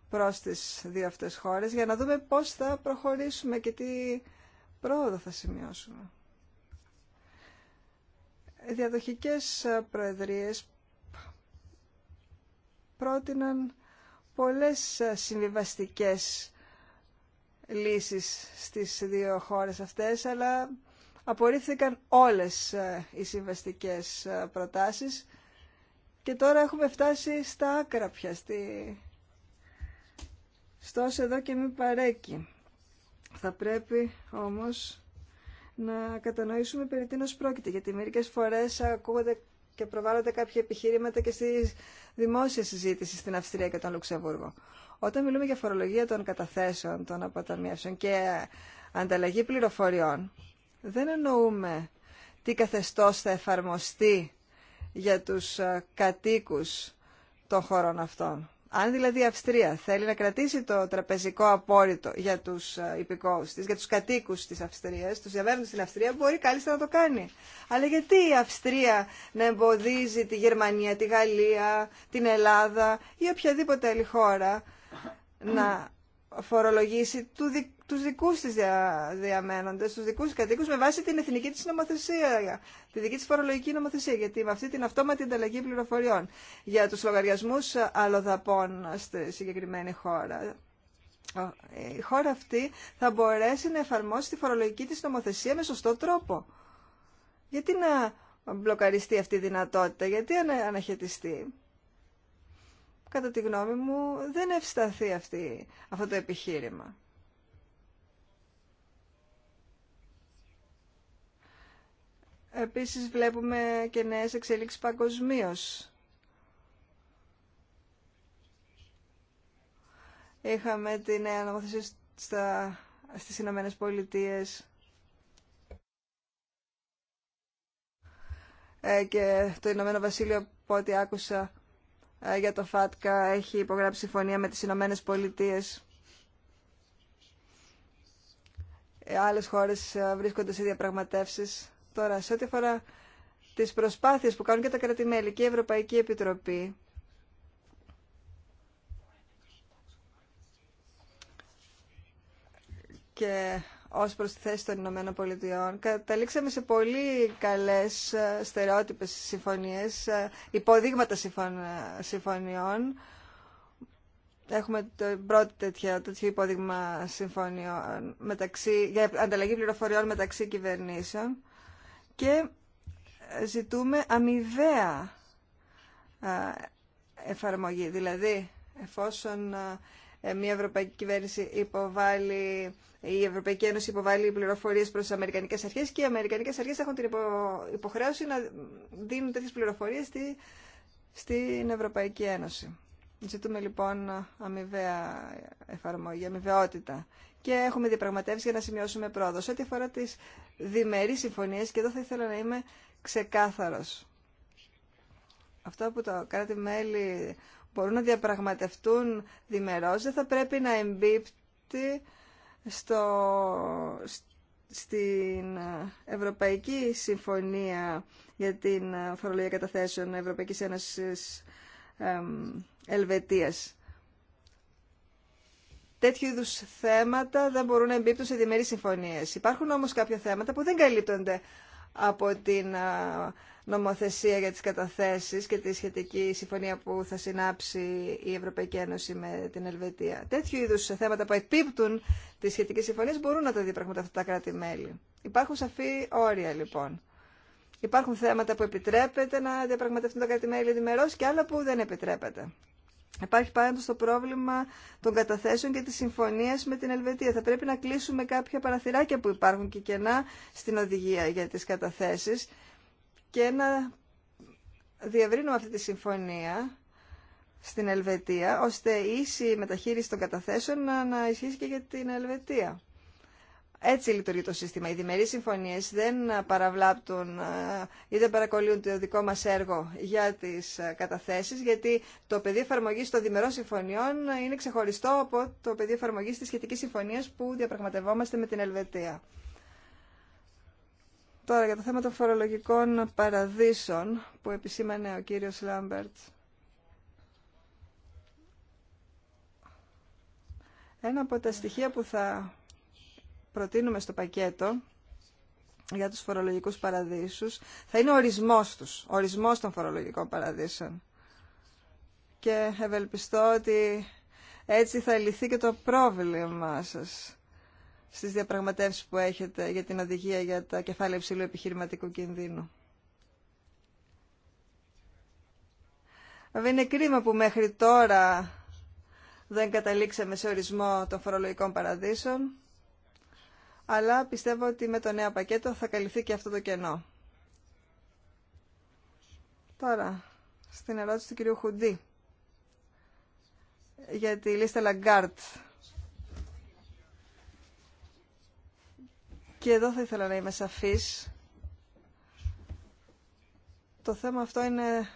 προς τις δύο αυτέ χώρες για να δούμε πώς θα προχωρήσουμε και τι πρόοδο θα σημειώσουμε. Διαδοχικές προεδρίες πρότειναν πολλές ε, συμβιβαστικές λύσεις στις δύο χώρες αυτές, αλλά απορρίφθηκαν όλες ε, οι συμβαστικές ε, προτάσεις και τώρα έχουμε φτάσει στα άκρα πια, στη... στός εδώ και μη παρέκει. Θα πρέπει όμως να κατανοήσουμε περί τίνος πρόκειται, γιατί μερικές φορές ακούγονται και προβάλλονται κάποια επιχειρήματα και στη δημόσια συζήτηση στην Αυστρία και τον Λουξεμβούργο. Όταν μιλούμε για φορολογία των καταθέσεων, των αποταμιεύσεων και ανταλλαγή πληροφοριών, δεν εννοούμε τι καθεστώς θα εφαρμοστεί για τους ε, κατοίκους των χωρών αυτών. Αν δηλαδή η Αυστρία θέλει να κρατήσει το τραπεζικό απόρριτο για του ε, υπηκόου τη, για του κατοίκου τη Αυστρία, του διαβαίνοντε στην Αυστρία, μπορεί κάλλιστα να το κάνει. Αλλά γιατί η Αυστρία να εμποδίζει τη Γερμανία, τη Γαλλία, την Ελλάδα ή οποιαδήποτε άλλη χώρα να φορολογήσει του, τους δικούς της δια, διαμένοντες, τους δικούς κατοίκους με βάση την εθνική της νομοθεσία, τη δική της φορολογική νομοθεσία, γιατί με αυτή την αυτόματη ανταλλαγή πληροφοριών για τους λογαριασμούς αλλοδαπών στη συγκεκριμένη χώρα. Η χώρα αυτή θα μπορέσει να εφαρμόσει τη φορολογική της νομοθεσία με σωστό τρόπο. Γιατί να μπλοκαριστεί αυτή η δυνατότητα, γιατί να αναχαιτιστεί. Κατά τη γνώμη μου δεν ευσταθεί αυτή, αυτό το επιχείρημα. Επίσης βλέπουμε και νέες εξελίξεις παγκοσμίω. Είχαμε τη νέα νομοθεσία στα, στις Ηνωμένες Πολιτείες ε, και το Ηνωμένο Βασίλειο, από ό,τι άκουσα ε, για το ΦΑΤΚΑ, έχει υπογράψει συμφωνία με τις Ηνωμένες Πολιτείες. Ε, άλλες χώρες βρίσκονται σε διαπραγματεύσεις Τώρα, σε ό,τι αφορά τις προσπάθειες που κάνουν και τα κρατημέλη και η Ευρωπαϊκή Επιτροπή, και ως προς τη θέση των Ηνωμένων Πολιτειών. Καταλήξαμε σε πολύ καλές ε, στερεότυπες συμφωνίες, ε, υποδείγματα ε, συμφωνιών. Έχουμε το πρώτο τέτοιο, τέτοιο υπόδειγμα συμφωνιών μεταξύ, για ανταλλαγή πληροφοριών μεταξύ κυβερνήσεων και ζητούμε αμοιβαία εφαρμογή. Δηλαδή, εφόσον ε, μια Ευρωπαϊκή κυβέρνηση υποβάλλει, η Ευρωπαϊκή Ένωση υποβάλλει πληροφορίε προ τι Αμερικανικέ Αρχέ και οι Αμερικανικέ Αρχέ έχουν την υποχρέωση να δίνουν τέτοιε πληροφορίε στη, στην Ευρωπαϊκή Ένωση. Ζητούμε λοιπόν αμοιβαία εφαρμογή, αμοιβαιότητα. Και έχουμε διαπραγματεύσει για να σημειώσουμε πρόοδο. Ό,τι αφορά τι διμερεί συμφωνίε, και εδώ θα ήθελα να είμαι ξεκάθαρο. αυτό που τα κράτη-μέλη μπορούν να διαπραγματευτούν διμερώς δεν θα πρέπει να εμπίπτει στο, στην Ευρωπαϊκή Συμφωνία για την Φορολογία Καταθέσεων Ευρωπαϊκής Ένωσης Ελβετίας. Τέτοιου είδου θέματα δεν μπορούν να εμπίπτουν σε διμερεί συμφωνίε. Υπάρχουν όμω κάποια θέματα που δεν καλύπτονται από την νομοθεσία για τις καταθέσεις και τη σχετική συμφωνία που θα συνάψει η Ευρωπαϊκή Ένωση με την Ελβετία. Τέτοιου είδους θέματα που εκπίπτουν τις σχετικές συμφωνίες μπορούν να τα διαπραγματευτούν τα κράτη-μέλη. Υπάρχουν σαφή όρια λοιπόν. Υπάρχουν θέματα που επιτρέπεται να διαπραγματευτούν τα κράτη-μέλη διμερώς και άλλα που δεν επιτρέπεται. Υπάρχει πάντως το πρόβλημα των καταθέσεων και της συμφωνίας με την Ελβετία. Θα πρέπει να κλείσουμε κάποια παραθυράκια που υπάρχουν και κενά στην οδηγία για τις καταθέσεις και να διαβρύνουμε αυτή τη συμφωνία στην Ελβετία, ώστε η ίση μεταχείριση των καταθέσεων να, να ισχύσει και για την Ελβετία. Έτσι λειτουργεί το σύστημα. Οι διμερείς συμφωνίες δεν παραβλάπτουν ε, ή δεν παρακολύουν το δικό μας έργο για τις ε, καταθέσεις, γιατί το πεδίο εφαρμογή των διμερών συμφωνιών ε, είναι ξεχωριστό από το πεδίο εφαρμογή της σχετικής συμφωνίας που διαπραγματευόμαστε με την Ελβετία. Τώρα για το θέμα των φορολογικών παραδείσων που επισήμανε ο κύριος Λάμπερτ. Ένα από τα στοιχεία που θα προτείνουμε στο πακέτο για τους φορολογικούς παραδείσους θα είναι ο ορισμός τους, ο ορισμός των φορολογικών παραδείσων. Και ευελπιστώ ότι έτσι θα λυθεί και το πρόβλημά σας στις διαπραγματεύσεις που έχετε για την οδηγία για τα κεφάλαια υψηλού επιχειρηματικού κινδύνου. Βέβαια είναι κρίμα που μέχρι τώρα δεν καταλήξαμε σε ορισμό των φορολογικών παραδείσων αλλά πιστεύω ότι με το νέο πακέτο θα καλυφθεί και αυτό το κενό. Τώρα, στην ερώτηση του κυρίου Χουντή για τη λίστα Λαγκάρτ. Και εδώ θα ήθελα να είμαι σαφής. Το θέμα αυτό είναι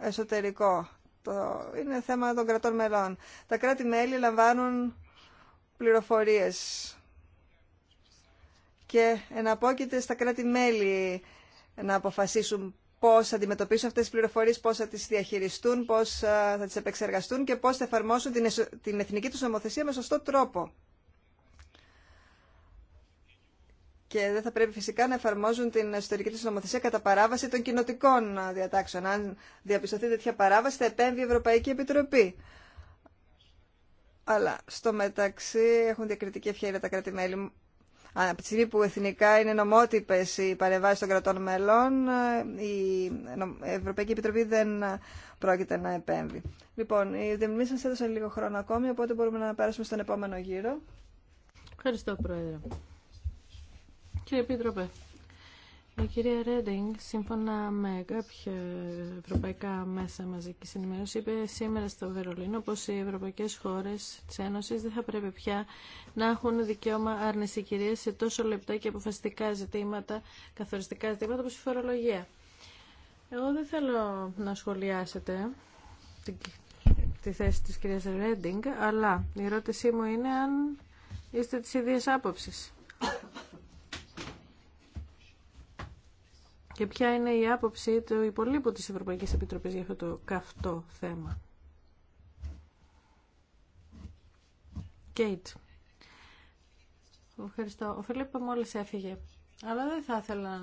εσωτερικό. Το, είναι θέμα των κρατών μελών. Τα κράτη-μέλη λαμβάνουν πληροφορίες και εναπόκειται στα κράτη-μέλη να αποφασίσουν πώς θα αντιμετωπίσουν αυτές τις πληροφορίες, πώς θα τις διαχειριστούν, πώς θα τις επεξεργαστούν και πώς θα εφαρμόσουν την εθνική τους νομοθεσία με σωστό τρόπο. Και δεν θα πρέπει φυσικά να εφαρμόζουν την εσωτερική του νομοθεσία κατά παράβαση των κοινοτικών διατάξεων. Αν διαπιστωθεί τέτοια παράβαση, θα επέμβει η Ευρωπαϊκή Επιτροπή. Αλλά στο μεταξύ έχουν διακριτική ευχαίρεια τα κράτη-μέλη από τη στιγμή που εθνικά είναι νομότυπες οι παρεμβάσει των κρατών μελών, ε, η Ευρωπαϊκή Επιτροπή δεν πρόκειται να επέμβει. Λοιπόν, οι σε σα έδωσαν λίγο χρόνο ακόμη, οπότε μπορούμε να περάσουμε στον επόμενο γύρο. Ευχαριστώ, Πρόεδρε. Κύριε Επίτροπε, η κυρία Ρέντινγκ, σύμφωνα με κάποια ευρωπαϊκά μέσα μαζικής ενημέρωσης, είπε σήμερα στο Βερολίνο πως οι ευρωπαϊκές χώρες της Ένωσης δεν θα πρέπει πια να έχουν δικαίωμα άρνηση κυρία σε τόσο λεπτά και αποφασιστικά ζητήματα, καθοριστικά ζητήματα όπως η φορολογία. Εγώ δεν θέλω να σχολιάσετε τη θέση της κυρίας Ρέντινγκ, αλλά η ερώτησή μου είναι αν είστε της ίδιας άποψης. και ποια είναι η άποψη του υπολείπου της Ευρωπαϊκής Επιτροπής για αυτό το καυτό θέμα. Κέιτ. Ευχαριστώ. Ο Φιλίππο μόλις έφυγε. Αλλά δεν θα ήθελα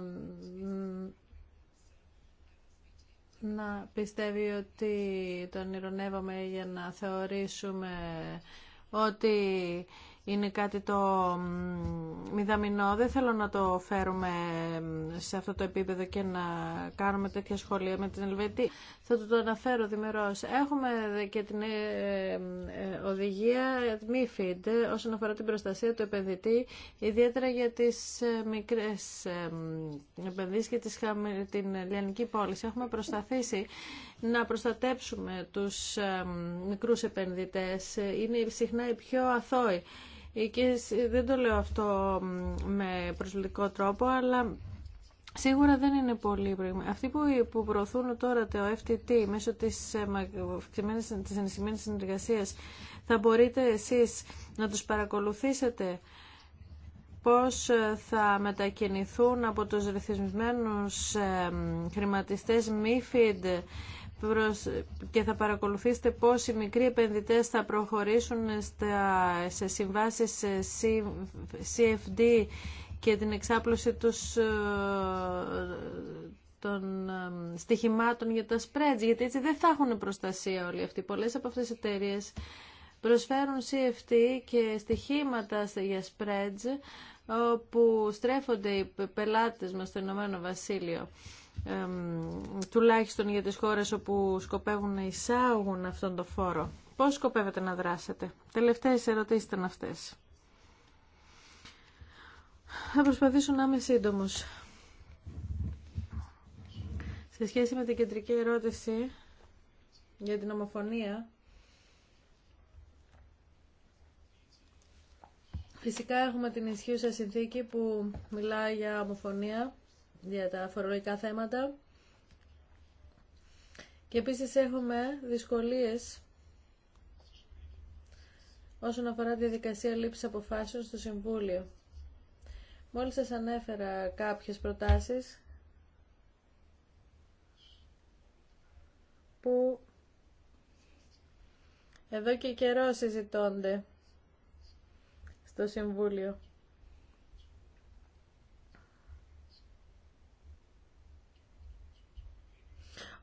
να πιστεύει ότι τον ηρωνεύομαι για να θεωρήσουμε ότι είναι κάτι το μηδαμινό. Δεν θέλω να το φέρουμε σε αυτό το επίπεδο και να κάνουμε τέτοια σχολεία με την Ελβετή. Θα το, το αναφέρω δημιουργώς. Έχουμε και την ε, ε, οδηγία MIFID όσον αφορά την προστασία του επενδυτή, ιδιαίτερα για τις ε, μικρές επενδύσεις και την ελληνική πώληση. Έχουμε προσταθήσει να προστατέψουμε τους μικρούς επενδυτές. Είναι συχνά οι πιο αθώοι και δεν το λέω αυτό με προσβλητικό τρόπο, αλλά Σίγουρα δεν είναι πολύ πράγμα. Αυτοί που προωθούν τώρα το FTT μέσω ε, της ενισχυμένης συνεργασίας, θα μπορείτε εσείς να τους παρακολουθήσετε πώς ε, θα μετακινηθούν από τους ρυθμισμένους ε, χρηματιστές MIFID και θα παρακολουθήσετε πώς οι μικροί επενδυτές θα προχωρήσουν σε συμβάσεις CFD και την εξάπλωση ε, των ε, στοιχημάτων για τα spreads, γιατί έτσι δεν θα έχουν προστασία όλοι αυτοί. Πολλές από αυτές τις εταιρείε προσφέρουν CFD και στοιχήματα για spreads όπου στρέφονται οι πελάτες μας στο Ηνωμένο Βασίλειο τουλάχιστον για τις χώρες όπου σκοπεύουν να εισάγουν αυτόν τον φόρο. Πώς σκοπεύετε να δράσετε. Τελευταίες ερωτήσεις ήταν αυτές. Θα προσπαθήσω να είμαι σύντομος. Σε σχέση με την κεντρική ερώτηση για την ομοφωνία, φυσικά έχουμε την ισχύουσα συνθήκη που μιλάει για ομοφωνία για τα φορολογικά θέματα. Και επίσης έχουμε δυσκολίες όσον αφορά τη διαδικασία λήψης αποφάσεων στο Συμβούλιο. Μόλις σας ανέφερα κάποιες προτάσεις που εδώ και καιρό συζητώνται στο Συμβούλιο.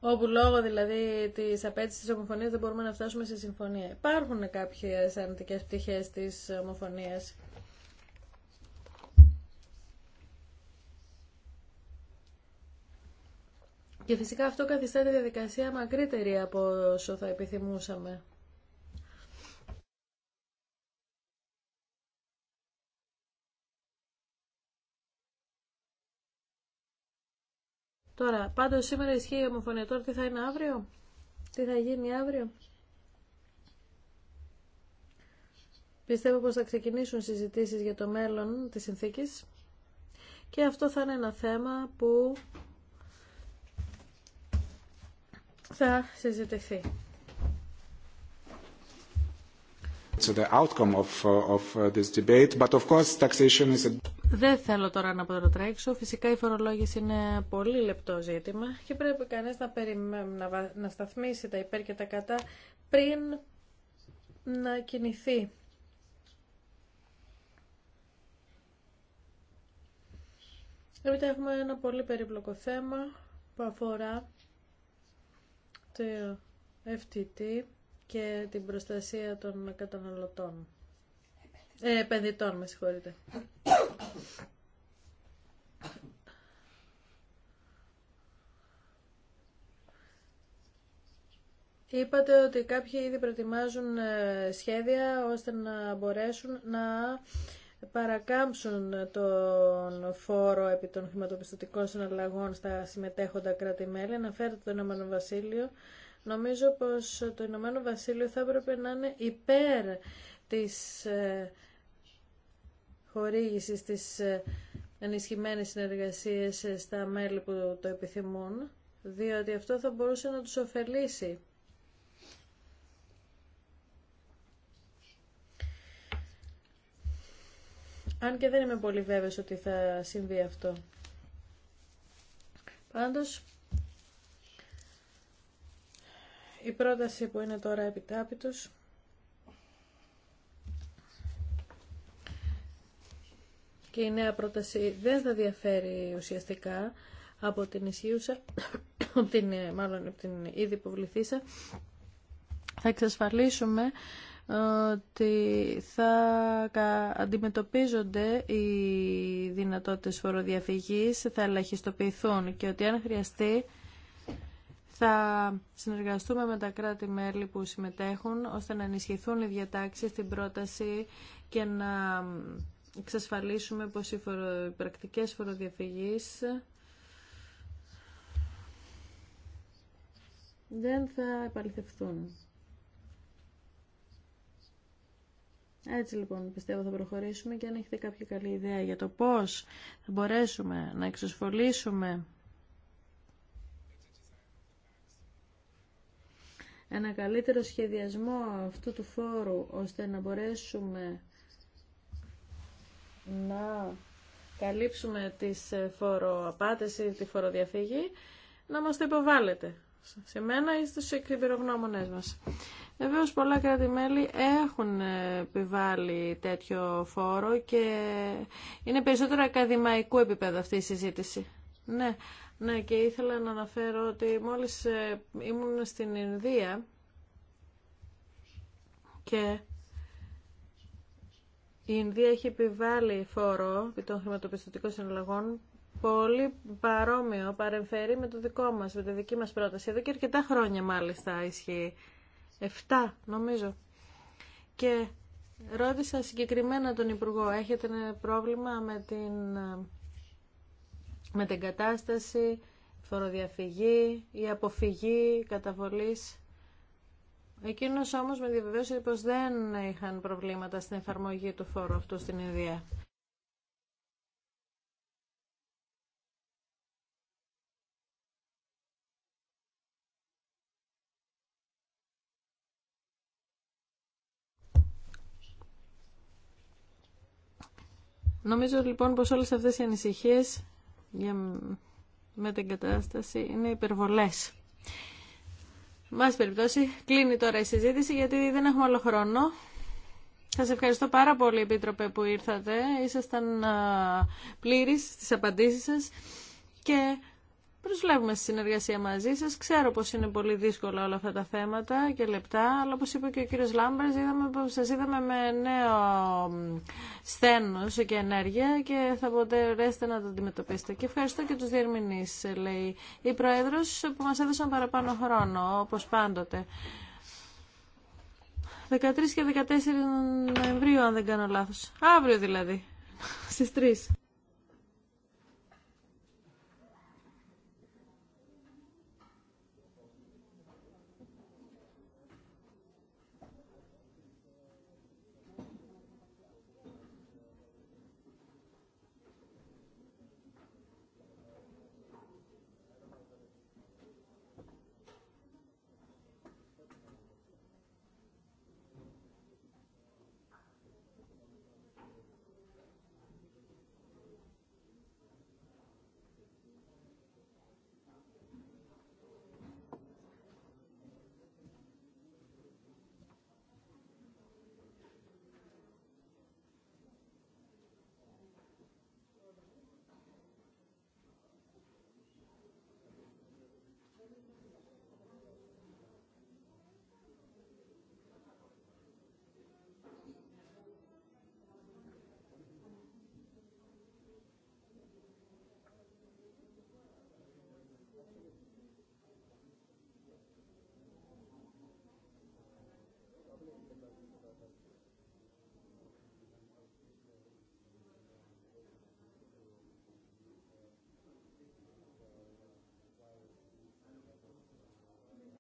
όπου λόγω δηλαδή τη απέτηση τη ομοφωνία δεν μπορούμε να φτάσουμε σε συμφωνία. Υπάρχουν κάποιε αρνητικέ πτυχέ τη ομοφωνία. Και φυσικά αυτό καθιστά τη διαδικασία μακρύτερη από όσο θα επιθυμούσαμε. Τώρα, πάντως σήμερα ισχύει η ομοφωνία. Τώρα τι θα είναι αύριο, τι θα γίνει αύριο. Πιστεύω πως θα ξεκινήσουν συζητήσεις για το μέλλον της συνθήκης και αυτό θα είναι ένα θέμα που θα συζητηθεί. the outcome of, uh, of uh, this debate, but of course taxation is a... Δεν θέλω τώρα να προτρέξω. Φυσικά η φορολόγηση είναι πολύ λεπτό ζήτημα και πρέπει κανείς να, να, να σταθμίσει τα υπέρ και τα κατά πριν να κινηθεί. Επειδή έχουμε ένα πολύ περίπλοκο θέμα που αφορά το FTT και την προστασία των καταναλωτών. Ε, επενδυτών, με συγχωρείτε. Είπατε ότι κάποιοι ήδη προετοιμάζουν ε, σχέδια ώστε να μπορέσουν να παρακάμψουν τον φόρο επί των χρηματοπιστωτικών συναλλαγών στα συμμετέχοντα κράτη-μέλη. Αναφέρεται το Ηνωμένο Βασίλειο Νομίζω πως το Ηνωμένο Βασίλειο θα έπρεπε να είναι υπέρ της ε, χορήγησης της ε, ενισχυμένης συνεργασίας ε, στα μέλη που το επιθυμούν, διότι αυτό θα μπορούσε να τους ωφελήσει. Αν και δεν είμαι πολύ βέβαιος ότι θα συμβεί αυτό. Πάντως, η πρόταση που είναι τώρα επιτάπητος και η νέα πρόταση δεν θα διαφέρει ουσιαστικά από την ισχύουσα, από την, ε, μάλλον από την ήδη βληθήσα θα εξασφαλίσουμε ε, ότι θα αντιμετωπίζονται οι δυνατότητες φοροδιαφυγής, θα ελαχιστοποιηθούν και ότι αν χρειαστεί θα συνεργαστούμε με τα κράτη-μέλη που συμμετέχουν ώστε να ενισχυθούν οι διατάξεις στην πρόταση και να εξασφαλίσουμε πως οι πρακτικές φοροδιαφυγής δεν θα επαληθευτούν. Έτσι λοιπόν πιστεύω θα προχωρήσουμε και αν έχετε κάποια καλή ιδέα για το πώς θα μπορέσουμε να εξασφαλίσουμε ένα καλύτερο σχεδιασμό αυτού του φόρου ώστε να μπορέσουμε να καλύψουμε τις ε, φοροαπάτες ή τη φοροδιαφύγη να μας το υποβάλλετε σε μένα ή στους εκπληρογνώμονές μας. Βεβαίω πολλά κράτη-μέλη έχουν ε, επιβάλει τέτοιο φόρο και είναι περισσότερο ακαδημαϊκού επίπεδο αυτή η στους εκπληρογνωμονες μας βεβαιω πολλα κρατη μελη εχουν επιβαλει τετοιο φορο και ειναι περισσοτερο ακαδημαικου επιπεδου αυτη η συζητηση Ναι, ναι, και ήθελα να αναφέρω ότι μόλις ε, ήμουν στην Ινδία και η Ινδία έχει επιβάλει φόρο επί των χρηματοπιστωτικών συναλλαγών πολύ παρόμοιο, παρεμφερεί με το δικό μας, με τη δική μας πρόταση. Εδώ και αρκετά χρόνια μάλιστα ισχύει. Εφτά νομίζω. Και ρώτησα συγκεκριμένα τον Υπουργό, έχετε πρόβλημα με την ε, με την κατάσταση, φοροδιαφυγή ή αποφυγή καταβολής. Εκείνος όμως με διαβεβαίωσε πως δεν είχαν προβλήματα στην εφαρμογή του φόρου αυτού στην Ινδία. Νομίζω λοιπόν πως όλες αυτές οι ανησυχίες για... με την κατάσταση είναι υπερβολές. Μας περιπτώσει, κλείνει τώρα η συζήτηση γιατί δεν έχουμε άλλο χρόνο. Σας ευχαριστώ πάρα πολύ, Επίτροπε, που ήρθατε. Ήσασταν πλήρης στις απαντήσεις σας και Βλέπουμε στη συνεργασία μαζί σας. Ξέρω πως είναι πολύ δύσκολα όλα αυτά τα θέματα και λεπτά, αλλά όπως είπε και ο κύριος Λάμπερς, είδαμε, σας είδαμε με νέο στένος και ενέργεια και θα μπορέσετε να το αντιμετωπίσετε. Και ευχαριστώ και τους διερμηνείς, λέει η Πρόεδρος, που μας έδωσαν παραπάνω χρόνο, όπως πάντοτε. 13 και 14 Νοεμβρίου, αν δεν κάνω λάθος. Αύριο δηλαδή, στις 3.